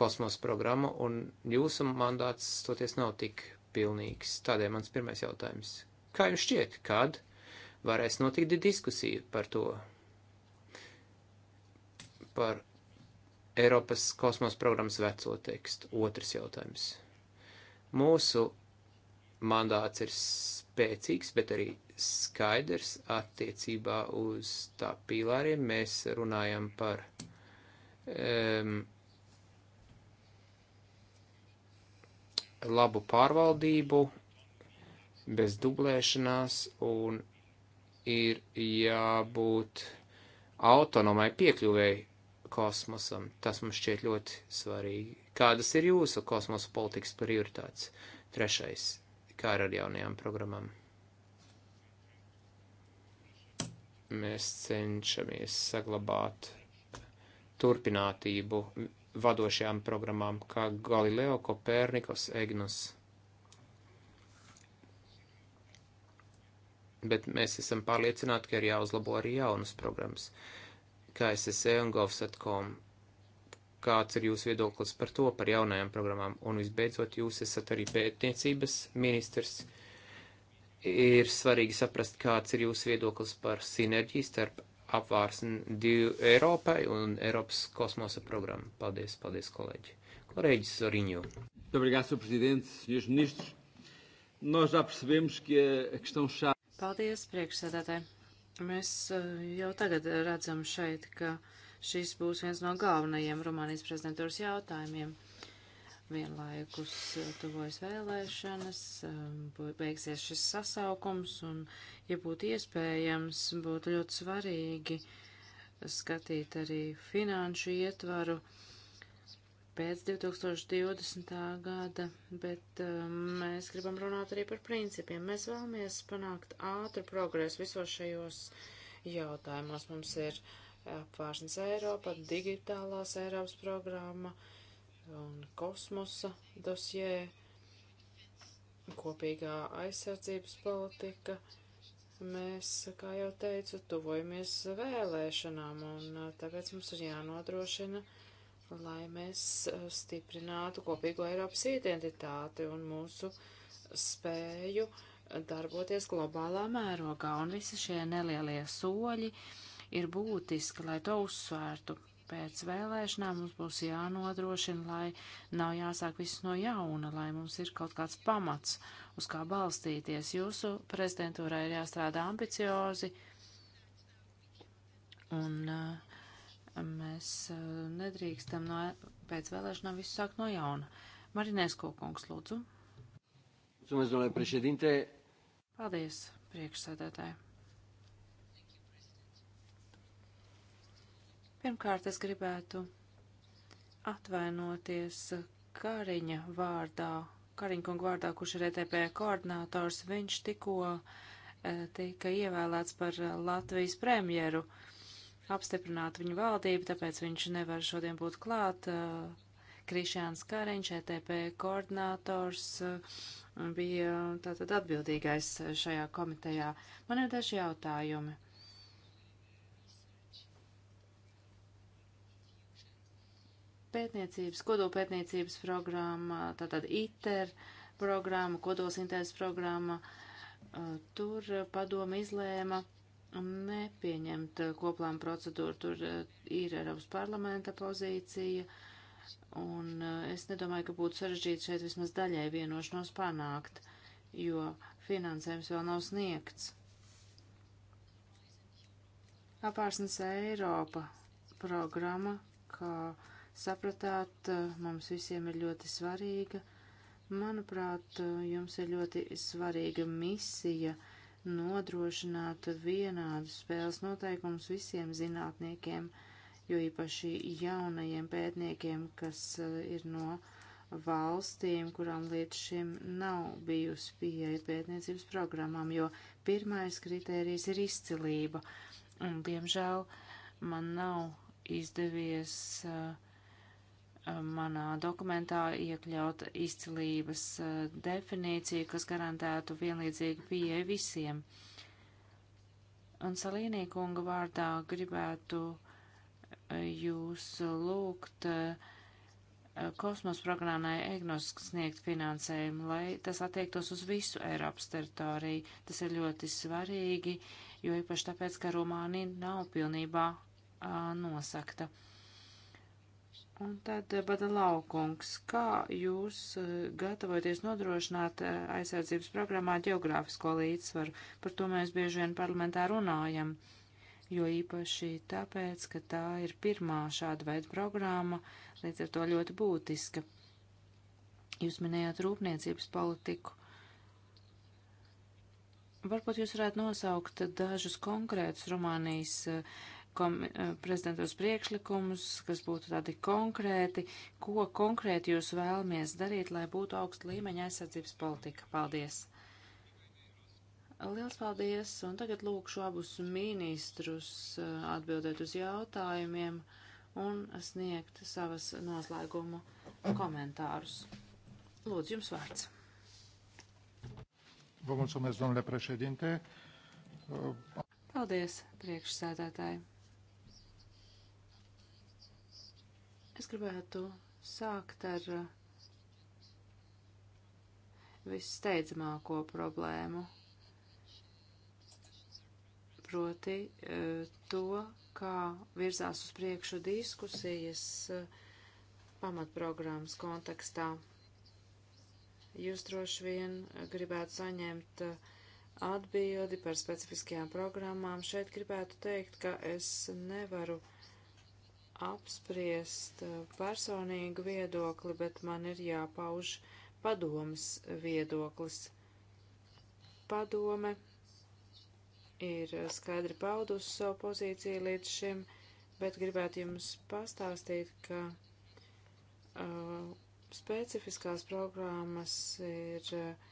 kosmosa programmu, un jūsu mandāts stoties nav tik pilnīgs. Tādēļ mans pirmais jautājums. Kā jums šķiet, kad varēs notikt diskusija par to? Par Eiropas kosmosa programmas veco tekstu. Otrs jautājums. Mūsu mandāts ir spēcīgs, bet arī skaidrs attiecībā uz tā pīlāriem. Mēs runājam par um, labu pārvaldību, bez dublēšanās un ir jābūt autonomai piekļuvēji kosmosam. Tas mums šķiet ļoti svarīgi. Kādas ir jūsu kosmosa politikas prioritātes? Trešais, kā ar jaunajām programmām? Mēs cenšamies saglabāt turpinātību vadošajām programmām kā Galileo, Kopernikus, Egnus. Bet mēs esam pārliecināti, ka ir jāuzlabo arī jaunas programmas. Uh, KSSE un Govsatcom. Kāds ir jūsu viedoklis par to, par jaunajām programmām? Un visbeidzot, jūs esat arī pētniecības ministrs. Ir svarīgi saprast, kāds ir jūsu viedoklis par sinerģiju starp apvārsni divu Eiropai un Eiropas kosmosa programmu. Paldies, paldies, kolēģi. Kolēģis Zoriņu. Obrigado, prezidents, senhores ministrs. Nós já percebemos que a questão chave. Paldies, priekšsēdētāji. Mēs eh, jau tagad redzam šeit, ka šis būs viens no galvenajiem Rumānijas prezidentūras jautājumiem. Vienlaikus eh, tuvojas vēlēšanas, eh, beigsies šis sasaukums, un, ja būtu iespējams, būtu ļoti svarīgi skatīt arī finanšu ietvaru. Uh, pēc 2020. gada, bet um, mēs gribam runāt arī par principiem. Mēs vēlamies panākt ātru progresu visos šajos jautājumos. Mums ir uh, apvāršanas Eiropa, digitālās Eiropas programma un kosmosa dosjē, kopīgā aizsardzības politika. Mēs, kā jau teicu, tuvojamies vēlēšanām, un uh, tāpēc mums ir jānodrošina, uh, lai mēs eh, stiprinātu kopīgo Eiropas identitāti un mūsu spēju eh, darboties globālā mērogā. Un visi šie nelielie soļi ir būtiski, lai to uzsvērtu. Pēc vēlēšanām mums būs jānodrošina, lai nav jāsāk viss no jauna, lai mums ir kaut kāds pamats, uz kā balstīties. Jūsu prezidentūrai ir jāstrādā ambiciozi. Un uh, Mēs eh, nedrīkstam no, pēc vēlēšanām visu sākt no jauna. Marinēsko kungs, lūdzu. Mulțumesc, domnule președinte. Paldies, priekšsēdētāji. Pirmkārt, es gribētu atvainoties Kariņa vārdā, Kariņa kunga vārdā, kurš ir ETP koordinātors. Viņš tikko eh, tika ievēlēts par Latvijas premjeru. Uh, apstiprināt viņu valdību, tāpēc viņš nevar šodien būt klāt. Eh, Krišāns Kariņš, ETP koordinators, eh, bija tātad atbildīgais šajā komitejā. Man ir daži jautājumi. Pētniecības, kodolpētniecības programma, tātad ITER programma, kodolsintēzes programma, eh, tur padoma izlēma nepieņemt eh, koplām procedūru. Tur eh, ir Eiropas parlamenta pozīcija, un eh, es nedomāju, ka būtu sarežģīti šeit vismaz daļai vienošanos panākt, jo finansējums vēl nav sniegts. Apārsnes Eiropa programma, kā sapratāt, mums visiem ir ļoti svarīga. Manuprāt, jums ir ļoti svarīga misija nodrošināt vienādu spēles noteikumus visiem zinātniekiem, jo īpaši jaunajiem pētniekiem, kas eh, ir no valstīm, kurām līdz šim nav bijusi pieeja pētniecības programmām, jo pirmais kritērijs ir izcilība. Un, diemžēl, man nav izdevies uh, manā dokumentā iekļaut izcilības eh, definīciju, kas garantētu vienlīdzīgu pieeju visiem. Un Salīnī kunga vārdā gribētu eh, jūs lūgt eh, kosmos programmai EGNOS sniegt finansējumu, lai tas attiektos uz visu Eiropas teritoriju. Tas ir ļoti svarīgi, jo īpaši tāpēc, ka Rumānija nav pilnībā a, nosakta. Un tad, eh, Badalau kungs, kā jūs eh, gatavoties nodrošināt eh, aizsardzības programmā geogrāfisko līdzsvaru? Par to mēs bieži vien parlamentā runājam, jo īpaši tāpēc, ka tā ir pirmā šāda veida programma, līdz ar to ļoti būtiska. Jūs minējāt rūpniecības politiku. Varbūt jūs varētu nosaukt dažus konkrētus Rumānijas uh, kom, eh, prezidentūras priekšlikumus, kas būtu tādi konkrēti, ko konkrēti jūs vēlamies darīt, lai būtu augsta līmeņa aizsardzības politika. Paldies! Liels paldies! Un tagad lūkšu abus ministrus eh, atbildēt uz jautājumiem un sniegt savas noslēgumu komentārus. Lūdzu, jums vārds. Vă mulțumesc, domnule președinte. Paldies, priekšsēdētāji. Es gribētu sākt ar uh, vissteidzamāko problēmu, proti uh, to, kā virzās uz priekšu diskusijas uh, pamatprogrammas kontekstā. Jūs droši vien gribētu saņemt atbildi par specifiskajām programmām. Šeit gribētu teikt, ka es nevaru uh, apspriest eh, personīgu viedokli, bet man ir jāpauž padomas viedoklis. Padome ir eh, skaidri paudusi savu pozīciju līdz šim, bet gribētu jums pastāstīt, ka uh, specifiskās programmas ir uh,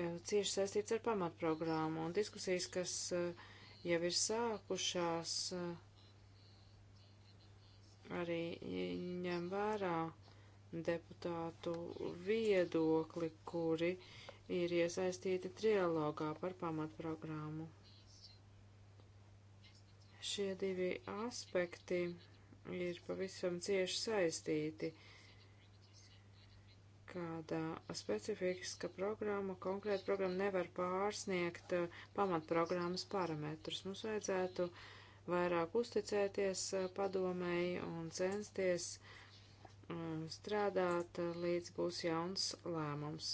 cieši saistīts ar pamatprogrammu un diskusijas, kas uh, jau ir sākušās. Uh, arī ņem vērā deputātu viedokli, kuri ir iesaistīti trialogā par pamatprogrammu. Šie divi aspekti ir pavisam cieši saistīti kāda specifiska programma, konkrēta programma nevar pārsniegt eh, pamatprogrammas parametrus. Mums vajadzētu uh, vairāk uzticēties padomēji un censties strādāt, līdz būs jauns lēmums.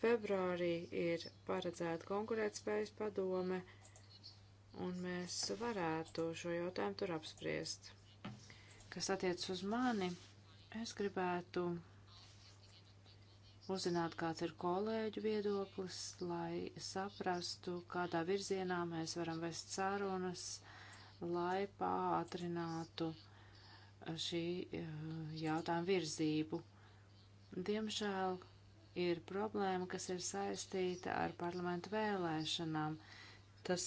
Februārī ir paredzēta konkurētspējas padome, un mēs varētu šo jautājumu tur apspriest. Kas attiecas uz mani, es gribētu uzzināt, kāds ir kolēģu viedoklis, lai saprastu, kādā virzienā mēs varam vest sārunas lai pātrinātu šī e, jautājuma virzību. Diemžēl ir problēma, kas ir saistīta ar parlamentu vēlēšanām. Tas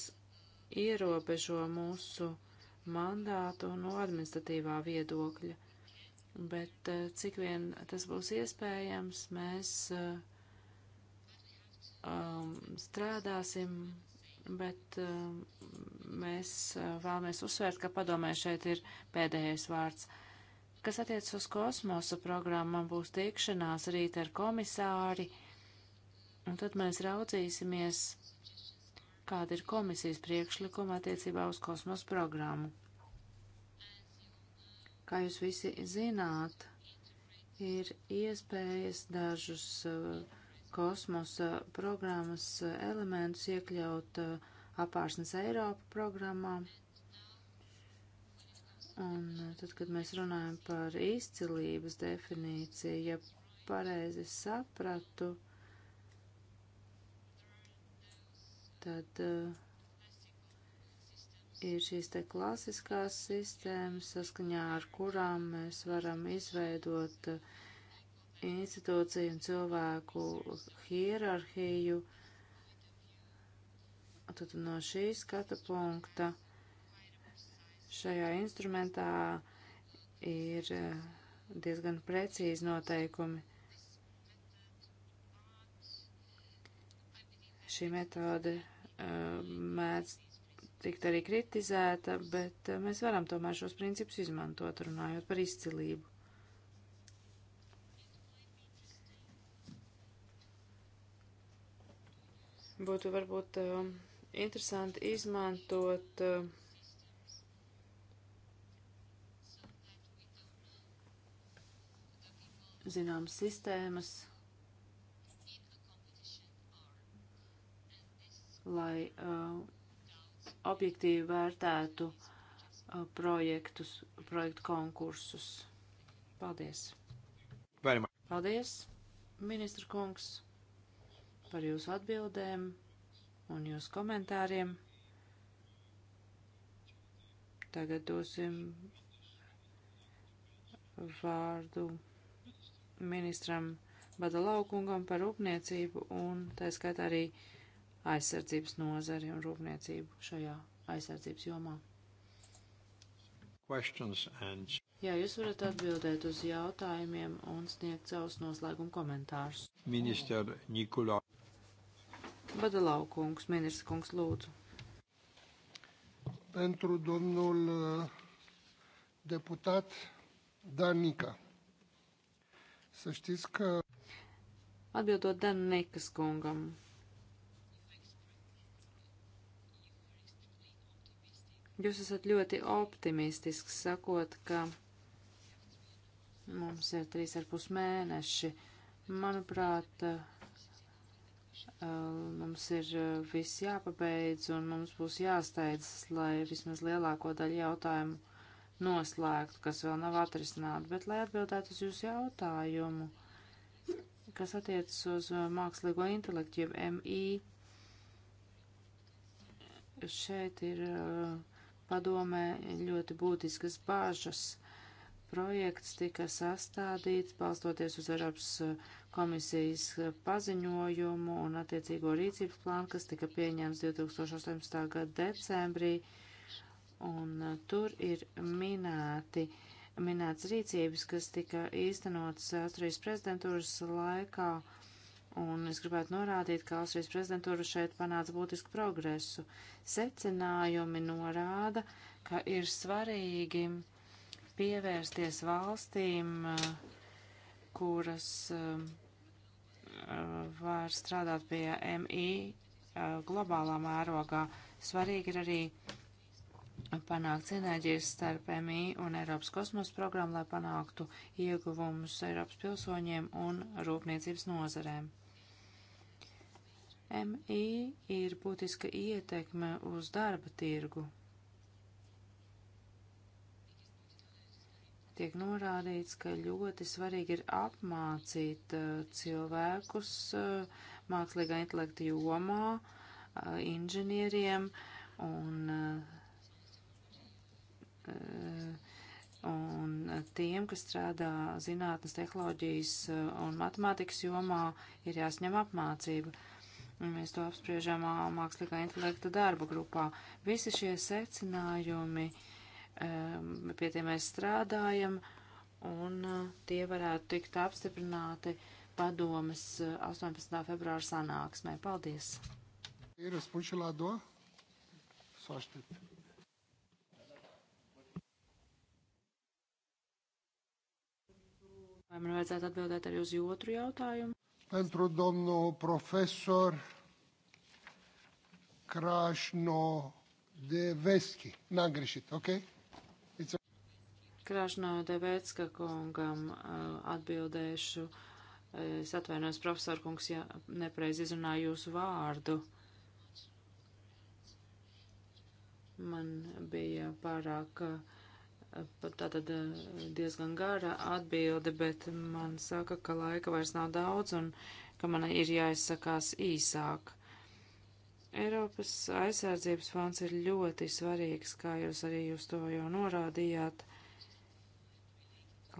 ierobežo mūsu mandātu no administratīvā viedokļa, bet e, cik vien tas būs iespējams, mēs e, um, strādāsim bet eh, mēs eh, vēlamies uzsvērt, ka padomē šeit ir pēdējais vārds. Kas attiecas uz kosmosa programmu, man būs tikšanās rīt ar komisāri, un tad mēs raudzīsimies, kāda ir komisijas priekšlikuma attiecībā uz kosmosa programmu. Kā jūs visi zināt, ir iespējas dažus uh, kosmosa programmas eh, elementus iekļaut eh, apārsnes Eiropa programmā. Un eh, tad, kad mēs runājam par izcilības definīciju, ja pareizi sapratu, tad uh, ir šīs te klasiskās sistēmas, saskaņā ar kurām mēs varam izveidot uh, institūciju un cilvēku hierarhiju. Tad no šī skata punkta šajā instrumentā ir eh, diezgan precīzi noteikumi. Šī metode eh, mēdz tikt arī kritizēta, bet eh, mēs varam tomēr šos principus izmantot, runājot par izcilību. Būtu varbūt uh, interesanti izmantot uh, zināmas sistēmas, lai uh, objektīvi vērtētu uh, projektus, projektu konkursus. Paldies! Paldies, ministra kungs! par jūsu atbildēm un jūsu komentāriem. Tagad dosim vārdu ministram Badalaukungam par rūpniecību un tā skaitā arī aizsardzības nozari un rūpniecību šajā aizsardzības jomā. And... Jā, jūs varat atbildēt uz jautājumiem un sniegt savus noslēguma komentārus. Ministra Nikolā. Badalau kungs, ministrs kungs, lūdzu. Pentru domnul uh, deputat Danica. Să știți că... Atbildot Danicas kungam. Jūs esat ļoti optimistisks, sakot, ka mums ir trīs ar pus mēneši. Manuprāt, uh, Uh, mums ir uh, viss jāpabeidz un mums būs jāsteidzas, lai vismaz lielāko daļu jautājumu noslēgtu, kas vēl nav atrisināti. Bet, lai atbildētu uz jūsu jautājumu, kas attiecas uz uh, mākslīgo intelektu, jeb MI, šeit ir padomē ļoti būtiskas bāžas. Projekts tika sastādīts, balstoties uz Eiropas uh, komisijas paziņojumu un attiecīgo rīcības plānu, kas tika pieņēmts 2018. gada decembrī. Un uh, tur ir minēti, minēts rīcības, kas tika īstenotas Austrijas prezidentūras laikā. Un es gribētu norādīt, ka Austrijas prezidentūra šeit panāca būtisku progresu. Secinājumi norāda, ka ir svarīgi pievērsties valstīm uh, kuras um, uh, var strādāt pie MI uh, globālā mērogā. Svarīgi ir arī panākt sinerģijas starp MI un Eiropas kosmosa programmu, lai panāktu ieguvumus Eiropas pilsoņiem un rūpniecības nozarēm. MI ir būtiska ietekme uz darba tirgu tiek norādīts, ka ļoti svarīgi ir apmācīt uh, cilvēkus uh, mākslīgā intelekta jomā, uh, inženieriem un, uh, uh, un tiem, kas strādā zinātnes, tehnoloģijas uh, un matemātikas jomā, ir jāsņem apmācība. Mēs to apspriežam mākslīgā intelekta darba grupā. Visi šie secinājumi uh, pie tiem mēs strādājam, un tie varētu tikt apstiprināti padomas 18. februāra sanāksmē. Paldies! Ir răspunsul la a doua? Să aștept. Vai man vajadzētu atbildēt arī uz otru jautājumu? Pentru domnul profesor Krasno Deveski. N-am greșit, ok? Krāšno Debetska kungam eh, atbildēšu. Eh, es atvainojos, profesor kungs, ja nepreiz izrunāju jūsu vārdu. Man bija pārāk eh, tātad diezgan gara atbilde, bet man saka, ka laika vairs nav daudz un ka man ir jāizsakās īsāk. Eiropas aizsardzības fonds ir ļoti svarīgs, kā jūs arī jūs to jau norādījāt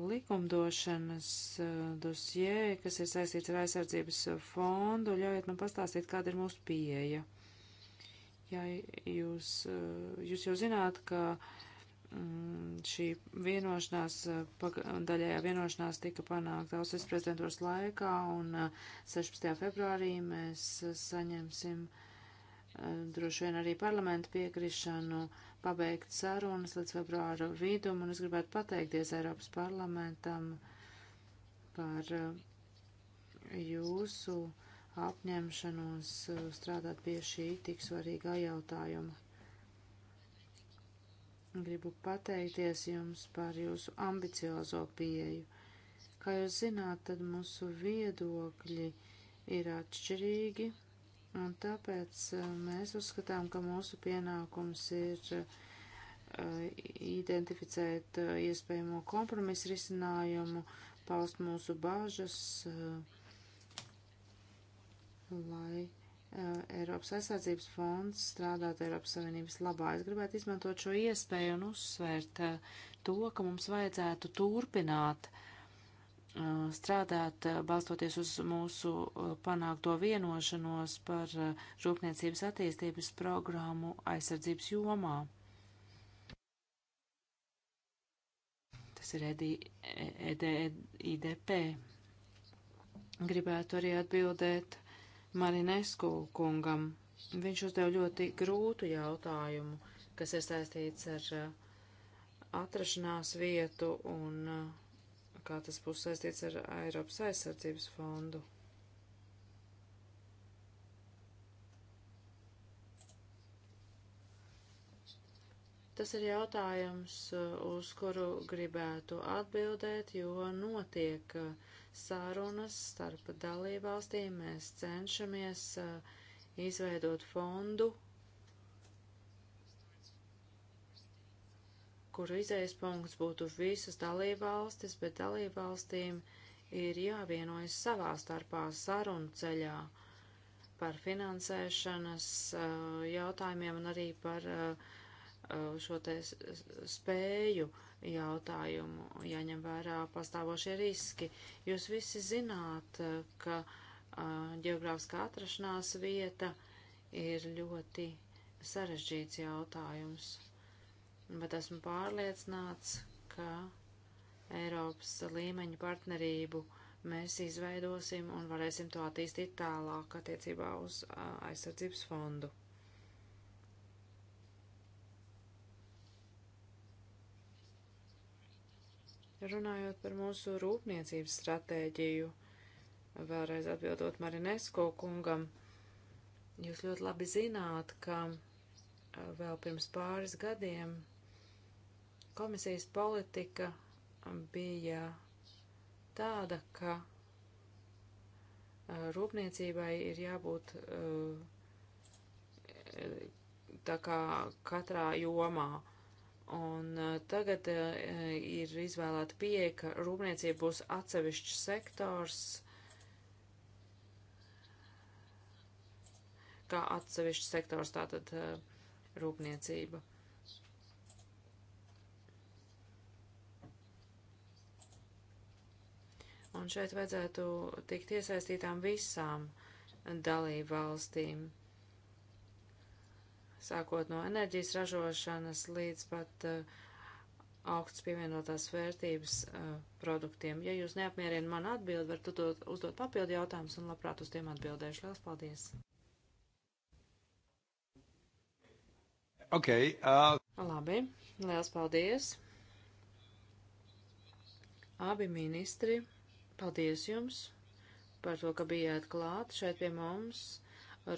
likumdošanas eh, dosjē, kas ir saistīts ar aizsardzības fondu, ļaujiet man pastāstīt, kāda ir mūsu pieeja. Ja jūs, eh, jūs jau zināt, ka mm, šī vienošanās, eh, daļējā vienošanās tika panākta Austrijas prezidentūras laikā, un 16. februārī mēs saņemsim uh, Eh, droši vien arī parlamentu piekrišanu pabeigt sarunas līdz februāra vidum, un es gribētu pateikties Eiropas parlamentam par eh, jūsu apņemšanos eh, strādāt pie šī tik svarīgā jautājuma. Gribu pateikties jums par jūsu ambiciozo pieeju. Kā jūs zināt, tad mūsu viedokļi ir atšķirīgi Un tāpēc eh, mēs uzskatām, ka mūsu pienākums ir eh, identificēt eh, iespējamo kompromisu risinājumu, paust mūsu bāžas, lai Eiropas aizsardzības fonds strādātu Eiropas Savienības labā. Es gribētu izmantot šo iespēju un uzsvērt to, ka mums vajadzētu turpināt uh, strādāt, balstoties uz mūsu panākto vienošanos par rūpniecības attīstības programmu aizsardzības jomā. Tas ir EDIDP. E, e e, Gribētu arī atbildēt Marinesku kungam. Viņš uzdev ļoti grūtu jautājumu, kas ir saistīts ar atrašanās vietu un uh, kā tas būs saistīts ar Eiropas aizsardzības fondu. Tas ir jautājums, uh, uz kuru gribētu atbildēt, jo notiek uh, sarunas starp dalībvalstīm. Mēs cenšamies uh, izveidot fondu kuru izējas punkts būtu visas dalībvalstis, bet dalībvalstīm ir jāvienojas savā starpā sarunu ceļā par finansēšanas uh, jautājumiem un arī par uh, uh, šo te spēju jautājumu, jaņem vērā pastāvošie riski. Jūs visi zināt, ka ģeogrāfiskā atrašanās vieta ir ļoti sarežģīts jautājums bet esmu pārliecināts, ka Eiropas līmeņu partnerību mēs izveidosim un varēsim to attīstīt tālāk attiecībā uz aizsardzības fondu. Runājot par mūsu rūpniecības stratēģiju, vēlreiz atbildot Marinesko kungam, jūs ļoti labi zināt, ka vēl pirms pāris gadiem Komisijas politika bija tāda, ka rūpniecībai ir jābūt tā kā katrā jomā. Un tagad ir izvēlēta pieeja, ka rūpniecība būs atsevišķs sektors, kā atsevišķs sektors tātad rūpniecība. Un šeit vajadzētu tikt iesaistītām visām dalību valstīm, sākot no enerģijas ražošanas līdz pat uh, augsts pievienotās vērtības uh, produktiem. Ja jūs neapmierina man atbildi, varat uzdot, uzdot papildu jautājumus un labprāt uz tiem atbildēšu. Lielas paldies! Okay, uh... Labi, liels paldies! Abi ministri Paldies jums par to, ka bijāt klāt šeit pie mums.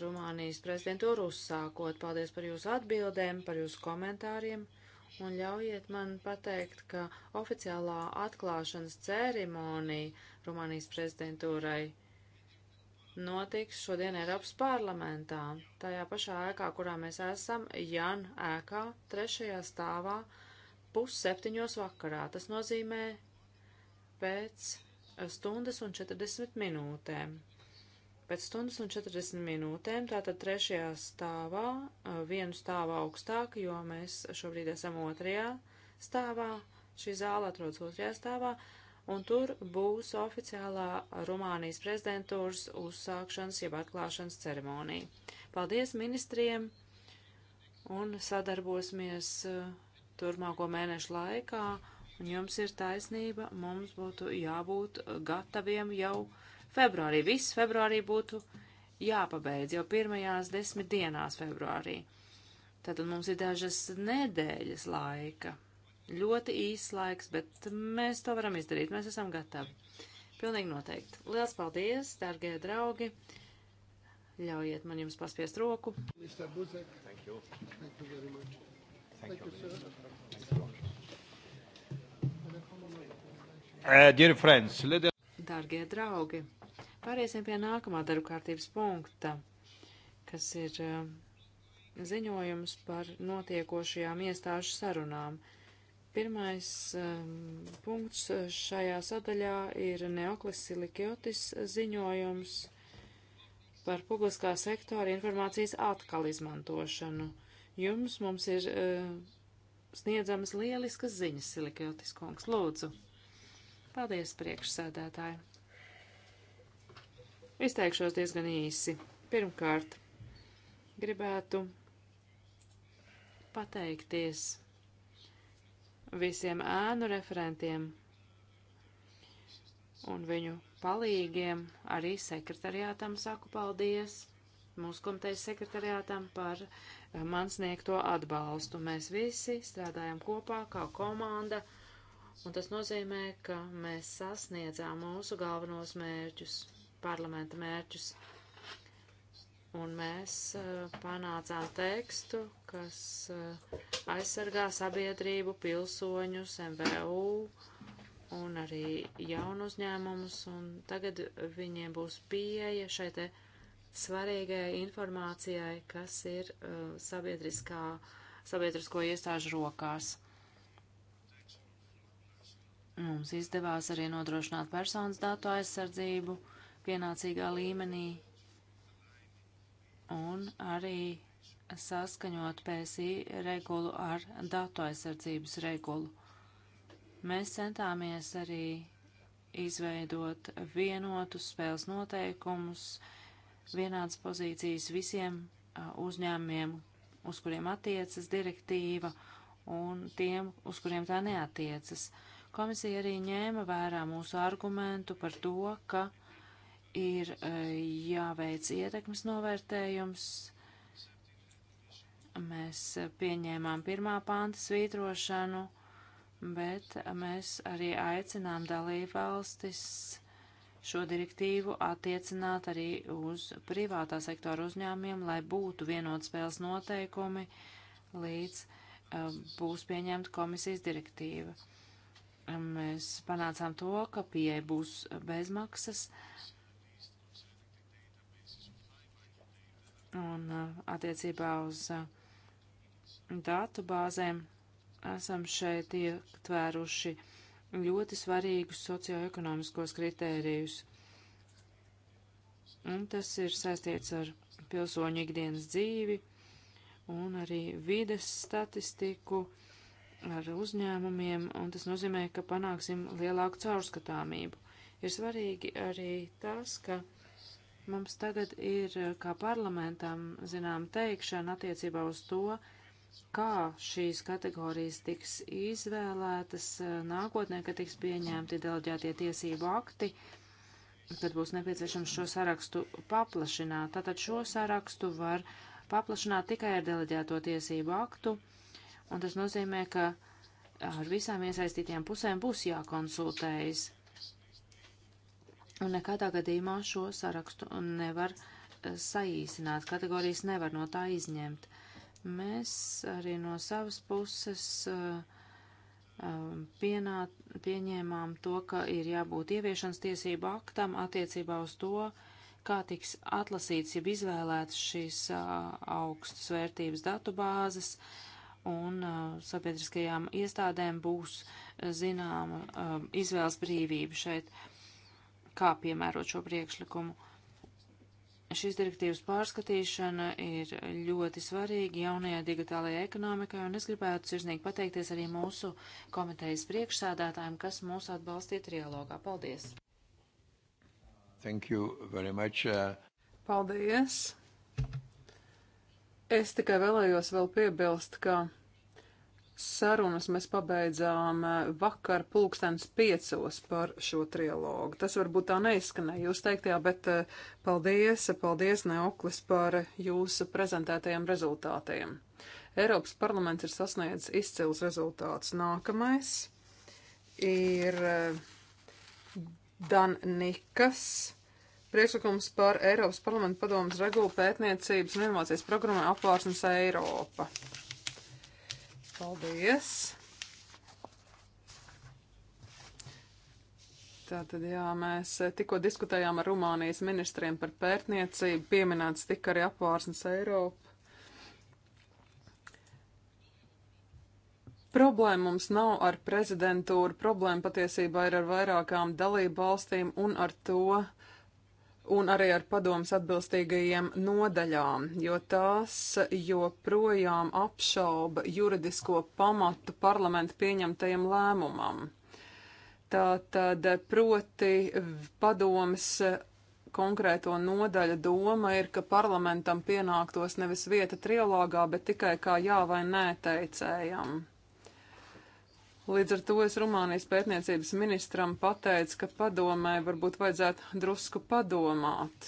Rumānijas prezidentūru uzsākot. Paldies par jūsu atbildēm, par jūsu komentāriem. Un ļaujiet man pateikt, ka oficiālā atklāšanas ceremonija Rumānijas prezidentūrai notiks šodien Eiropas parlamentā, tajā pašā ēkā, kurā mēs esam, Jan ēkā, trešajā stāvā, pusseptiņos vakarā. Tas nozīmē pēc stundas un 40 minūtēm. Pēc stundas un 40 minūtēm, tātad trešajā stāvā, vienu stāvu augstāk, jo mēs šobrīd esam otrajā stāvā, šī zāle atrodas otrajā stāvā, un tur būs oficiālā Rumānijas prezidentūras uzsākšanas jeb atklāšanas ceremonija. Paldies ministriem un sadarbosimies turmāko mēnešu laikā Un jums ir taisnība, mums būtu jābūt uh, gataviem jau februārī. Viss februārī būtu jāpabeidz jau pirmajās desmit dienās februārī. Tātad mums ir dažas nedēļas laika. Ļoti īsts laiks, bet mēs to varam izdarīt. Mēs esam gatavi. Pilnīgi noteikti. Lielas paldies, dārgie draugi! Ļaujiet man jums paspiest roku. Thank you. Thank you very much. Thank you. Thank you, sir. Uh, friends, little... Dargie draugi, pāriesim pie nākamā darba kārtības punkta, kas ir uh, ziņojums par notiekošajām iestāžu sarunām. Pirmais um, punkts šajā sadaļā ir Neoklis Silikiotis ziņojums par publiskā sektora informācijas atkal izmantošanu. Jums mums ir uh, sniedzamas lieliskas ziņas, Silikiotis kungs, lūdzu. Paldies, priekšsēdētāji. Izteikšos diezgan īsi. Pirmkārt, gribētu pateikties visiem ēnu referentiem un viņu palīgiem, arī sekretariātam saku paldies, mūsu komitejas sekretariātam par eh, man sniegto atbalstu. Mēs visi strādājam kopā kā komanda un tas nozīmē, ka mēs sasniedzām mūsu galvenos mērķus, parlamenta mērķus, un mēs uh, panācām tekstu, kas uh, aizsargā sabiedrību, pilsoņus, MVU un arī jaunu uzņēmumus, un tagad viņiem būs pieeja šai te svarīgajai informācijai, kas ir uh, sabiedriskā, sabiedrisko iestāžu rokās. Mums izdevās arī nodrošināt personas datu aizsardzību pienācīgā līmenī un arī saskaņot PSI regulu ar datu aizsardzības regulu. Mēs centāmies arī izveidot vienotus spēles noteikumus, vienādas pozīcijas visiem uzņēmumiem, uz kuriem attiecas direktīva, un tiem, uz kuriem tā neatiecas. Uh, Komisija arī ņēma vērā mūsu argumentu par to, ka ir e, jāveic ietekmes novērtējums. Mēs pieņēmām pirmā panta svītrošanu, bet mēs arī aicinām dalībvalstis šo direktīvu attiecināt arī uz privātā sektora uzņēmumiem, lai būtu vienot spēles noteikumi, līdz uh, būs pieņemta komisijas direktīva mēs panācām to, ka pieeja būs bezmaksas. Un uh, attiecībā uz uh, datu bāzēm esam šeit ietvēruši ļoti svarīgus socioekonomiskos kritērijus. Un tas ir saistīts ar pilsoņu ikdienas dzīvi un arī vides statistiku. Uh, ar uzņēmumiem, un tas nozīmē, ka panāksim lielāku caurskatāmību. Ir svarīgi arī tas, ka mums tagad ir kā parlamentam zinām teikšana attiecībā uz to, kā šīs kategorijas tiks izvēlētas nākotnē, kad tiks pieņemti delģētie tiesību akti, tad būs nepieciešams šo sarakstu paplašināt. Tātad šo sarakstu var paplašināt tikai ar delģēto tiesību aktu. Uh, Un tas nozīmē, ka ar visām iesaistītajām pusēm būs jākonsultējas. Un nekādā gadījumā šo sarakstu nevar eh, saīsināt, kategorijas nevar no tā izņemt. Mēs arī no savas puses uh, pienā, pieņēmām to, ka ir jābūt ieviešanas tiesību aktam attiecībā uz to, kā tiks atlasīts, ja izvēlēts šīs augstas vērtības datubāzes, uh, un uh, sabiedriskajām iestādēm būs uh, zināma uh, izvēles brīvība šeit, kā piemērot šo priekšlikumu. Šīs direktīvas pārskatīšana ir ļoti svarīga jaunajā digitālajā ekonomikā, un es gribētu sirsnīgi pateikties arī mūsu komitejas priekšsēdētājiem, kas mūs atbalstīja trialogā. Paldies! Thank you very much. Uh... Paldies! Es tikai vēlējos vēl piebilst, ka sarunas mēs pabeidzām eh, vakar pulkstens piecos par šo trilogu. Tas varbūt tā neizskanēja jūs teiktajā, bet eh, paldies, paldies Neoklis par jūsu prezentētajiem rezultātiem. Eiropas parlaments ir sasniedzis izcils rezultāts. Nākamais ir eh, Dannikas Priekšlikums par Eiropas parlamenta padomas regulu pētniecības un inovācijas programmai apvārsnes Eiropa. Paldies! Tātad, jā, mēs tikko diskutējām ar Rumānijas ministriem par pētniecību, pieminēts tika arī apvārsnes Eiropa. Problēma mums nav ar prezidentūru, problēma patiesībā ir ar vairākām dalību valstīm un ar to, uh, un arī ar padomus atbilstīgajiem nodaļām, jo tās joprojām apšauba juridisko pamatu parlamentu pieņemtajam lēmumam. Tātad proti padomus konkrēto nodaļu doma ir, ka parlamentam pienāktos nevis vieta trilogā, bet tikai kā jā vai nē teicējam. Līdz ar to es Rumānijas pētniecības ministram pateicu, ka padomē varbūt vajadzētu drusku padomāt.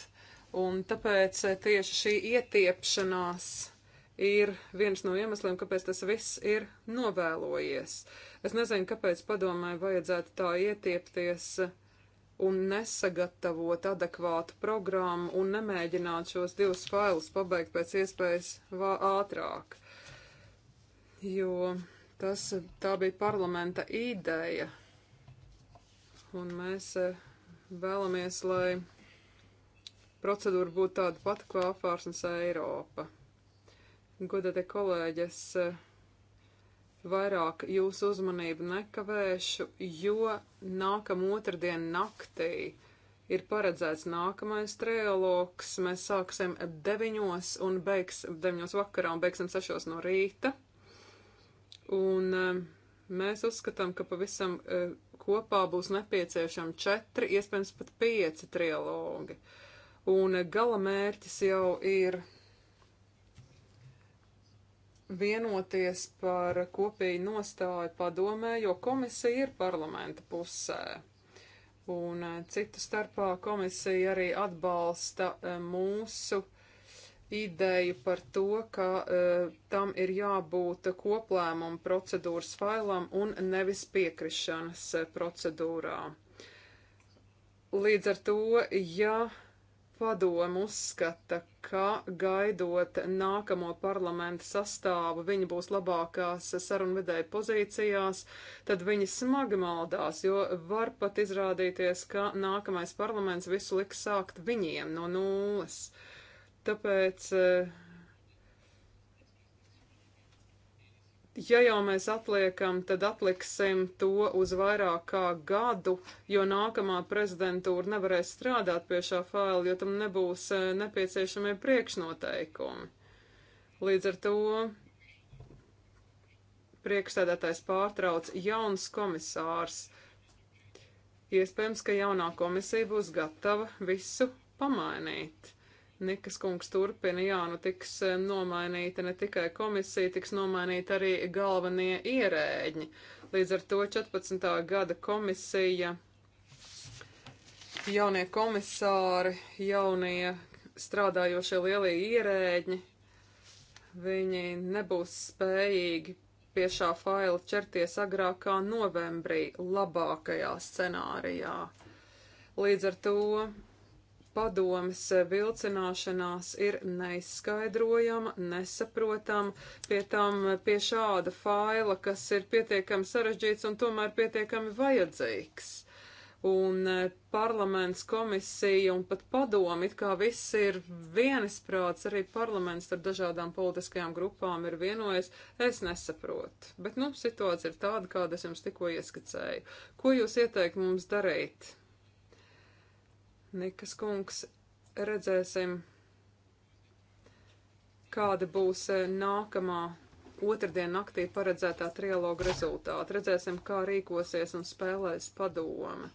Un tāpēc eh, tieši šī ietiepšanās ir viens no iemesliem, kāpēc tas viss ir novēlojies. Es nezinu, kāpēc padomē vajadzētu tā ietiepties un nesagatavot adekvātu programmu un nemēģināt šos divus failus pabeigt pēc iespējas ātrāk. Jo Tas, tā bija parlamenta ideja. Un mēs e, vēlamies, lai procedūra būtu tāda pati kā apvārsnes Eiropa. Godate kolēģis, e, vairāk jūsu uzmanību nekavēšu, jo nākam otrdien naktī ir paredzēts nākamais trialogs. Mēs sāksim ap deviņos un beigs ap deviņos vakarā un beigsim sešos no rīta. Un eh, mēs uzskatām, ka pavisam eh, kopā būs nepieciešami četri, iespējams pat pieci trilogi. Un eh, gala mērķis jau ir vienoties par kopīgu nostāju padomē, jo komisija ir parlamenta pusē. Un citu starpā komisija arī atbalsta mūsu uh, ideju par to, ka uh, tam ir jābūt koplēmuma procedūras failam un nevis piekrišanas eh, procedūrā. Līdz ar to, ja padomu uzskata, ka gaidot nākamo parlamentu sastāvu viņi būs labākās sarunvedēju pozīcijās, tad viņi smagi maldās, jo var pat izrādīties, ka nākamais parlaments visu liks sākt viņiem no nulles. Uh, Tāpēc, eh, ja jau mēs atliekam, tad atliksim to uz vairāk kā gadu, jo nākamā prezidentūra nevarēs strādāt pie šā faila, jo tam nebūs eh, nepieciešamie priekšnoteikumi. Līdz ar to priekšstādātājs pārtrauc jauns komisārs. Iespējams, ka jaunā komisija būs gatava visu pamainīt. Nikas kungs turpina, jā, nu tiks eh, nomainīta ne tikai komisija, tiks nomainīta arī galvenie ierēģi. Līdz ar to 14. gada komisija, jaunie komisāri, jaunie strādājošie lielie ierēģi, viņi nebūs spējīgi pie šā faila ķerties agrākā novembrī labākajā scenārijā. Līdz ar to padomas vilcināšanās ir neizskaidrojama, nesaprotama, pie tam pie šāda faila, kas ir pietiekami sarežģīts un tomēr pietiekami vajadzīgs. Un e, parlaments, komisija un pat padomi, it kā viss ir vienisprāts, arī parlaments ar dažādām politiskajām grupām ir vienojies, es nesaprotu. Bet, nu, situācija ir tāda, kāda es jums tikko ieskicēju. Ko jūs ieteikt mums darīt? Nikas kungs, redzēsim, kāda būs eh, nākamā otrdien naktī paredzētā trialoga rezultāti. Redzēsim, kā rīkosies un spēlēs padome.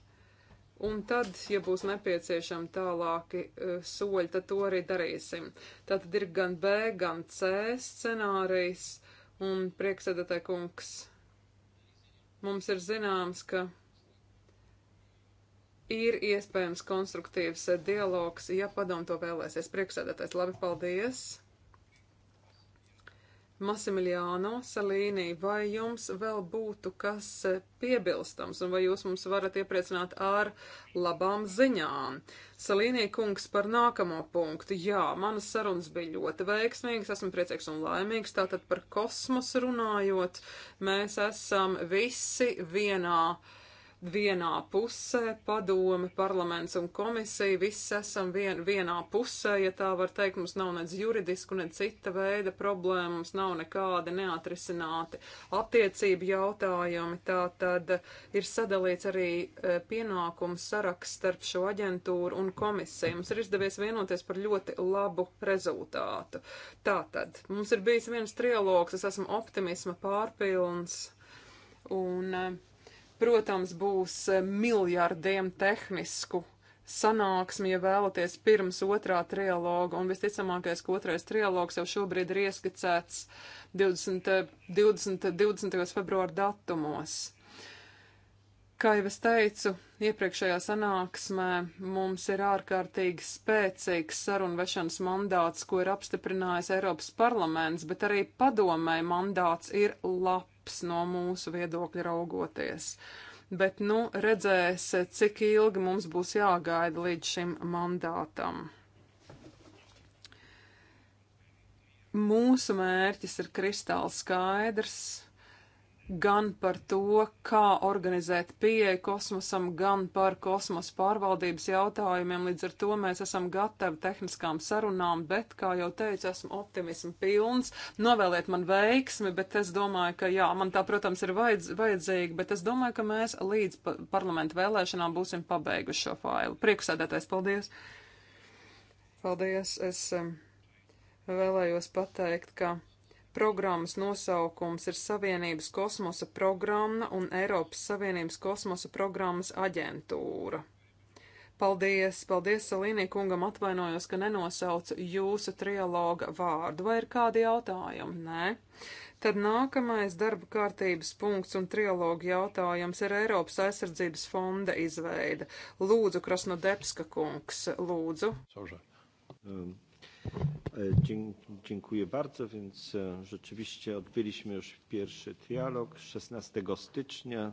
Un tad, ja būs nepieciešami tālāki uh, soļi, tad to arī darīsim. Tātad ir gan B, gan C scenārijs, un prieksēdētāji kungs, mums ir zināms, ka ir iespējams konstruktīvs dialogs, ja padom to vēlēsies. Priekšsēdētājs, labi, paldies! Masimiljāno Salīnī, vai jums vēl būtu kas piebilstams, un vai jūs mums varat iepriecināt ar labām ziņām? Salīnī kungs par nākamo punktu. Jā, manas sarunas bija ļoti veiksmīgas, esmu priecīgs un laimīgs. Tātad par kosmosu runājot, mēs esam visi vienā uh, vienā pusē, padome, parlaments un komisija, viss esam vien, vienā pusē, ja tā var teikt, mums nav nec juridisku, nec cita veida problēma, mums nav nekādi neatrisināti attiecību jautājumi, tā tad ir sadalīts arī e, pienākums saraksts starp šo aģentūru un komisiju. Mums ir izdevies vienoties par ļoti labu rezultātu. Tātad, mums ir bijis viens trialogs, es esmu optimisma pārpilns. Un uh, Protams, būs eh, miljardiem tehnisku sanāksmi, ja vēlaties pirms otrā trialoga, un visticamākais, ka otrais trialogs jau šobrīd ir ieskicēts 20. 20. 20. februāra datumos. Kā jau es teicu, iepriekšējā sanāksmē mums ir ārkārtīgi spēcīgs sarunvešanas mandāts, ko ir apstiprinājis Eiropas parlaments, bet arī padomē mandāts ir labs no mūsu viedokļa raugoties. Bet nu redzēs, cik ilgi mums būs jāgaida līdz šim mandātam. Mūsu mērķis ir kristāli skaidrs gan par to, kā organizēt pieeju kosmosam, gan par kosmosa pārvaldības jautājumiem. Līdz ar to mēs esam gatavi tehniskām sarunām, bet, kā jau teicu, esmu optimismu pilns. Novēliet man veiksmi, bet es domāju, ka jā, man tā, protams, ir vajadz, vajadzīga, bet es domāju, ka mēs līdz parlamentu vēlēšanām būsim pabeiguši šo failu. Priekusēdētais, paldies! Paldies! Es vēlējos pateikt, ka. Programmas nosaukums ir Savienības kosmosa programma un Eiropas Savienības kosmosa programmas aģentūra. Paldies, paldies Salīnī kungam, atvainojos, ka nenosaucu jūsu trialoga vārdu. Vai ir kādi jautājumi? Nē. Tad nākamais darba kārtības punkts un trialoga jautājums ir Eiropas aizsardzības fonda izveida. Lūdzu, Krasnodebska kungs, lūdzu. Sauža. Um. E, dziękuję bardzo, więc e, rzeczywiście odbyliśmy już pierwszy trialog 16 stycznia.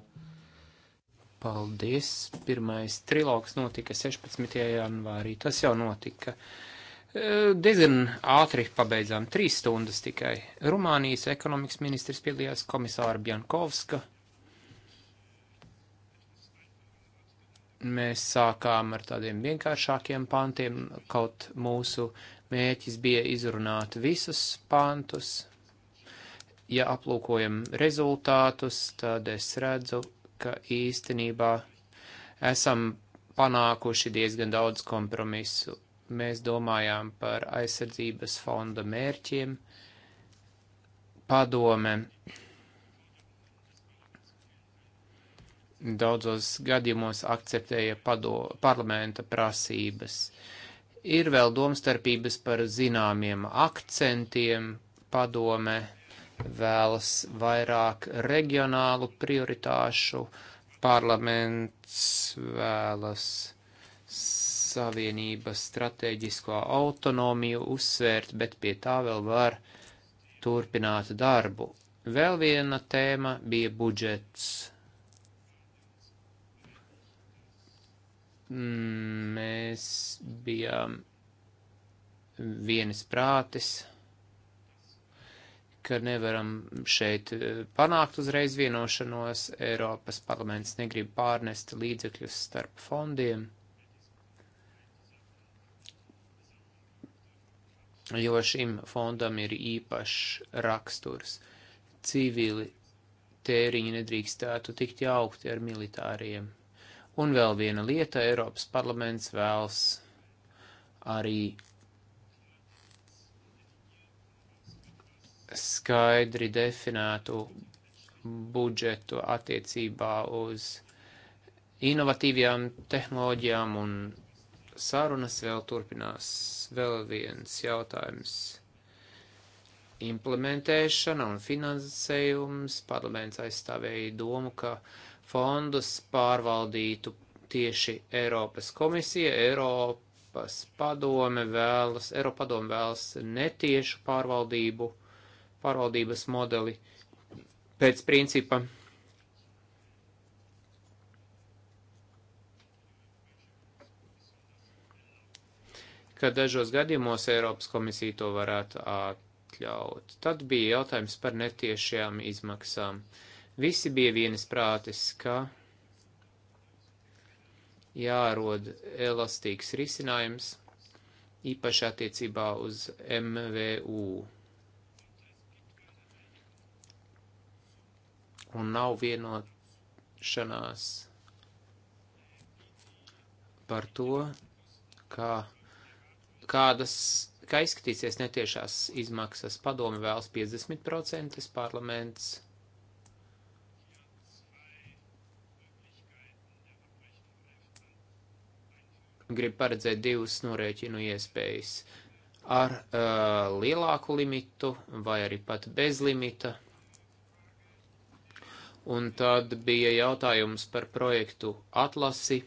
Paldies! Pirmais trilogs notika 16. janvārī. Tas jau notika. E, diezgan ātri pabeidzām, trīs stundas tikai. Rumānijas ekonomikas ministrs piedalījās komisāra Bjankovska. Mēs sākām ar tādiem vienkāršākiem pantiem, kaut mūsu Mēķis bija izrunāt visus pantus. Ja aplūkojam rezultātus, tad es redzu, ka īstenībā esam panākuši diezgan daudz kompromisu. Mēs domājām par aizsardzības fonda mērķiem. Padome daudzos gadījumos akceptēja pado, parlamenta prasības. Uh, Ir vēl domstarpības par zināmiem akcentiem, padome vēlas vairāk reģionālu prioritāšu, parlaments vēlas savienības strateģisko autonomiju uzsvērt, bet pie tā vēl var turpināt darbu. Vēl viena tēma bija budžets Mm, mēs bijām vienas prātes, ka nevaram šeit eh, panākt uzreiz vienošanos, Eiropas parlaments negrib pārnest līdzekļus starp fondiem, jo šim fondam ir īpašs raksturs. Civili tēriņi nedrīkstētu tikt jaukti ar militāriem Un vēl viena lieta - Eiropas parlaments vēlas arī skaidri definētu budžetu attiecībā uz inovatīvajām tehnoloģijām un sarunas vēl turpinās. Vēl viens jautājums. Implementēšana un finansējums. Parlaments aizstāvēja domu, ka uh, fondus pārvaldītu tieši Eiropas komisija, Eiropas padome vēlas, Eiropa padome vēlas netiešu pārvaldību, pārvaldības modeli pēc principa. ka dažos gadījumos Eiropas komisija to varētu atļaut. Tad bija jautājums par netiešajām izmaksām. Uh, Visi bija vienas prātes, ka jārod elastīgs risinājums, īpaši attiecībā uz MVU. Un nav vienošanās par to, kā, kādas, kā izskatīsies netiešās izmaksas. Padomi vēlas 50%, parlaments grib paredzēt divas norēķinu iespējas ar uh, lielāku limitu vai arī pat bez limita. Un tad bija jautājums par projektu atlasi.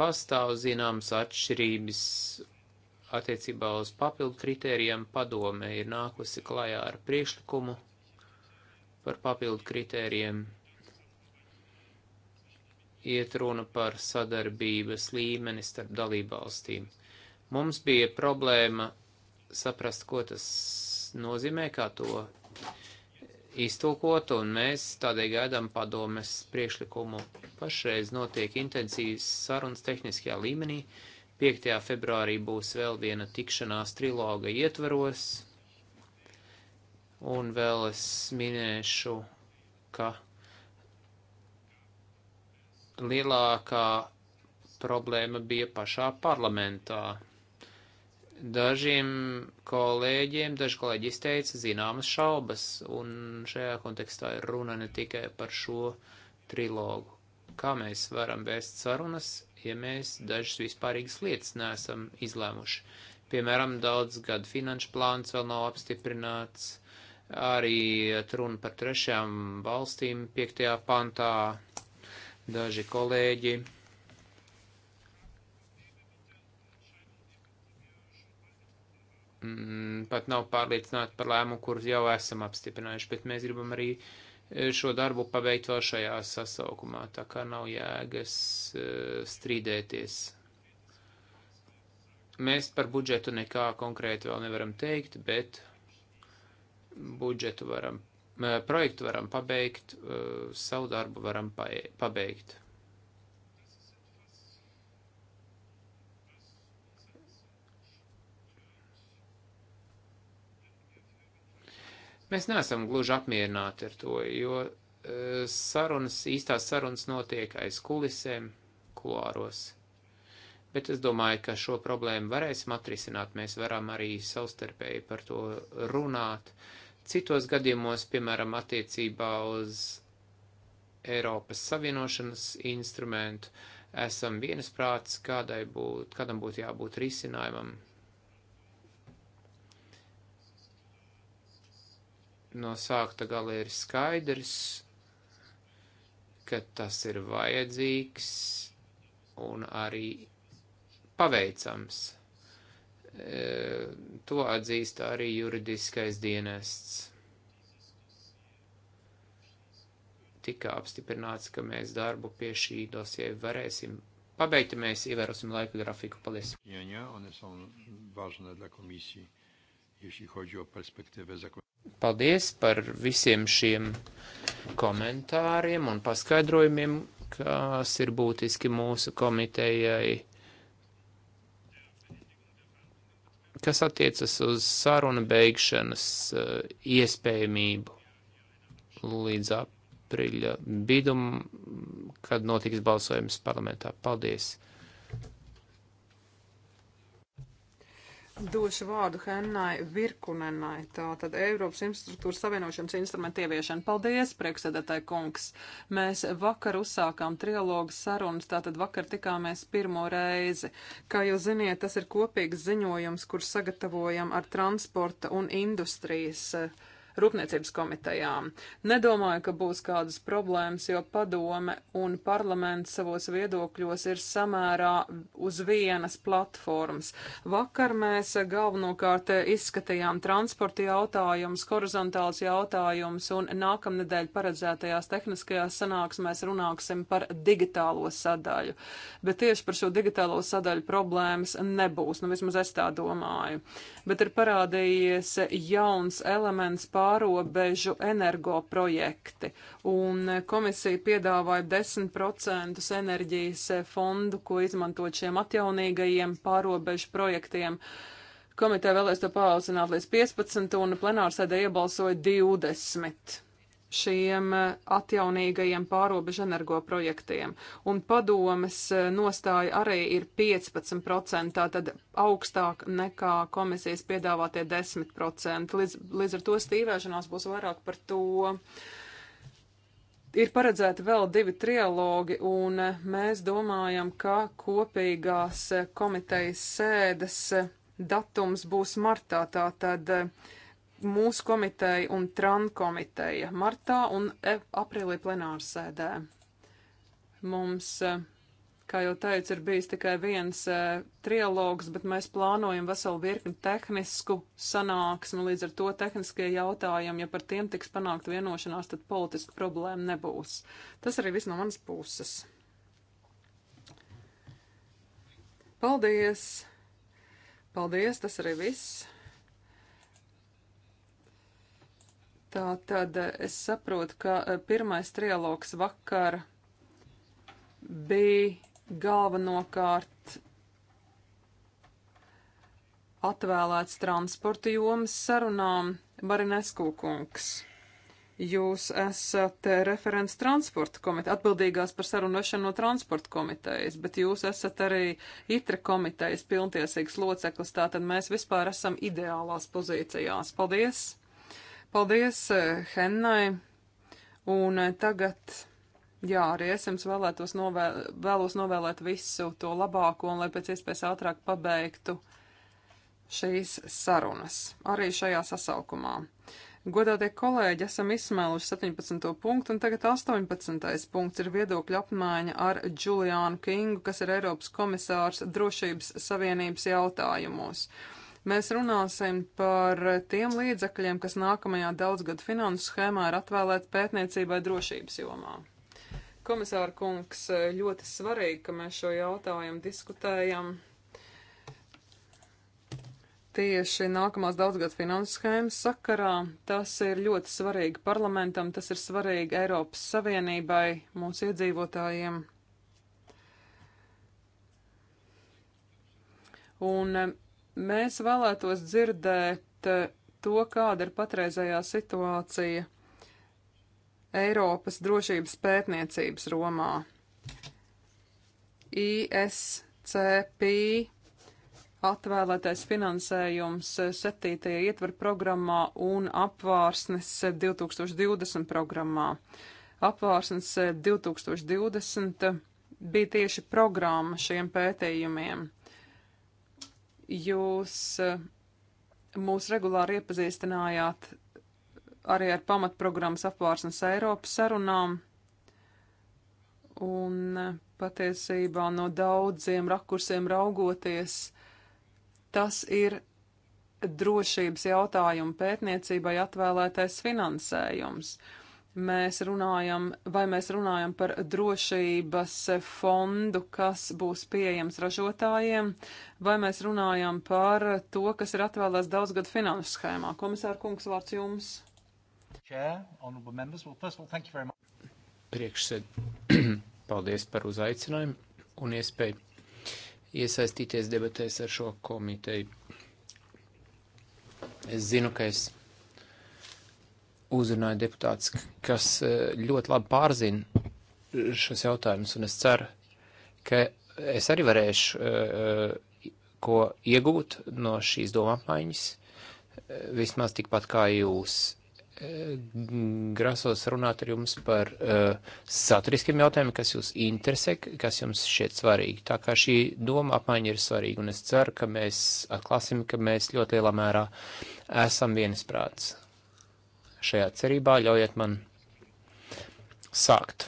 Pastāv zināms atšķirības attiecībā uz papildu kritērijiem. Padome ir nākusi klajā ar priekšlikumu par papildu kritērijiem iet runa par sadarbības līmeni starp dalībvalstīm. Mums bija problēma saprast, ko tas nozīmē, kā to iztulkot, un mēs tādēļ gaidām padomes priekšlikumu. Pašreiz notiek intensīvas sarunas tehniskajā līmenī. 5. februārī būs vēl viena tikšanās triloga ietveros, un vēl es minēšu, ka lielākā problēma bija pašā parlamentā. Dažiem kolēģiem, daži kolēģi izteica zināmas šaubas, un šajā kontekstā ir runa ne tikai par šo trilogu. Kā mēs varam vēst sarunas, ja mēs dažas vispārīgas lietas neesam izlēmuši? Piemēram, daudz gadu finanšu plāns vēl nav apstiprināts, arī runa par trešajām valstīm piektajā pantā Daži kolēģi mm, pat nav pārliecināti par lēmumu, kurus jau esam apstiprinājuši, bet mēs gribam arī e, šo darbu pabeigt vēl šajā sasaukumā, tā kā nav jēgas e, strīdēties. Mēs par budžetu nekā konkrēti vēl nevaram teikt, bet budžetu varam projektu varam pabeigt, savu darbu varam pabeigt. Mēs neesam gluži apmierināti ar to, jo sarunas, īstās sarunas notiek aiz kulisēm, kulāros. Bet es domāju, ka šo problēmu varēsim atrisināt, mēs varam arī savstarpēji par to runāt. Uh, Citos gadījumos, piemēram, attiecībā uz Eiropas Savienošanas instrumentu, esam vienasprāts, kādai būt, kādam būtu jābūt risinājumam. No sākta gala ir skaidrs, ka tas ir vajadzīgs un arī paveicams. Eh, to atzīst arī juridiskais dienests. Tika apstiprināts, ka mēs darbu pie šī dosie varēsim pabeigt, ja mēs ievērosim laika grafiku. Paldies! Paldies par visiem šiem komentāriem un paskaidrojumiem, kas ir būtiski mūsu komitejai kas attiecas uz saruna beigšanas eh, iespējamību līdz aprīļa bidum, kad notiks balsojums parlamentā. Paldies! Došu vārdu Hennai Virkunenai, tā tad Eiropas infrastruktūras savienošanas instrumentu ieviešana. Paldies, priekšsēdētāji kungs! Mēs vakar uzsākām trialogu sarunas, tātad vakar tikāmies pirmo reizi. Kā jūs ziniet, tas ir kopīgs ziņojums, kur sagatavojam ar transporta un industrijas uh, rūpniecības komitejām. Nedomāju, ka būs kādas problēmas, jo padome un parlaments savos viedokļos ir samērā uz vienas platformas. Vakar mēs galvenokārt izskatījām transporta jautājumus, horizontāls jautājumus un nākamnedēļ paredzētajās tehniskajās sanāksmēs runāksim par digitālo sadaļu. Bet tieši par šo digitālo sadaļu problēmas nebūs, nu vismaz es tā domāju. Bet ir parādījies jauns elements pār pārobežu energoprojekti, un komisija piedāvāja 10% enerģijas fondu, ko izmantot šiem atjaunīgajiem pārobežu projektiem. Komiteja vēlēs to paausināt līdz 15, un plenārsēdē iebalsoja 20 šiem eh, atjaunīgajiem pārobežu energoprojektiem. Un padomas eh, nostāja arī ir 15%, tātad augstāk nekā komisijas piedāvātie 10%. Līdz, līdz ar to stīvēšanās būs vairāk par to. Ir paredzēti vēl divi trialogi, un eh, mēs domājam, ka kopīgās komitejas sēdes datums būs martā. Tātad uh, mūsu komiteja un TRAN komiteja martā un e, aprīlī plenārsēdē. Mums, e, kā jau teicu, ir bijis tikai viens uh, trialogs, bet mēs plānojam veselu virkni tehnisku sanāksmi, līdz ar to tehniskie jautājumi, ja par tiem tiks panākt vienošanās, tad politiska problēma nebūs. Tas arī viss no manas puses. Paldies! Paldies, tas arī viss. Tā tad es saprotu, ka eh, pirmais trialogs vakar bija galvenokārt atvēlēts transporta jomas sarunām Barinesku kungs. Jūs esat referents transporta komiteja, atbildīgās par sarunu vešanu no transporta komitejas, bet jūs esat arī itra komitejas pilntiesīgs loceklis, tātad mēs vispār esam ideālās pozīcijās. Paldies! Paldies eh, Hennai. Un eh, tagad, jā, arī es jums vēlētos novēl, vēlos novēlēt visu to labāko un lai pēc iespējas ātrāk pabeigtu šīs sarunas arī šajā sasaukumā. Godātie kolēģi, esam izsmēluši 17. punktu, un tagad 18. punkts ir viedokļa apmaiņa ar Juliānu Kingu, kas ir Eiropas komisārs drošības savienības jautājumos. Mēs runāsim par tiem līdzekļiem, kas nākamajā daudzgadu finansu schēmā ir atvēlēti pētniecībai drošības jomā. Komisāra kungs, ļoti svarīgi, ka mēs šo jautājumu diskutējam tieši nākamās daudzgad finanses schēmas sakarā. Tas ir ļoti svarīgi parlamentam, tas ir svarīgi Eiropas Savienībai, mūsu iedzīvotājiem. Un Mēs vēlētos dzirdēt eh, to, kāda ir patreizējā situācija Eiropas drošības pētniecības Romā. ISCP atvēlētais finansējums 7. Eh, ietver programmā un apvārsnes 2020 eh, programmā. Apvārsnes 2020 bija tieši programma šiem pētījumiem. Jūs eh, mūs regulāri iepazīstinājāt arī ar pamatprogrammas apvārsnes Eiropas sarunām. Un eh, patiesībā no daudziem rakursiem raugoties, tas ir drošības jautājumu pētniecībai atvēlētais finansējums mēs runājam, vai mēs runājam par drošības fondu, kas būs pieejams ražotājiem, vai mēs runājam par to, kas ir atvēlēts daudzgadu finanšu schēmā. Komisāra kungs, vārds jums. Priekšsēd, paldies par uzaicinājumu un iespēju iesaistīties debatēs ar šo komiteju. Es zinu, ka es uzrunāja deputāts, kas eh, ļoti labi pārzina eh, šos jautājumus, un es ceru, ka es arī varēšu eh, ko iegūt no šīs domāmaiņas, vismaz tikpat kā jūs. Grasos runāt ar jums par uh, saturiskiem jautājumiem, kas jūs interesē, kas jums šķiet svarīgi. Tā kā šī doma apmaiņa ir svarīga, un es ceru, ka mēs atklāsim, ka mēs ļoti lielā mērā esam vienisprāts. Šajā cerībā ļaujiet man sākt.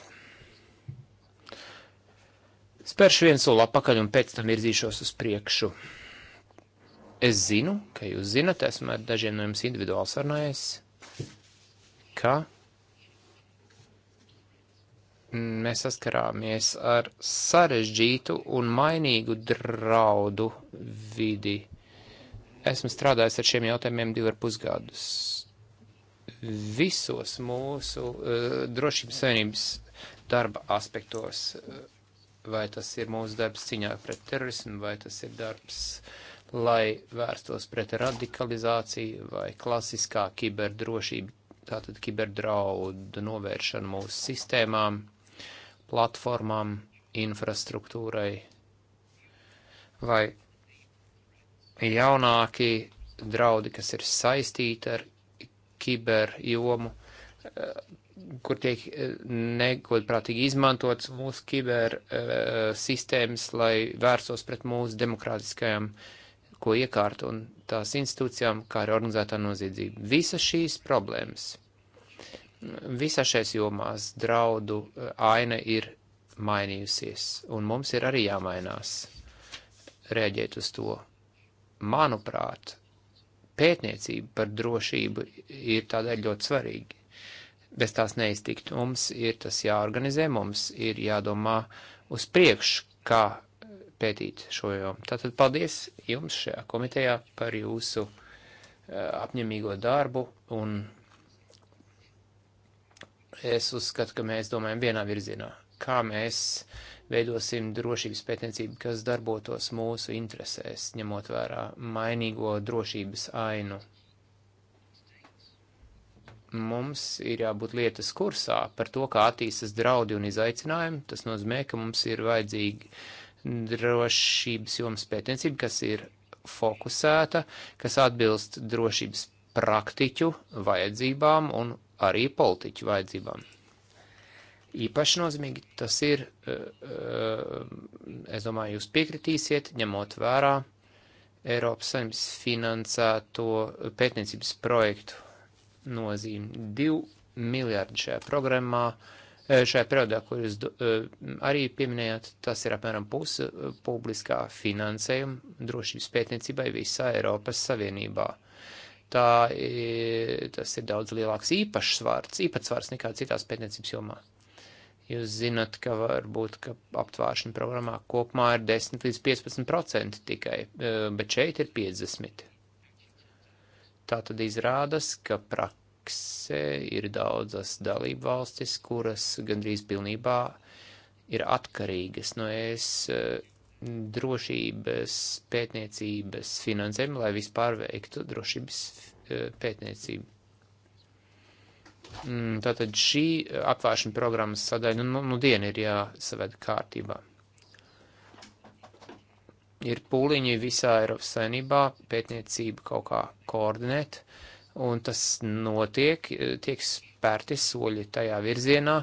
Spēršu vienu soli apakaļ un pēc tam virzīšos uz priekšu. Es zinu, ka jūs zinat, esmu ar dažiem no jums individuāli sarunājies, ka mēs saskarāmies ar sarežģītu un mainīgu draudu vidi. Esmu strādājis ar šiem jautājumiem divi ar pusgadus visos mūsu uh, drošības savienības darba aspektos. Uh, vai tas ir mūsu darbs ciņā pret terorismu, vai tas ir darbs, lai vērstos pret radikalizāciju vai klasiskā kiberdrošība, tātad kiberdraudu novēršana mūsu sistēmām, platformām, infrastruktūrai, vai jaunāki draudi, kas ir saistīti ar kiber jomu, eh, kur tiek eh, negodprātīgi izmantots mūsu kiber eh, sistēmas, lai vērsos pret mūsu demokrātiskajām ko iekārt un tās institūcijām, kā arī organizētā noziedzība. Visas šīs problēmas, visās šajās jomās draudu aina ir mainījusies, un mums ir arī jāmainās, rēģēt uz to. Manuprāt, pētniecība par drošību ir tādēļ ļoti svarīga. Bez tās neiztikt. Mums ir tas jāorganizē, mums ir jādomā uz priekšu, kā pētīt šo jomu. Tātad paldies jums šajā komitejā par jūsu eh, apņemīgo darbu un es uzskatu, ka mēs domājam vienā virzienā. Kā mēs veidosim drošības pētniecību, kas darbotos mūsu interesēs, ņemot vērā mainīgo drošības ainu. Mums ir jābūt lietas kursā par to, kā attīstas draudi un izaicinājumi. Tas nozīmē, ka mums ir vajadzīga drošības jomas pētniecība, kas ir fokusēta, kas atbilst drošības praktiķu vajadzībām un arī politiķu vajadzībām īpaši nozīmīgi. Tas ir, eh, eh, es domāju, jūs piekritīsiet, ņemot vērā Eiropas saimnes finansēto pētniecības projektu nozīmi. 2 miljārdi šajā programmā, eh, šajā periodā, kur jūs arī pieminējāt, tas ir apmēram puse publiskā finansējuma drošības pētniecībai visā Eiropas Savienībā tā, tas ir daudz lielāks īpašsvārds, īpatsvārds nekā citās pētniecības jomās. Jūs zinat, ka varbūt, ka aptvāršana programmā kopumā ir 10 līdz 15% tikai, e, bet šeit ir 50. Tā tad izrādās, ka praksē ir daudzas dalību valstis, kuras gandrīz pilnībā ir atkarīgas no es e, drošības pētniecības finansējumu, lai vispār veiktu drošības e, pētniecību. Mm, tātad šī eh, apvēršana programmas sadaļa nu, nu, nu diena ir jāsaved kārtībā. Ir pūliņi visā Eiropas saimnībā pētniecību kaut kā koordinēt, un tas notiek, eh, tiek spērti soļi tajā virzienā.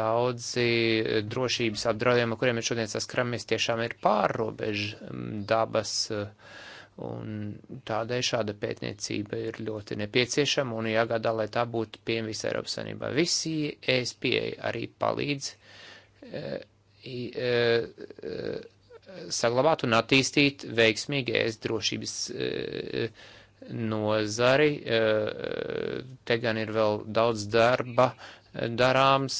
Daudzi eh, drošības apdraudējumi, kuriem mēs šodien saskaramies, tiešām ir pārrobežu mm, dabas. Uh, Un tādēļ šāda pētniecība ir ļoti nepieciešama un jāgādā, lai tā būtu pieejama visai Eiropas Savienībā. Visi es pieeja arī palīdz e, e, e, saglabāt un attīstīt veiksmīgi es drošības e, nozari. E, te gan ir vēl daudz darba darāms,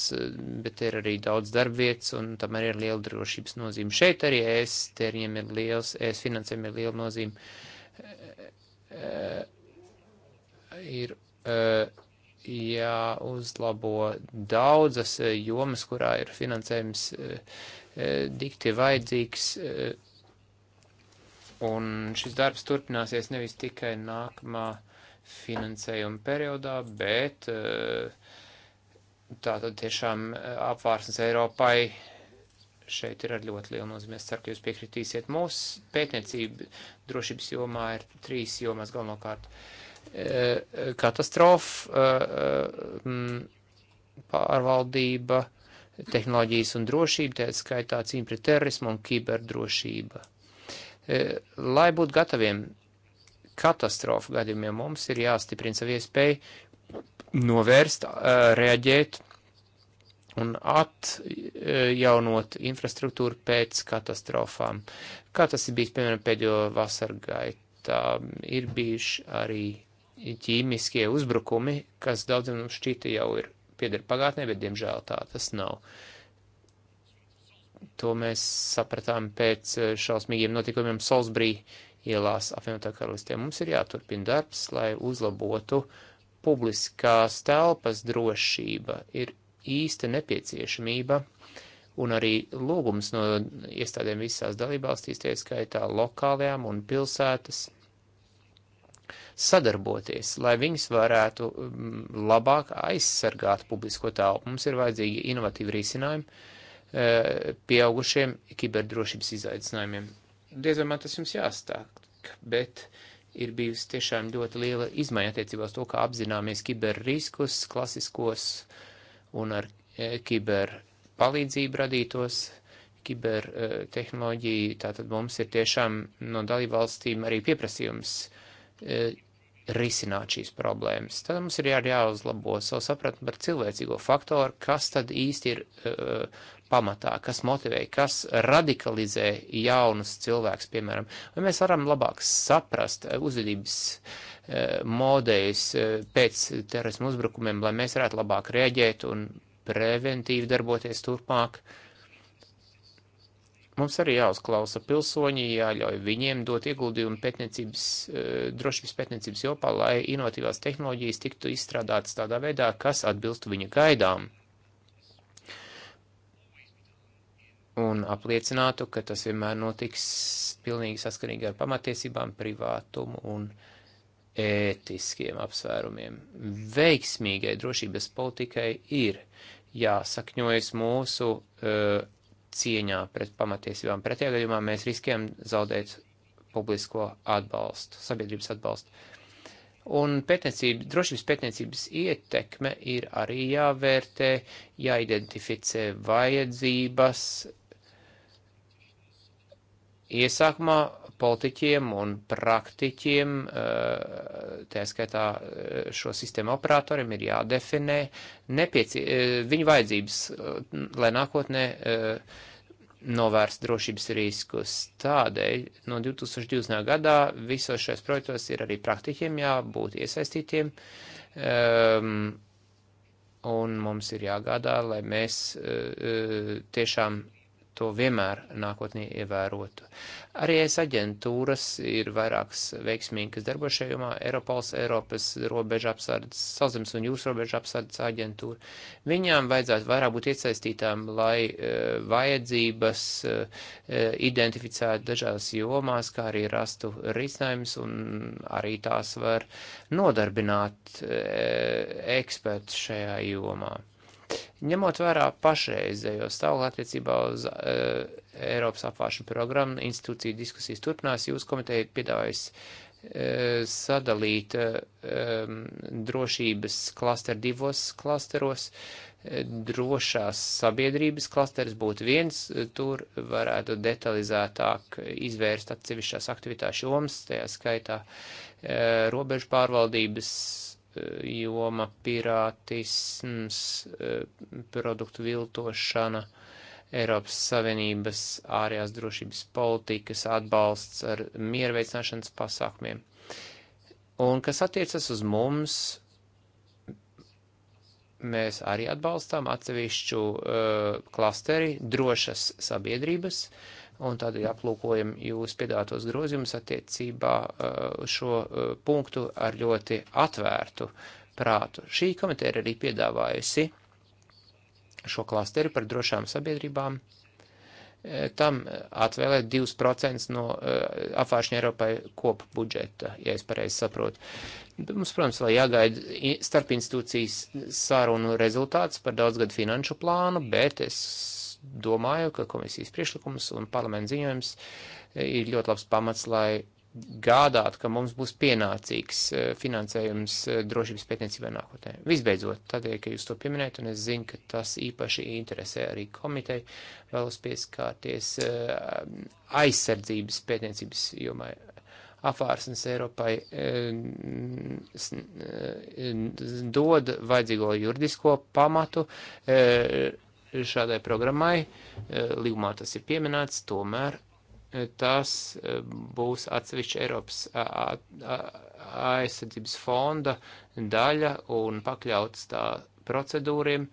bet ir arī daudz darbvietas, un tam arī ir liela drošības nozīme. Šeit arī es tēriem ir liels, es finansēm ir liela nozīme. Ir jāuzlabo daudzas jomas, kurā ir finansējums dikti vajadzīgs. Un šis darbs turpināsies nevis tikai nākamā finansējuma periodā, bet uh, Tātad tiešām eh, apvārsnes Eiropai šeit ir ar ļoti lielu nozīmi. Es ceru, ka jūs piekritīsiet. Mūsu pētniecība drošības jomā ir trīs jomas galvenokārt. Eh, eh, Katastrofa, mm, pārvaldība, tehnoloģijas un drošība, tā skaitā cīņa pret terorismu un kiberdrošība. Lai būtu gataviem katastrofu gadījumiem, mums ir jāstiprina savu iespēju novērst, reaģēt un atjaunot infrastruktūru pēc katastrofām. Kā tas ir bijis, piemēram, pēdējo vasaru gaitā, ir bijuši arī ķīmiskie uzbrukumi, kas daudziem mums nu, šķita jau ir pieder pagātnē, bet diemžēl tā tas nav. To mēs sapratām pēc šausmīgiem notikumiem Salisbury ielās apvienotā karalistē. Mums ir jāturpina darbs, lai uzlabotu uh, publiskās telpas drošība ir īsta nepieciešamība un arī lūgums no iestādēm visās dalībvalstīs, tie skaitā lokālajām un pilsētas, sadarboties, lai viņas varētu mm, labāk aizsargāt publisko telpu. Mums ir vajadzīgi inovatīvi risinājumi e, pieaugušiem kiberdrošības izaicinājumiem. Diez vai man tas jums jāstāk, bet uh, ir bijusi tiešām ļoti liela izmaiņa attiecībā uz to, kā apzināmies kiberriskus, klasiskos un ar e, kiber palīdzību radītos kibertehnoloģiju. E, tātad mums ir tiešām no dalībvalstīm arī pieprasījums e, risināt šīs problēmas. Tad mums ir jā, jāuzlabo savu sapratni par cilvēcīgo faktoru, kas tad īsti ir uh, pamatā, kas motivē, kas radikalizē jaunus cilvēkus, piemēram. Vai mēs varam labāk saprast eh, uzvedības eh, modeļus eh, pēc terorismu uzbrukumiem, lai mēs varētu labāk rēģēt un preventīvi darboties turpmāk. Mums arī jāuzklausa pilsoņi, jāļauj viņiem dot ieguldījumu pētniecības, drošības pētniecības jopā, lai inovatīvās tehnoloģijas tiktu izstrādātas tādā veidā, kas atbilstu viņa gaidām. un apliecinātu, ka tas vienmēr notiks pilnīgi saskarīgi ar pamatiesībām, privātumu un ētiskiem apsvērumiem. Veiksmīgai drošības politikai ir jāsakņojas mūsu uh, cieņā pret pamatiesībām. Pretējā gadījumā mēs riskējam zaudēt publisko atbalstu, sabiedrības atbalstu. Un pētniecība, drošības pētniecības ietekme ir arī jāvērtē, jāidentificē vajadzības, Iesākumā politiķiem un praktiķiem, eh, tā skaitā eh, šo sistēmu operatoriem, ir jādefinē nepieci, eh, viņu vajadzības, lai nākotnē novērst drošības riskus. Tādēļ no 2020. gadā visos šajos projektos ir arī praktiķiem jābūt iesaistītiem, um, un mums ir jāgādā, lai mēs uh, tiešām to vienmēr nākotnē ievērotu. Arī es aģentūras ir vairākas veiksmīgi, kas darbo šajomā - Eiropals, Eiropas robeža apsardzes, sazemes un jūras robeža apsardzes aģentūra. Viņām vajadzētu vairāk būt iesaistītām, lai e, vajadzības e, e, identificētu dažās jomās, kā arī rastu risinājumus, un arī tās var nodarbināt e, ekspertus šajā jomā. Ņemot vērā pašreizējo stāvokli attiecībā uz uh, Eiropas apvāršanu programmu, institūcija diskusijas turpinās, jūs komiteja piedāvājas uh, eh, sadalīt uh, um, drošības klasteru divos klasteros. Drošās sabiedrības klasteris būtu viens, tur varētu detalizētāk izvērst atsevišķās aktivitāšu jomas, tajā skaitā robežu pārvaldības joma, pirātisms, eh, produktu viltošana, Eiropas Savienības ārējās drošības politikas atbalsts ar mierveicināšanas pasākumiem. Un kas attiecas uz mums, mēs arī atbalstām atsevišķu uh, klasteri drošas sabiedrības. Uh, un tādēļ aplūkojam jūs piedātos grozījumus attiecībā uz uh, šo uh, punktu ar ļoti atvērtu prātu. Šī komiteja ir arī piedāvājusi šo klasteri par drošām sabiedrībām. Uh, tam atvēlēt 2% no apvāršņa Eiropai kopu budžeta, ja es pareizi saprotu. Mums, protams, vēl jāgaida starp institūcijas sārunu rezultāts par daudzgadu finanšu plānu, bet es domāju, ka komisijas priekšlikums un parlamenta ziņojums e, ir ļoti labs pamats, lai gādāt, ka mums būs pienācīgs e, finansējums e, drošības pētniecībai nākotnē. Visbeidzot, tādēļ, ka jūs to pieminējat, un es zinu, ka tas īpaši interesē arī komiteju, vēlos pieskārties aizsardzības pētniecības jomai. Afārsnes Eiropai dod vajadzīgo juridisko pamatu šādai programmai, e, līgumā tas ir pieminēts, tomēr e, tas e, būs atsevišķa Eiropas aizsardzības fonda daļa un pakļauts tā procedūriem,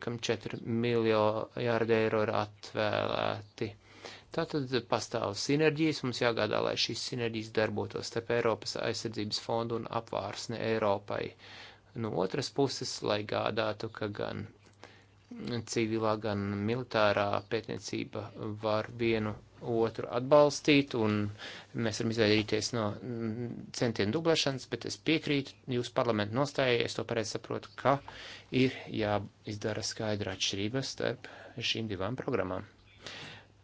kam 4 miljārdi eiro ir atvēlēti. Tātad pastāv sinerģijas, mums jāgādā, lai šīs sinerģijas darbotos starp Eiropas aizsardzības fondu un apvārsne Eiropai. No otras puses, lai gādātu, ka gan civilā gan militārā pētniecība var vienu otru atbalstīt, un mēs varam izvairīties no centienu dublēšanas, bet es piekrītu jūsu parlamentu nostājai, es to pareizi saprotu, ka ir jāizdara skaidra atšķirība starp šīm divām programmām.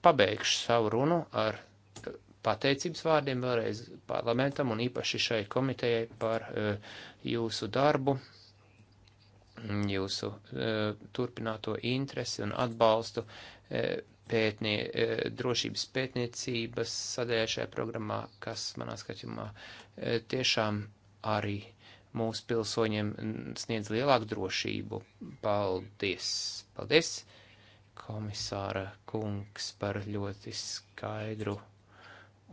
Pabeigšu savu runu ar pateicības vārdiem vēlreiz parlamentam un īpaši šai komitejai par uh, jūsu darbu jūsu e, turpināto interesi un atbalstu e, pētnie, e, drošības pētniecības sadaļā šajā programmā, kas manā skatījumā tiešām arī mūsu pilsoņiem sniedz lielāku drošību. Paldies! Paldies, komisāra kungs, par ļoti skaidru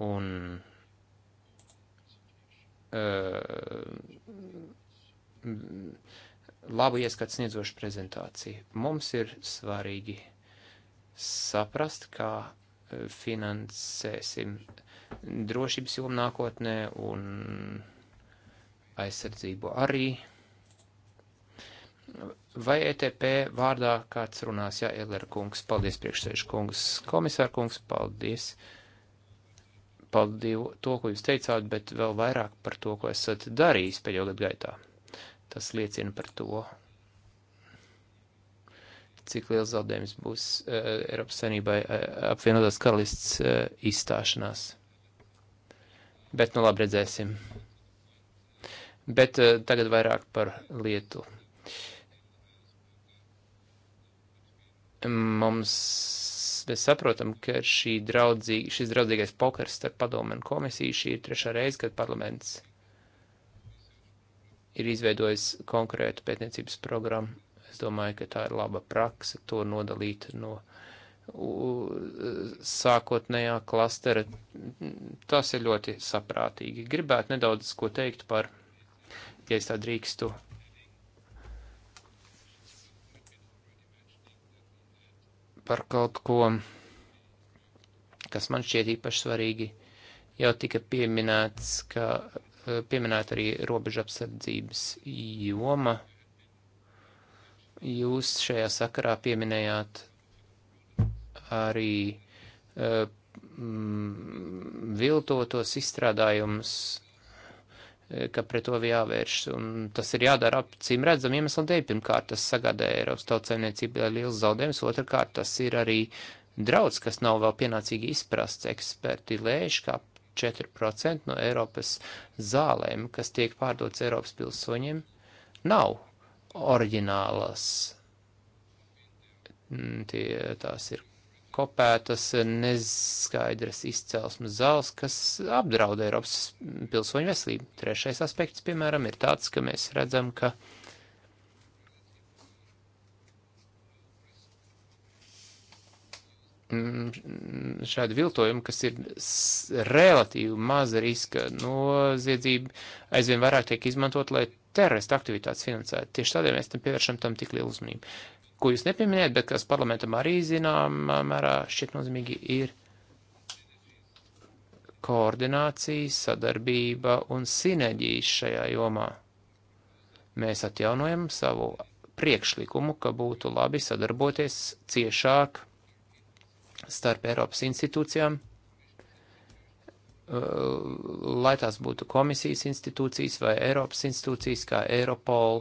un uh, labu ieskats sniedzošu prezentāciju. Mums ir svarīgi saprast, kā e, finansēsim drošības jomu nākotnē un aizsardzību arī. Vai ETP vārdā kāds runās, jā, Elera kungs, paldies priekšsēžu kungs, komisāra kungs, paldies. Paldies to, ko jūs teicāt, bet vēl vairāk par to, ko esat darījis pēdējo gadu gaitā. Tas liecina par to, cik liels zaudējums būs uh, Eiropas Savienībai uh, apvienotās karalists uh, izstāšanās. Bet nu labi redzēsim. Bet uh, tagad vairāk par lietu. Mums mēs saprotam, ka šī draudzī, šis draudzīgais pokers starp padomu un komisiju šī ir trešā reize, kad parlaments uh, ir izveidojis konkrētu pētniecības programmu. Es domāju, ka tā ir laba praksa to nodalīt no sākotnējā klastera. Tas ir ļoti saprātīgi. Gribētu nedaudz ko teikt par, ja es tā drīkstu. Par kaut ko, kas man šķiet īpaši svarīgi, jau tika pieminēts, ka Eh, pieminēta arī robeža apsardzības joma. Jūs šajā sakarā pieminējāt arī uh, viltotos izstrādājumus, eh, ka pret to jāvērš. Un tas ir jādara apcīm redzam iemeslu dēļ. Pirmkārt, tas sagādē Eiropas tautsaimniecībai liels zaudējums, otrkārt, tas ir arī draudz, kas nav vēl pienācīgi izprasts. Eksperti lēš, kā 4% no Eiropas zālēm, kas tiek pārdotas Eiropas pilsoņiem, nav oriģinālas. Mm, tie, tās ir kopētas, neskaidras izcelsmes zāles, kas apdraud Eiropas pilsoņu veselību. Trešais aspekts, piemēram, ir tāds, ka mēs redzam, ka uh, Mm, šādi viltojumi, kas ir relatīvi maza riska noziedzība, aizvien vairāk tiek izmantot, lai terorista aktivitātes finansētu. Tieši tādēļ mēs tam pievēršam tam tik lielu uzmanību. Ko jūs nepieminējat, bet kas parlamentam arī zināmā mērā šķiet nozīmīgi ir koordinācija, sadarbība un sinerģijas šajā jomā. Mēs atjaunojam savu priekšlikumu, ka būtu labi sadarboties ciešāk starp Eiropas institūcijām, uh, lai tās būtu komisijas institūcijas vai Eiropas institūcijas kā Eiropol,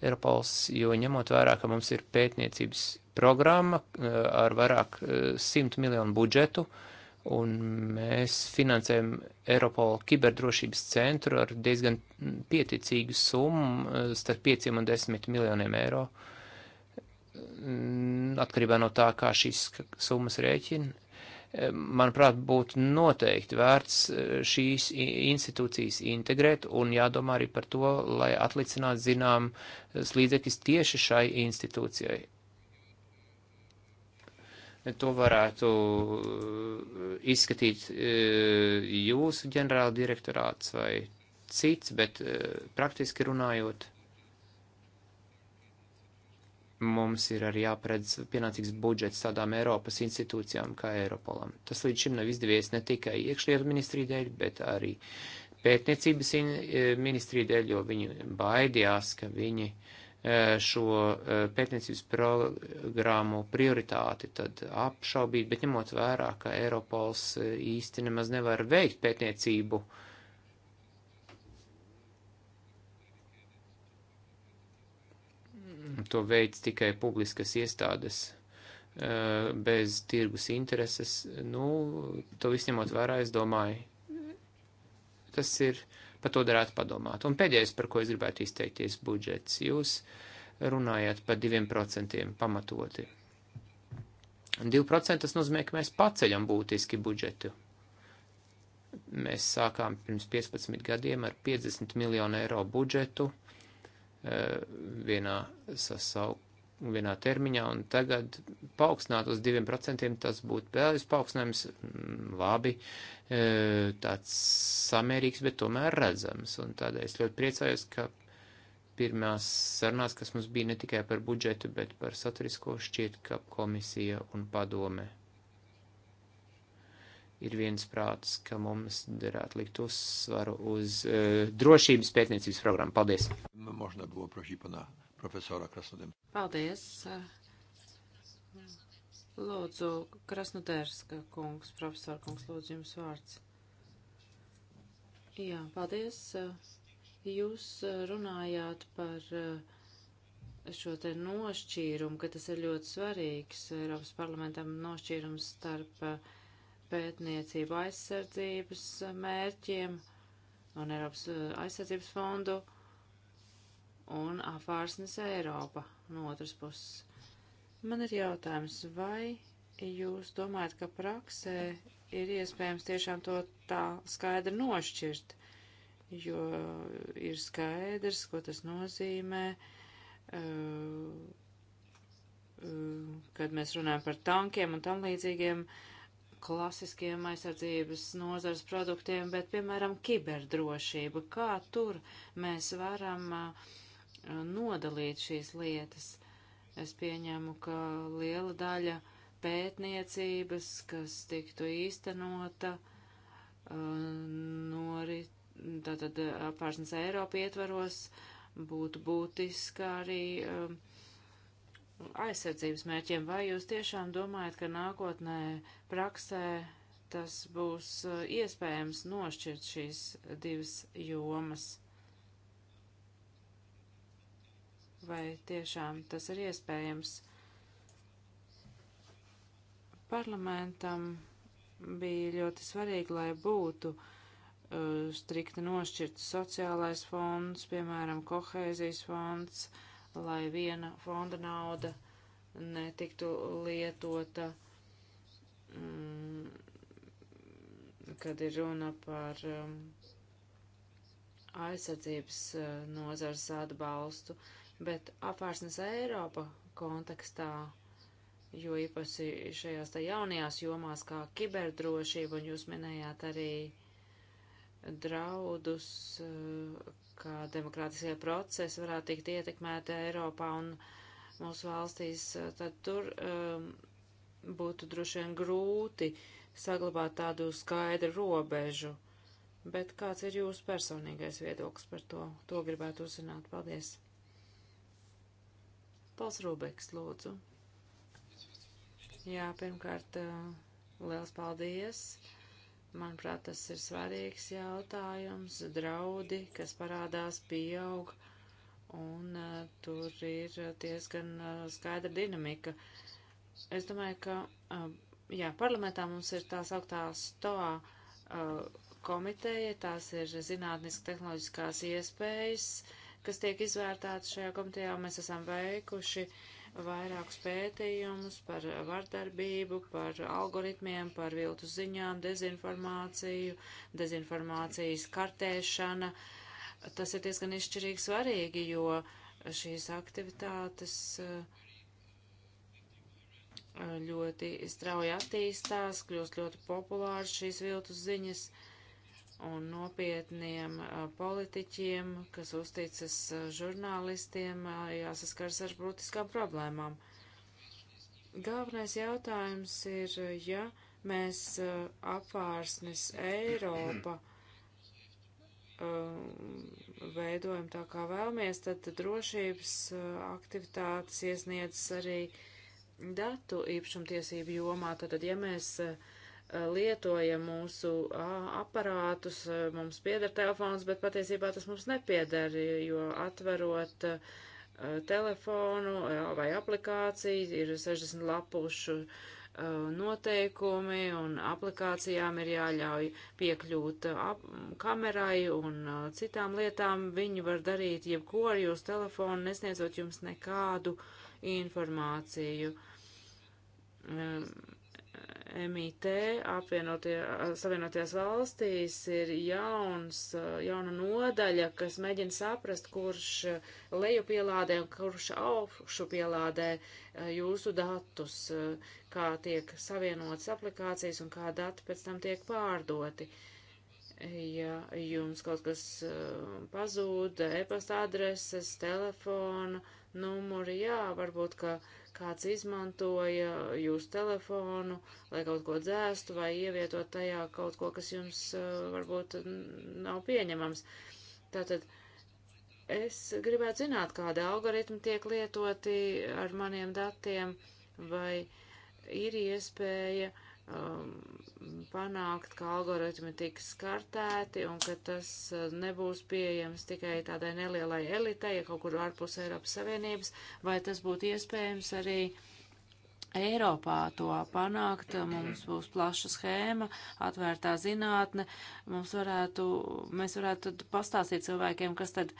Eiropols, jo ņemot vērā, ka mums ir pētniecības programma uh, ar vairāk uh, simt miljonu budžetu, un mēs finansējam Eiropola kiberdrošības centru ar diezgan pieticīgu summu starp 5 un 10 miljoniem eiro. Uh, Mm, atkarībā no tā, kā šīs summas rēķina, eh, manuprāt, būtu noteikti vērts eh, šīs institūcijas integrēt un jādomā arī par to, lai atlicinātu zinām eh, līdzekļus tieši šai institūcijai. To varētu izskatīt jūsu ģenerāla direktorāts vai cits, bet praktiski runājot mums ir arī jāpredz pienācīgs budžets tādām Eiropas institūcijām kā Eiropolam. Tas līdz šim nav izdevies ne tikai iekšlietu ministrija dēļ, bet arī pētniecības e, ministrija dēļ, jo viņi baidījās, ka viņi e, šo e, pētniecības programmu prioritāti tad apšaubīt, bet ņemot vērā, ka Eiropols īsti nemaz nevar veikt pētniecību, uh, To veids tikai publiskas iestādes eh, bez tirgus intereses. Nu, to viss ņemot vērā, es domāju, tas ir, par to darētu padomāt. Un pēdējais, par ko es gribētu izteikties, budžets. Jūs runājāt par diviem procentiem pamatoti. 2% tas nozīmē, ka mēs paceļam būtiski budžetu. Mēs sākām pirms 15 gadiem ar 50 miljonu eiro budžetu. Uh, Eh, vienā sasauk, vienā termiņā, un tagad paaugstināt uz 2%, tas būtu vēl viens paaugstinājums, mm, labi, eh, tāds samērīgs, bet tomēr redzams, un tādēļ es ļoti priecājos, ka pirmās sarunās, kas mums bija ne tikai par budžetu, bet par saturisko, šķiet, ka komisija un padome ir viens prāts, ka mums derētu likt uzsvaru uz uh, drošības pētniecības programmu. Paldies! Paldies! Lūdzu, Krasnodērska kungs, profesor kungs, lūdzu jums vārds. Jā, paldies. Jūs runājāt par eh, šo te nošķīrumu, ka tas ir ļoti svarīgs Eiropas parlamentam nošķīrums starp uh, pētniecību aizsardzības mērķiem un Eiropas eh, aizsardzības fondu un apvārsnes Eiropa no otras puses. Man ir jautājums, vai jūs domājat, ka praksē ir iespējams tiešām to tā skaidri nošķirt, jo ir skaidrs, ko tas nozīmē, eh, eh, kad mēs runājam par tankiem un tam līdzīgiem uh, klasiskiem aizsardzības nozars produktiem, bet, piemēram, kiberdrošība. Kā tur mēs varam nodalīt šīs lietas? Es pieņemu, ka liela daļa pētniecības, kas tiktu īstenota, norit, tātad apārsnes Eiropa ietvaros, būtu būtiska arī uh, aizsardzības mērķiem, vai jūs tiešām domājat, ka nākotnē praksē tas būs eh, iespējams nošķirt šīs divas jomas? Vai tiešām tas ir iespējams? Parlamentam bija ļoti svarīgi, lai būtu uh, strikti nošķirts sociālais fonds, piemēram, kohēzijas fonds, uh, lai viena fonda nauda netiktu lietota, mm, kad ir runa par mm, aizsardzības mm, nozars atbalstu, bet apvērsnes Eiropa kontekstā, jo īpaši šajās tā jaunajās jomās kā kiberdrošība, un jūs minējāt arī draudus, eh, kā demokrātiskie procesi varētu tikt ietekmēti Eiropā un mūsu valstīs, eh, tad tur um, būtu droši vien grūti saglabāt tādu skaidru robežu. Bet kāds ir jūsu personīgais viedoklis par to? To gribētu uzzināt. Paldies! Pals Rūbeks, lūdzu. Jā, pirmkārt, liels paldies! Manuprāt, tas ir svarīgs jautājums. Draudi, kas parādās, pieaug, un uh, tur ir diezgan uh, skaidra dinamika. Es domāju, ka, uh, jā, parlamentā mums ir tās augtās stoā uh, komiteja, tās ir zinātniski tehnoloģiskās iespējas, kas tiek izvērtātas šajā komitejā, un mēs esam veikuši uh, vairākus pētījumus par vardarbību, par algoritmiem, par viltu ziņām, dezinformāciju, dezinformācijas kartēšana. Tas ir diezgan izšķirīgi svarīgi, jo šīs aktivitātes eh, ļoti strauji attīstās, kļūst ļoti populārs šīs viltus ziņas. Uh, un nopietniem politiķiem, kas uzticas žurnālistiem, jāsaskars ar brutiskām problēmām. Galvenais jautājums ir, ja mēs apvārsnes Eiropa veidojam tā kā vēlamies, tad drošības aktivitātes iesniedz arī datu īpašumtiesību jomā. Tātad, ja mēs uh, Eh, lietoja mūsu aparātus, mums pieder telefons, bet patiesībā tas mums nepieder, jo atverot telefonu vai aplikāciju ir 60 lapušu noteikumi un aplikācijām ir jāļauj piekļūt ap, kamerai un citām lietām. Viņi var darīt jebko ar jūsu telefonu, nesniedzot jums nekādu informāciju. Um, MIT Savienotajās valstīs ir jauns, jauna nodaļa, kas mēģina saprast, kurš leju pielādē un kurš augšu pielādē eh, jūsu datus, eh, kā tiek savienotas aplikācijas un kā dati pēc tam tiek pārdoti. Ja jums kaut kas eh, pazūd, e-pasta adreses, telefona numuri, jā, varbūt, ka uh, kāds izmantoja jūsu telefonu, lai kaut ko dzēstu vai ievietot tajā kaut ko, kas jums eh, varbūt nav pieņemams. Tātad es gribētu zināt, kāda algoritma tiek lietoti ar maniem datiem, vai ir iespēja uh, um, panākt, ka algoritmi tiks skartēti un ka tas uh, nebūs pieejams tikai tādai nelielai elitei, ja kaut kur ārpus Eiropas Savienības, vai tas būtu iespējams arī Eiropā to panākt, mums būs plaša schēma, atvērtā zinātne, mums varētu, mēs varētu pastāstīt cilvēkiem, kas tad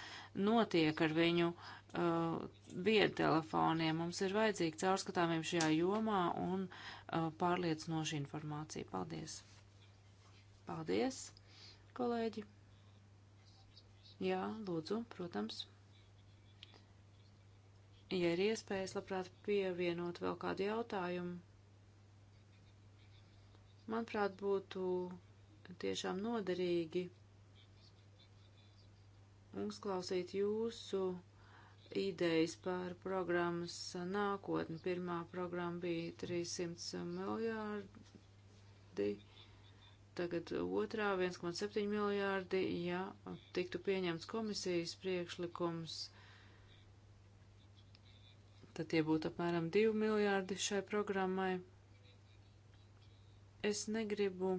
notiek ar viņu uh, uh, viedtelefoniem. Mums ir vajadzīga caurskatāmība šajā jomā un uh, pārliecinoša informācija. Paldies! Paldies, kolēģi! Jā, lūdzu, protams. Ja ir iespējas, labprāt, pievienot vēl kādu jautājumu. Manuprāt, būtu tiešām noderīgi uzklausīt jūsu idejas par programmas nākotni. Pirmā programma bija 300 miljārdi, tagad otrā 1,7 miljārdi, ja tiktu pieņemts komisijas priekšlikums. Tad tie būtu apmēram 2 miljārdi šai programmai. Es negribu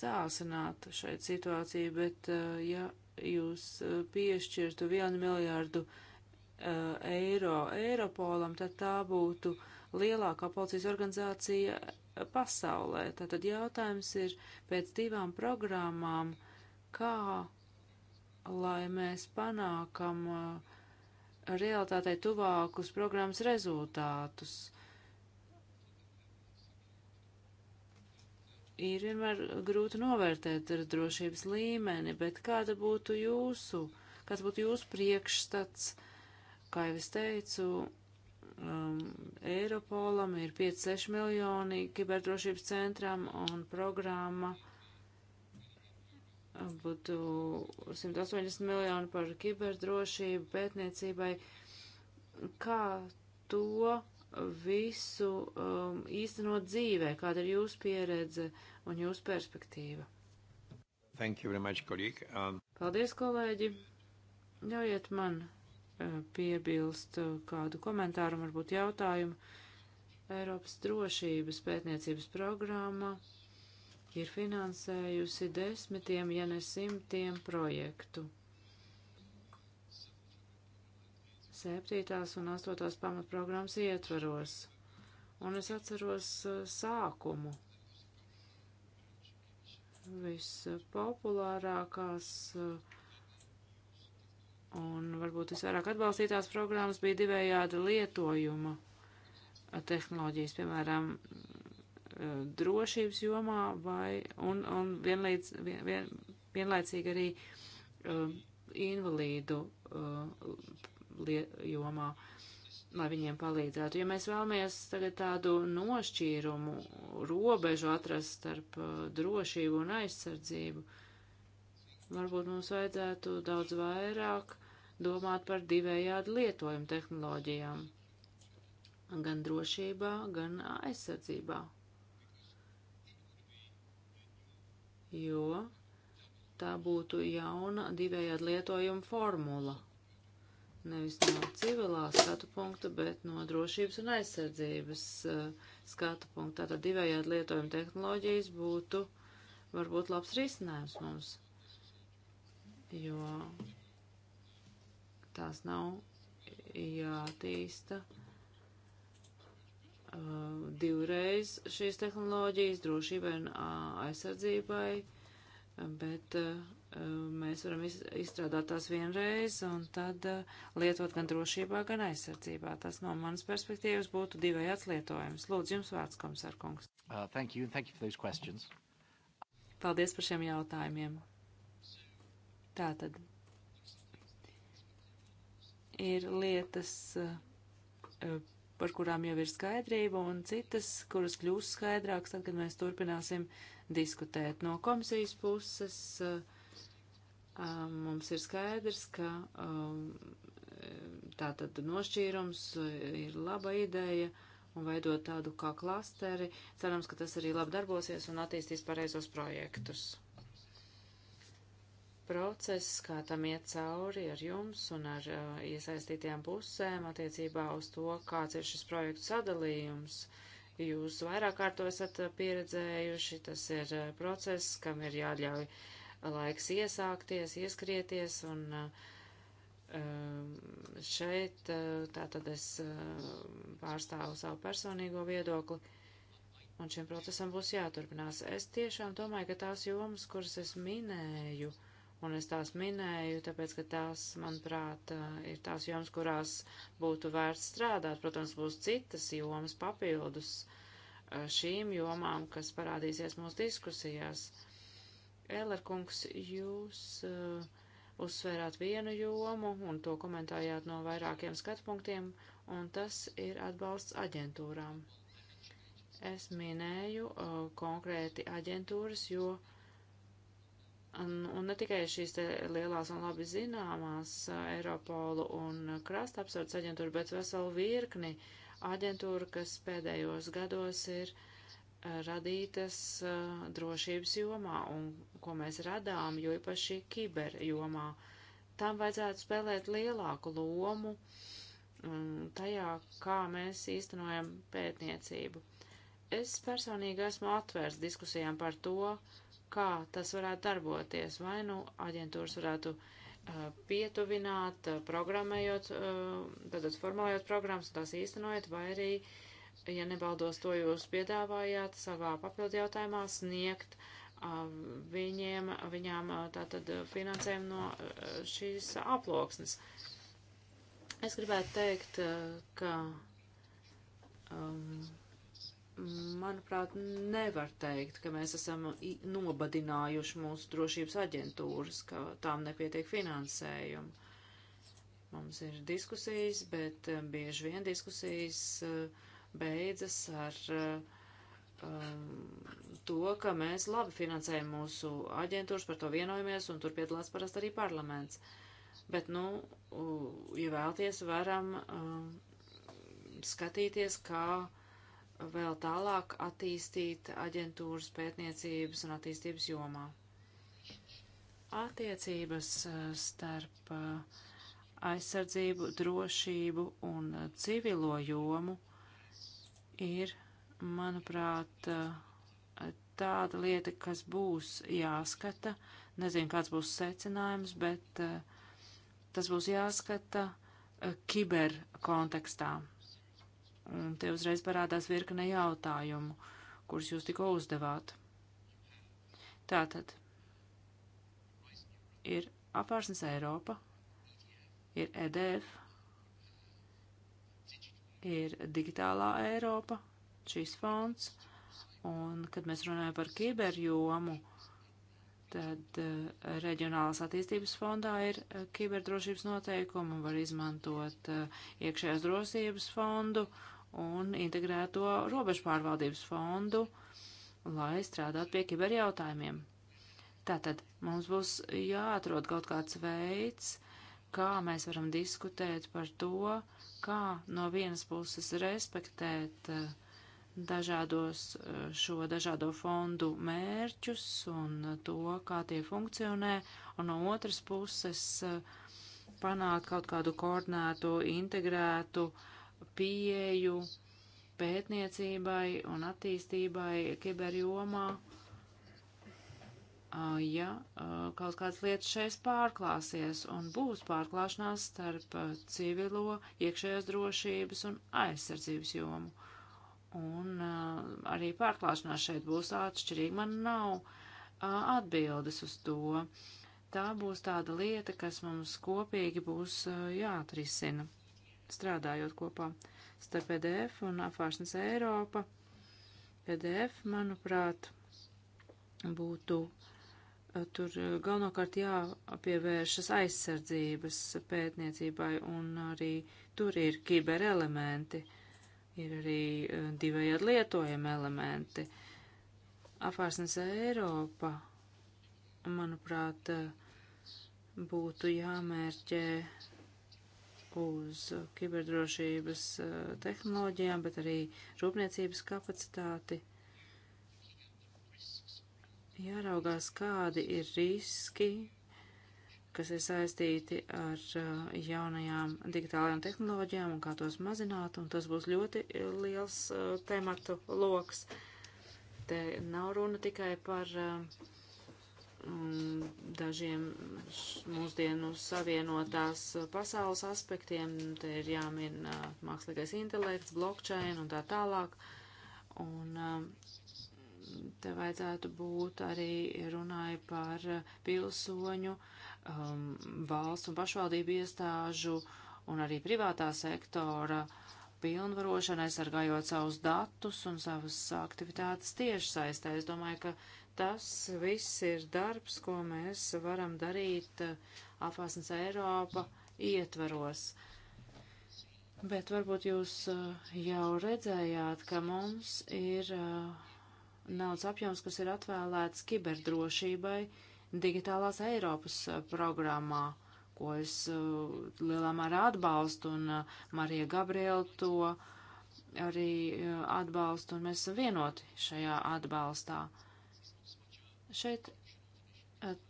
sāsināt šeit situāciju, bet eh, ja jūs eh, piešķirtu vienu miljārdu uh, eiro Eiropolam, tad tā būtu lielākā policijas organizācija eh, pasaulē. Tātad jautājums ir pēc divām programmām, kā lai mēs panākam uh, realitātei tuvākus programmas rezultātus. ir vienmēr grūti novērtēt ar drošības līmeni, bet kāda būtu jūsu, kāds būtu jūsu priekšstats, kā jau es teicu, um, Eiropolam ir 5-6 miljoni kiberdrošības centram un programma būtu 180 miljoni par kiberdrošību pētniecībai. Kā to visu um, īstenot dzīvē? Kāda ir jūsu pieredze un jūsu perspektīva? Thank you very much, kolēģi. Um... Paldies, kolēģi. Ļaujiet man uh, piebilst uh, kādu komentāru, varbūt jautājumu. Eiropas drošības pētniecības programma ir finansējusi desmitiem, ja ne simtiem projektu septītās un astotās pamatprogrammas ietvaros. Un es atceros uh, sākumu. Vispopulārākās uh, un varbūt visvairāk atbalstītās programmas bija divējāda lietojuma uh, tehnoloģijas, piemēram, drošības jomā vai, un, un vienlīdz, vien, vien, vienlaicīgi arī uh, invalīdu uh, jomā, lai viņiem palīdzētu. Ja mēs vēlamies tagad tādu nošķīrumu, robežu atrast starp uh, drošību un aizsardzību, varbūt mums vajadzētu daudz vairāk domāt par divējādu lietojumu tehnoloģijām - gan drošībā, gan aizsardzībā. Jo tā būtu jauna divējādi lietojuma formula nevis no civilā skatu punkta, bet no drošības un aizsardzības uh, skatu punkta. Tātad divējādi lietojuma tehnoloģijas būtu varbūt labs risinājums mums, jo tās nav jātīsta uh, divreiz šīs tehnoloģijas drošībai un uh, aizsardzībai, bet uh, mēs varam izstrādāt tās vienreiz un tad eh, lietot gan drošībā, gan aizsardzībā. Tas no manas perspektīvas būtu divējāds lietojums. Lūdzu, jums vārds, komisārkungs. Uh, thank you, thank you for those questions. Paldies par šiem jautājumiem. Tātad ir lietas, eh, par kurām jau ir skaidrība, un citas, kuras kļūs skaidrākas, tad, kad mēs turpināsim diskutēt no komisijas puses. Uh, mums ir skaidrs, ka um, tātad nošķīrums ir laba ideja un veidot tādu kā klasteri. Cerams, ka tas arī labi darbosies un attīstīs pareizos projektus. Process, kā tam iet cauri ar jums un ar uh, iesaistītajām pusēm attiecībā uz to, kāds ir šis projektu sadalījums, jūs vairāk kārt to esat pieredzējuši, tas ir uh, process, kam ir jāļauj uh, laiks iesākties, ieskrieties, un eh, um, šeit eh, tātad es eh, pārstāvu savu personīgo viedokli, un šim procesam būs jāturpinās. Es tiešām domāju, ka tās jomas, kuras es minēju, un es tās minēju, tāpēc, ka tās, manuprāt, ir tās jomas, kurās būtu vērts strādāt. Protams, būs citas jomas papildus šīm jomām, kas parādīsies mūsu diskusijās. Ellerkungs, jūs uh, uzsvērāt vienu jomu un to komentējāt no vairākiem skatpunktiem, un tas ir atbalsts aģentūrām. Es minēju uh, konkrēti aģentūras, jo un, un ne tikai šīs te lielās un labi zināmās uh, Eiropolu un krasta apsardzes aģentūra, bet veselu virkni aģentūru, kas pēdējos gados ir uh, radītas drošības jomā un ko mēs radām, jo īpaši kiber jomā. Tam vajadzētu spēlēt lielāku lomu tajā, kā mēs īstenojam pētniecību. Es personīgi esmu atvērts diskusijām par to, kā tas varētu darboties. Vai nu aģentūras varētu uh, pietuvināt, programējot, uh, tātad formulējot programmas un tās īstenojot, vai arī uh, ja nebaldos to jūs piedāvājāt savā papildu jautājumā, sniegt viņiem, viņām tātad finansējumu no šīs aploksnes. Es gribētu teikt, ka, um, manuprāt, nevar teikt, ka mēs esam nobadinājuši mūsu drošības aģentūras, ka tām nepietiek finansējumu. Mums ir diskusijas, bet bieži vien diskusijas uh, beidzas ar um, to, ka mēs labi finansējam mūsu aģentūras, par to vienojamies, un tur piedalās parasti arī parlaments. Bet, nu, ja vēlties, varam um, skatīties, kā vēl tālāk attīstīt aģentūras pētniecības un attīstības jomā. Attiecības uh, starp uh, aizsardzību, drošību un civilo jomu ir, manuprāt, eh, tāda lieta, kas būs jāskata. Nezinu, kāds būs secinājums, bet eh, tas būs jāskata eh, kiber kontekstā. Un te uzreiz parādās virkne jautājumu, kurus jūs tikko uzdevāt. Tātad ir apvārsnes Eiropa, ir EDF ir digitālā Eiropa, šīs fonds, un kad mēs runājam par kiberjomu, tad uh, reģionālās attīstības fondā ir uh, kiberdrošības noteikumi un var izmantot uh, iekšējās drošības fondu un integrēto robežpārvaldības fondu, lai strādātu pie kiberjautājumiem. Tātad mums būs jāatrod kaut kāds veids, kā mēs varam diskutēt par to, kā no vienas puses respektēt eh, dažādos eh, šo dažādo fondu mērķus un eh, to, kā tie funkcionē, un no otras puses panākt kaut kādu koordinētu, integrētu pieeju pētniecībai un attīstībai kiberjomā Uh, ja uh, kaut kādas lietas šeit pārklāsies un būs pārklāšanās starp uh, civilo, iekšējās drošības un aizsardzības jomu. Un arī pārklāšanās šeit būs atšķirīga. Man nav atbildes uz to. Tā būs tāda lieta, kas mums kopīgi būs jāatrisina, strādājot kopā starp PDF e un Afāršanas Eiropa. PDF, e manuprāt, būtu uh, tur eh, galvenokārt jāpievēršas aizsardzības pētniecībai, un arī tur ir kiberelementi, ir arī eh, divējādi lietojami elementi. Apvārsnes Eiropa, manuprāt, eh, būtu jāmērķē uz kiberdrošības tehnoloģijām, bet arī rūpniecības kapacitāti jāraugās, kādi ir riski, kas ir saistīti ar uh, jaunajām digitālajām tehnoloģijām un kā tos mazināt, un tas būs ļoti uh, liels uh, tematu loks. Te nav runa tikai par mm, dažiem mūsdienu savienotās pasaules aspektiem, te ir jāmin mākslīgais intelekts, blockchain un tā tālāk. Un um, te vajadzētu būt arī runāja par pilsoņu, um, valsts un pašvaldību iestāžu un arī privātā sektora pilnvarošana, aizsargājot savus datus un savas aktivitātes tieši saistē. Es domāju, ka tas viss ir darbs, ko mēs varam darīt uh, Afāsnes Eiropa ietvaros. Bet varbūt jūs uh, jau redzējāt, ka mums ir uh, naudas apjoms, kas ir atvēlēts kiberdrošībai digitālās Eiropas eh, programmā, ko es eh, lielā mērā atbalstu, un eh, Marija Gabriela to arī atbalstu, un mēs esam vienoti šajā atbalstā. Šeit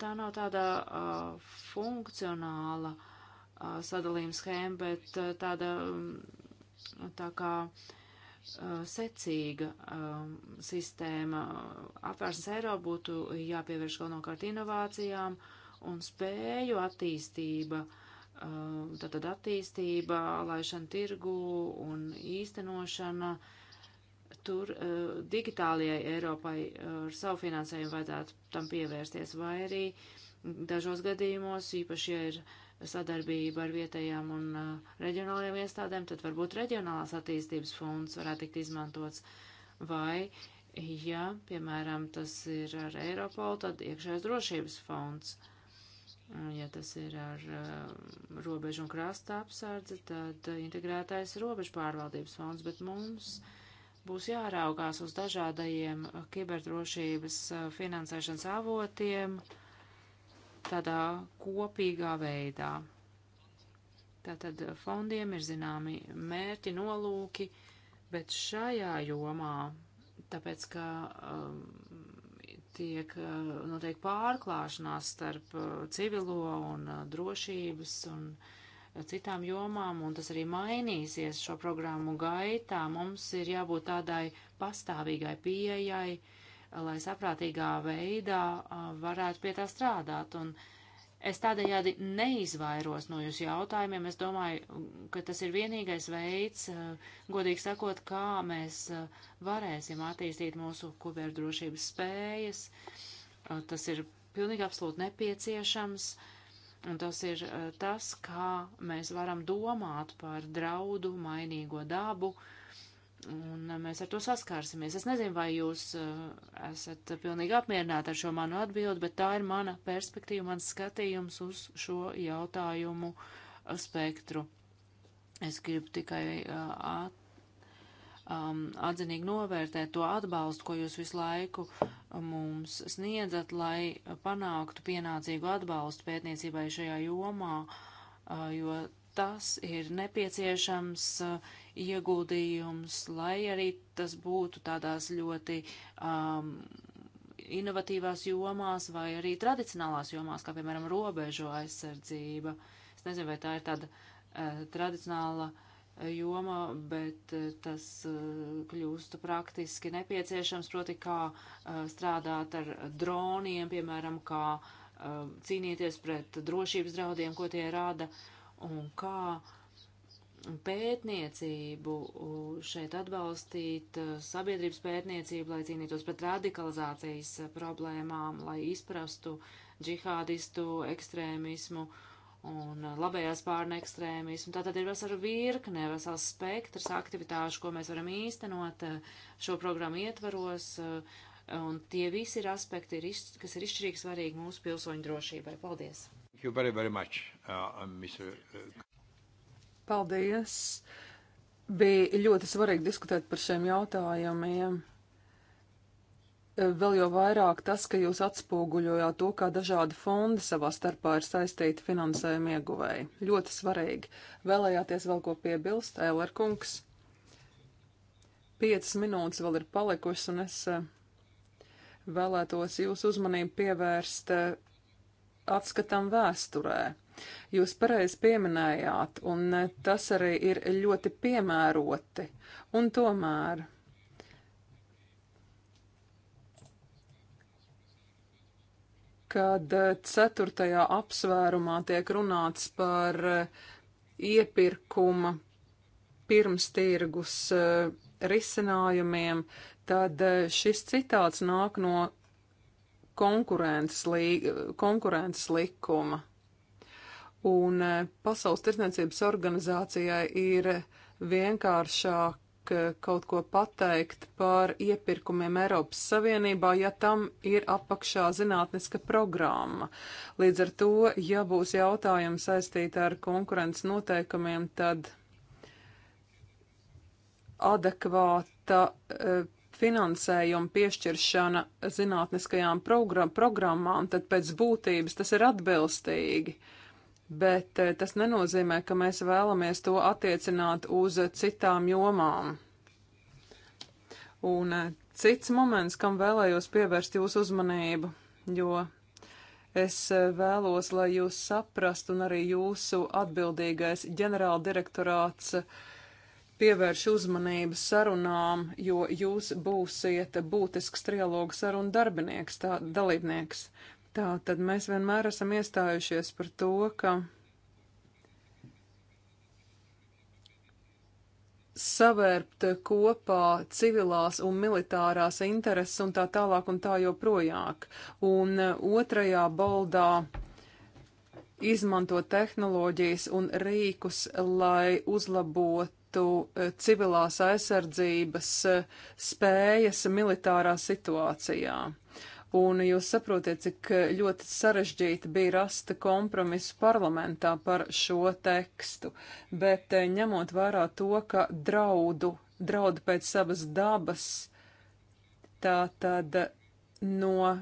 tā nav tāda uh, funkcionāla uh, sadalījuma schēma, bet uh, tāda um, tā kā uh, Uh, secīga um, sistēma. Apvērsnes Eiropa būtu jāpievērš galvenokārt inovācijām un spēju attīstība, um, tātad attīstība, laišana tirgu un īstenošana. Tur uh, digitālajai Eiropai uh, ar savu finansējumu vajadzētu tam pievērsties, vai arī dažos gadījumos, īpaši, ja ir uh, sadarbība ar vietējām un uh, reģionālajām iestādēm, tad varbūt reģionālās attīstības fonds varētu tikt izmantots. Vai, ja, piemēram, tas ir ar Eiropolu, tad iekšējais drošības fonds. Ja tas ir ar uh, robežu un krasta apsardzi, tad integrētais robežu pārvaldības fonds, bet mums būs jāraugās uz dažādajiem kiberdrošības uh, finansēšanas avotiem. Uh, tādā kopīgā veidā. Tātad fondiem ir zināmi mērķi, nolūki, bet šajā jomā, tāpēc ka um, tiek uh, noteikti pārklāšanās starp uh, civilo un uh, drošības un uh, citām jomām, un tas arī mainīsies šo programmu gaitā, mums ir jābūt tādai pastāvīgai pieejai, uh, lai saprātīgā veidā varētu pie tā strādāt. Un es tādējādi neizvairos no jūsu jautājumiem. Es domāju, ka tas ir vienīgais veids, godīgi sakot, kā mēs varēsim attīstīt mūsu kuberdrošības spējas. Tas ir pilnīgi absolūti nepieciešams. Un tas ir tas, kā mēs varam domāt par draudu, mainīgo dabu, uh, Un mēs ar to saskārsimies. Es nezinu, vai jūs eh, esat pilnīgi apmierināti ar šo manu atbildi, bet tā ir mana perspektīva, mans skatījums uz šo jautājumu eh, spektru. Es gribu tikai eh, at, um, atzinīgi novērtēt to atbalstu, ko jūs visu laiku mums sniedzat, lai panāktu pienācīgu atbalstu pētniecībai šajā jomā, jo tas ir nepieciešams. Uh, ieguldījums, lai arī tas būtu tādās ļoti um, inovatīvās jomās vai arī tradicionālās jomās, kā piemēram robežu aizsardzība. Es nezinu, vai tā ir tāda uh, tradicionāla eh, joma, bet uh, tas uh, kļūstu praktiski nepieciešams, proti kā uh, strādāt ar droniem, piemēram, kā uh, cīnīties pret drošības draudiem, ko tie rada, un kā uh, pētniecību, šeit atbalstīt uh, sabiedrības pētniecību, lai cīnītos pret radikalizācijas uh, problēmām, lai izprastu džihādistu ekstrēmismu un uh, labējās pārne ekstrēmismu. Tātad ir vesela virkne, vesels spektrs aktivitāšu, ko mēs varam īstenot šo programmu ietvaros, un tie visi ir aspekti, ir iz, kas ir izšķirīgi svarīgi mūsu pilsoņu drošībai. Paldies! Thank you very, very much, uh, Mr. Paldies! Bija ļoti svarīgi diskutēt par šiem jautājumiem. Vēl jau vairāk tas, ka jūs atspoguļojāt to, kā dažādi fondi savā starpā ir saistīti finansējuma ieguvēji. Ļoti svarīgi. Vēlējāties vēl ko piebilst, Ēlerkungs? Piecas minūtes vēl ir palikušas, un es eh, vēlētos jūsu uzmanību pievērst eh, atskatam vēsturē. Jūs pareizi pieminējāt, un e, tas arī ir ļoti piemēroti. Un tomēr. Kad e, ceturtajā apsvērumā tiek runāts par e, iepirkuma pirmstirgus risinājumiem, tad šis citāts nāk no konkurences, li konkurences likuma un eh, Pasaules tirsniecības organizācijai ir vienkāršāk eh, kaut ko pateikt par iepirkumiem Eiropas Savienībā, ja tam ir apakšā zinātniska programma. Līdz ar to, ja būs jautājumi saistīti ar konkurences noteikumiem, tad adekvāta e, finansējuma piešķiršana zinātniskajām program programmām, tad pēc būtības tas ir atbilstīgi. Uh, bet eh, tas nenozīmē, ka mēs vēlamies to attiecināt uz citām jomām. Un eh, cits moments, kam vēlējos pievērst jūsu uzmanību, jo es eh, vēlos, lai jūs saprastu un arī jūsu atbildīgais ģenerāldirektorāts pievērš uzmanību sarunām, jo jūs būsiet būtisks trialogu sarunu darbinieks, tā dalībnieks. Tā tad mēs vienmēr esam iestājušies par to, ka savērpt kopā civilās un militārās intereses un tā tālāk un tā joprojāk. Un e, otrajā baldā izmanto tehnoloģijas un rīkus, lai uzlabotu e, civilās aizsardzības e, spējas militārā situācijā un jūs saprotiet, cik ļoti sarežģīti bija rasta kompromisu parlamentā par šo tekstu, bet eh, ņemot vērā to, ka draudu, draudu pēc savas dabas, tā tad no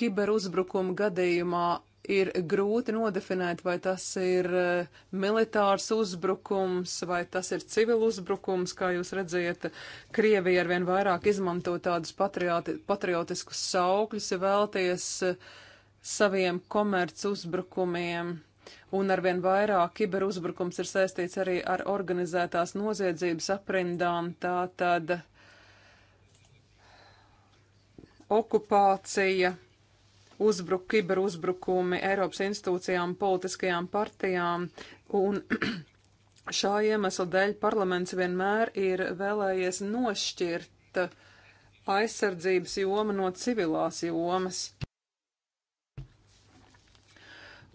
kiberuzbrukuma gadījumā ir grūti nodefinēt, vai tas ir eh, militārs uzbrukums, vai tas ir civil uzbrukums, kā jūs redziet, Krievija arvien vairāk izmanto tādus patrioti, patriotiskus saukļus, ja vēlties eh, saviem komerc uzbrukumiem, un arvien vairāk kiberuzbrukums ir saistīts arī ar organizētās noziedzības aprindām, tā tad okupācija uzbruk, kiberuzbrukumi Eiropas institūcijām, politiskajām partijām un šā iemesla dēļ parlaments vienmēr ir vēlējies nošķirt aizsardzības joma no civilās jomas.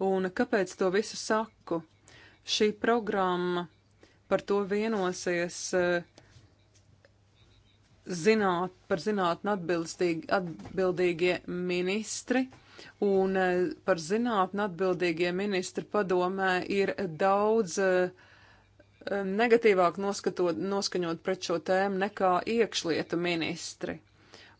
Un kāpēc to visu saku? Šī programma par to vienosies uh, zināt, par zinātni atbildīgie ministri, un eh, par zinātni atbildīgie ministri padomē ir daudz eh, negatīvāk noskatot, noskaņot pret šo tēmu nekā iekšlietu ministri.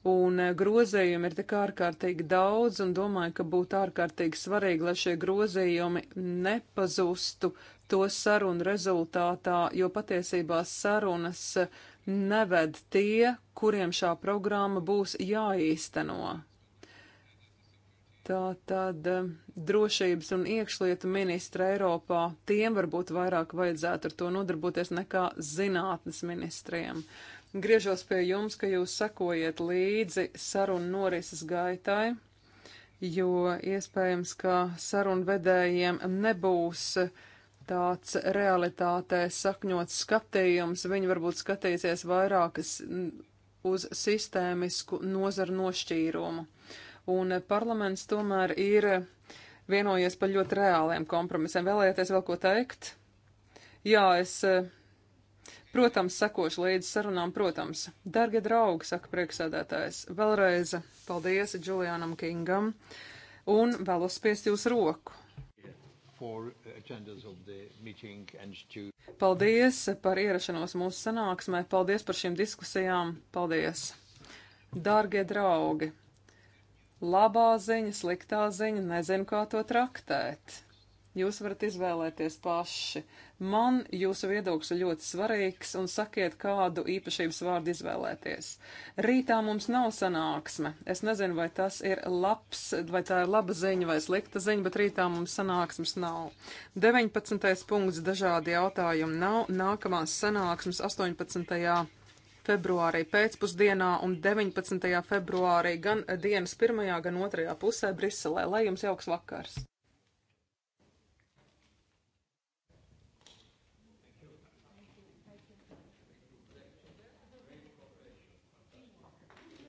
Un eh, grozījumi ir tik ārkārtīgi daudz, un domāju, ka būtu ārkārtīgi svarīgi, lai šie grozījumi nepazustu to sarunu rezultātā, jo patiesībā sarunas uh, neved tie, kuriem šā programma būs jāīsteno. Tā tad eh, drošības un iekšlietu ministra Eiropā tiem varbūt vairāk vajadzētu ar to nodarboties nekā zinātnes ministriem. Griežos pie jums, ka jūs sekojiet līdzi sarunu norises gaitai, jo iespējams, ka sarunu vedējiem nebūs uh, tāds realitātē sakņots skatījums. Viņi varbūt skatīsies vairākas uz sistēmisku nozaru nošķīrumu. Un parlaments tomēr ir vienojies par ļoti reāliem kompromisiem. Vēlējāties vēl ko teikt? Jā, es, eh, protams, sekošu līdz sarunām, protams. Dargie draugi, saka priekšsēdētājs, vēlreiz paldies Julianam Kingam un vēlos spiest jūs roku. Paldies par ierašanos mūsu sanāksmē, paldies par šīm diskusijām, paldies! Dārgie draugi! Labā ziņa, sliktā ziņa, nezinu, kā to traktēt. Jūs varat izvēlēties paši. Man jūsu viedoklis ir ļoti svarīgs un sakiet, kādu īpašības vārdu izvēlēties. Rītā mums nav sanāksme. Es nezinu, vai tas ir labs, vai tā ir laba ziņa vai slikta ziņa, bet rītā mums sanāksmes nav. 19. punkts dažādi jautājumi nav. Nākamās sanāksmes 18 februārī pēcpusdienā un 19. februārī gan dienas pirmajā, gan otrajā pusē Briselē. Lai jums jauks vakars!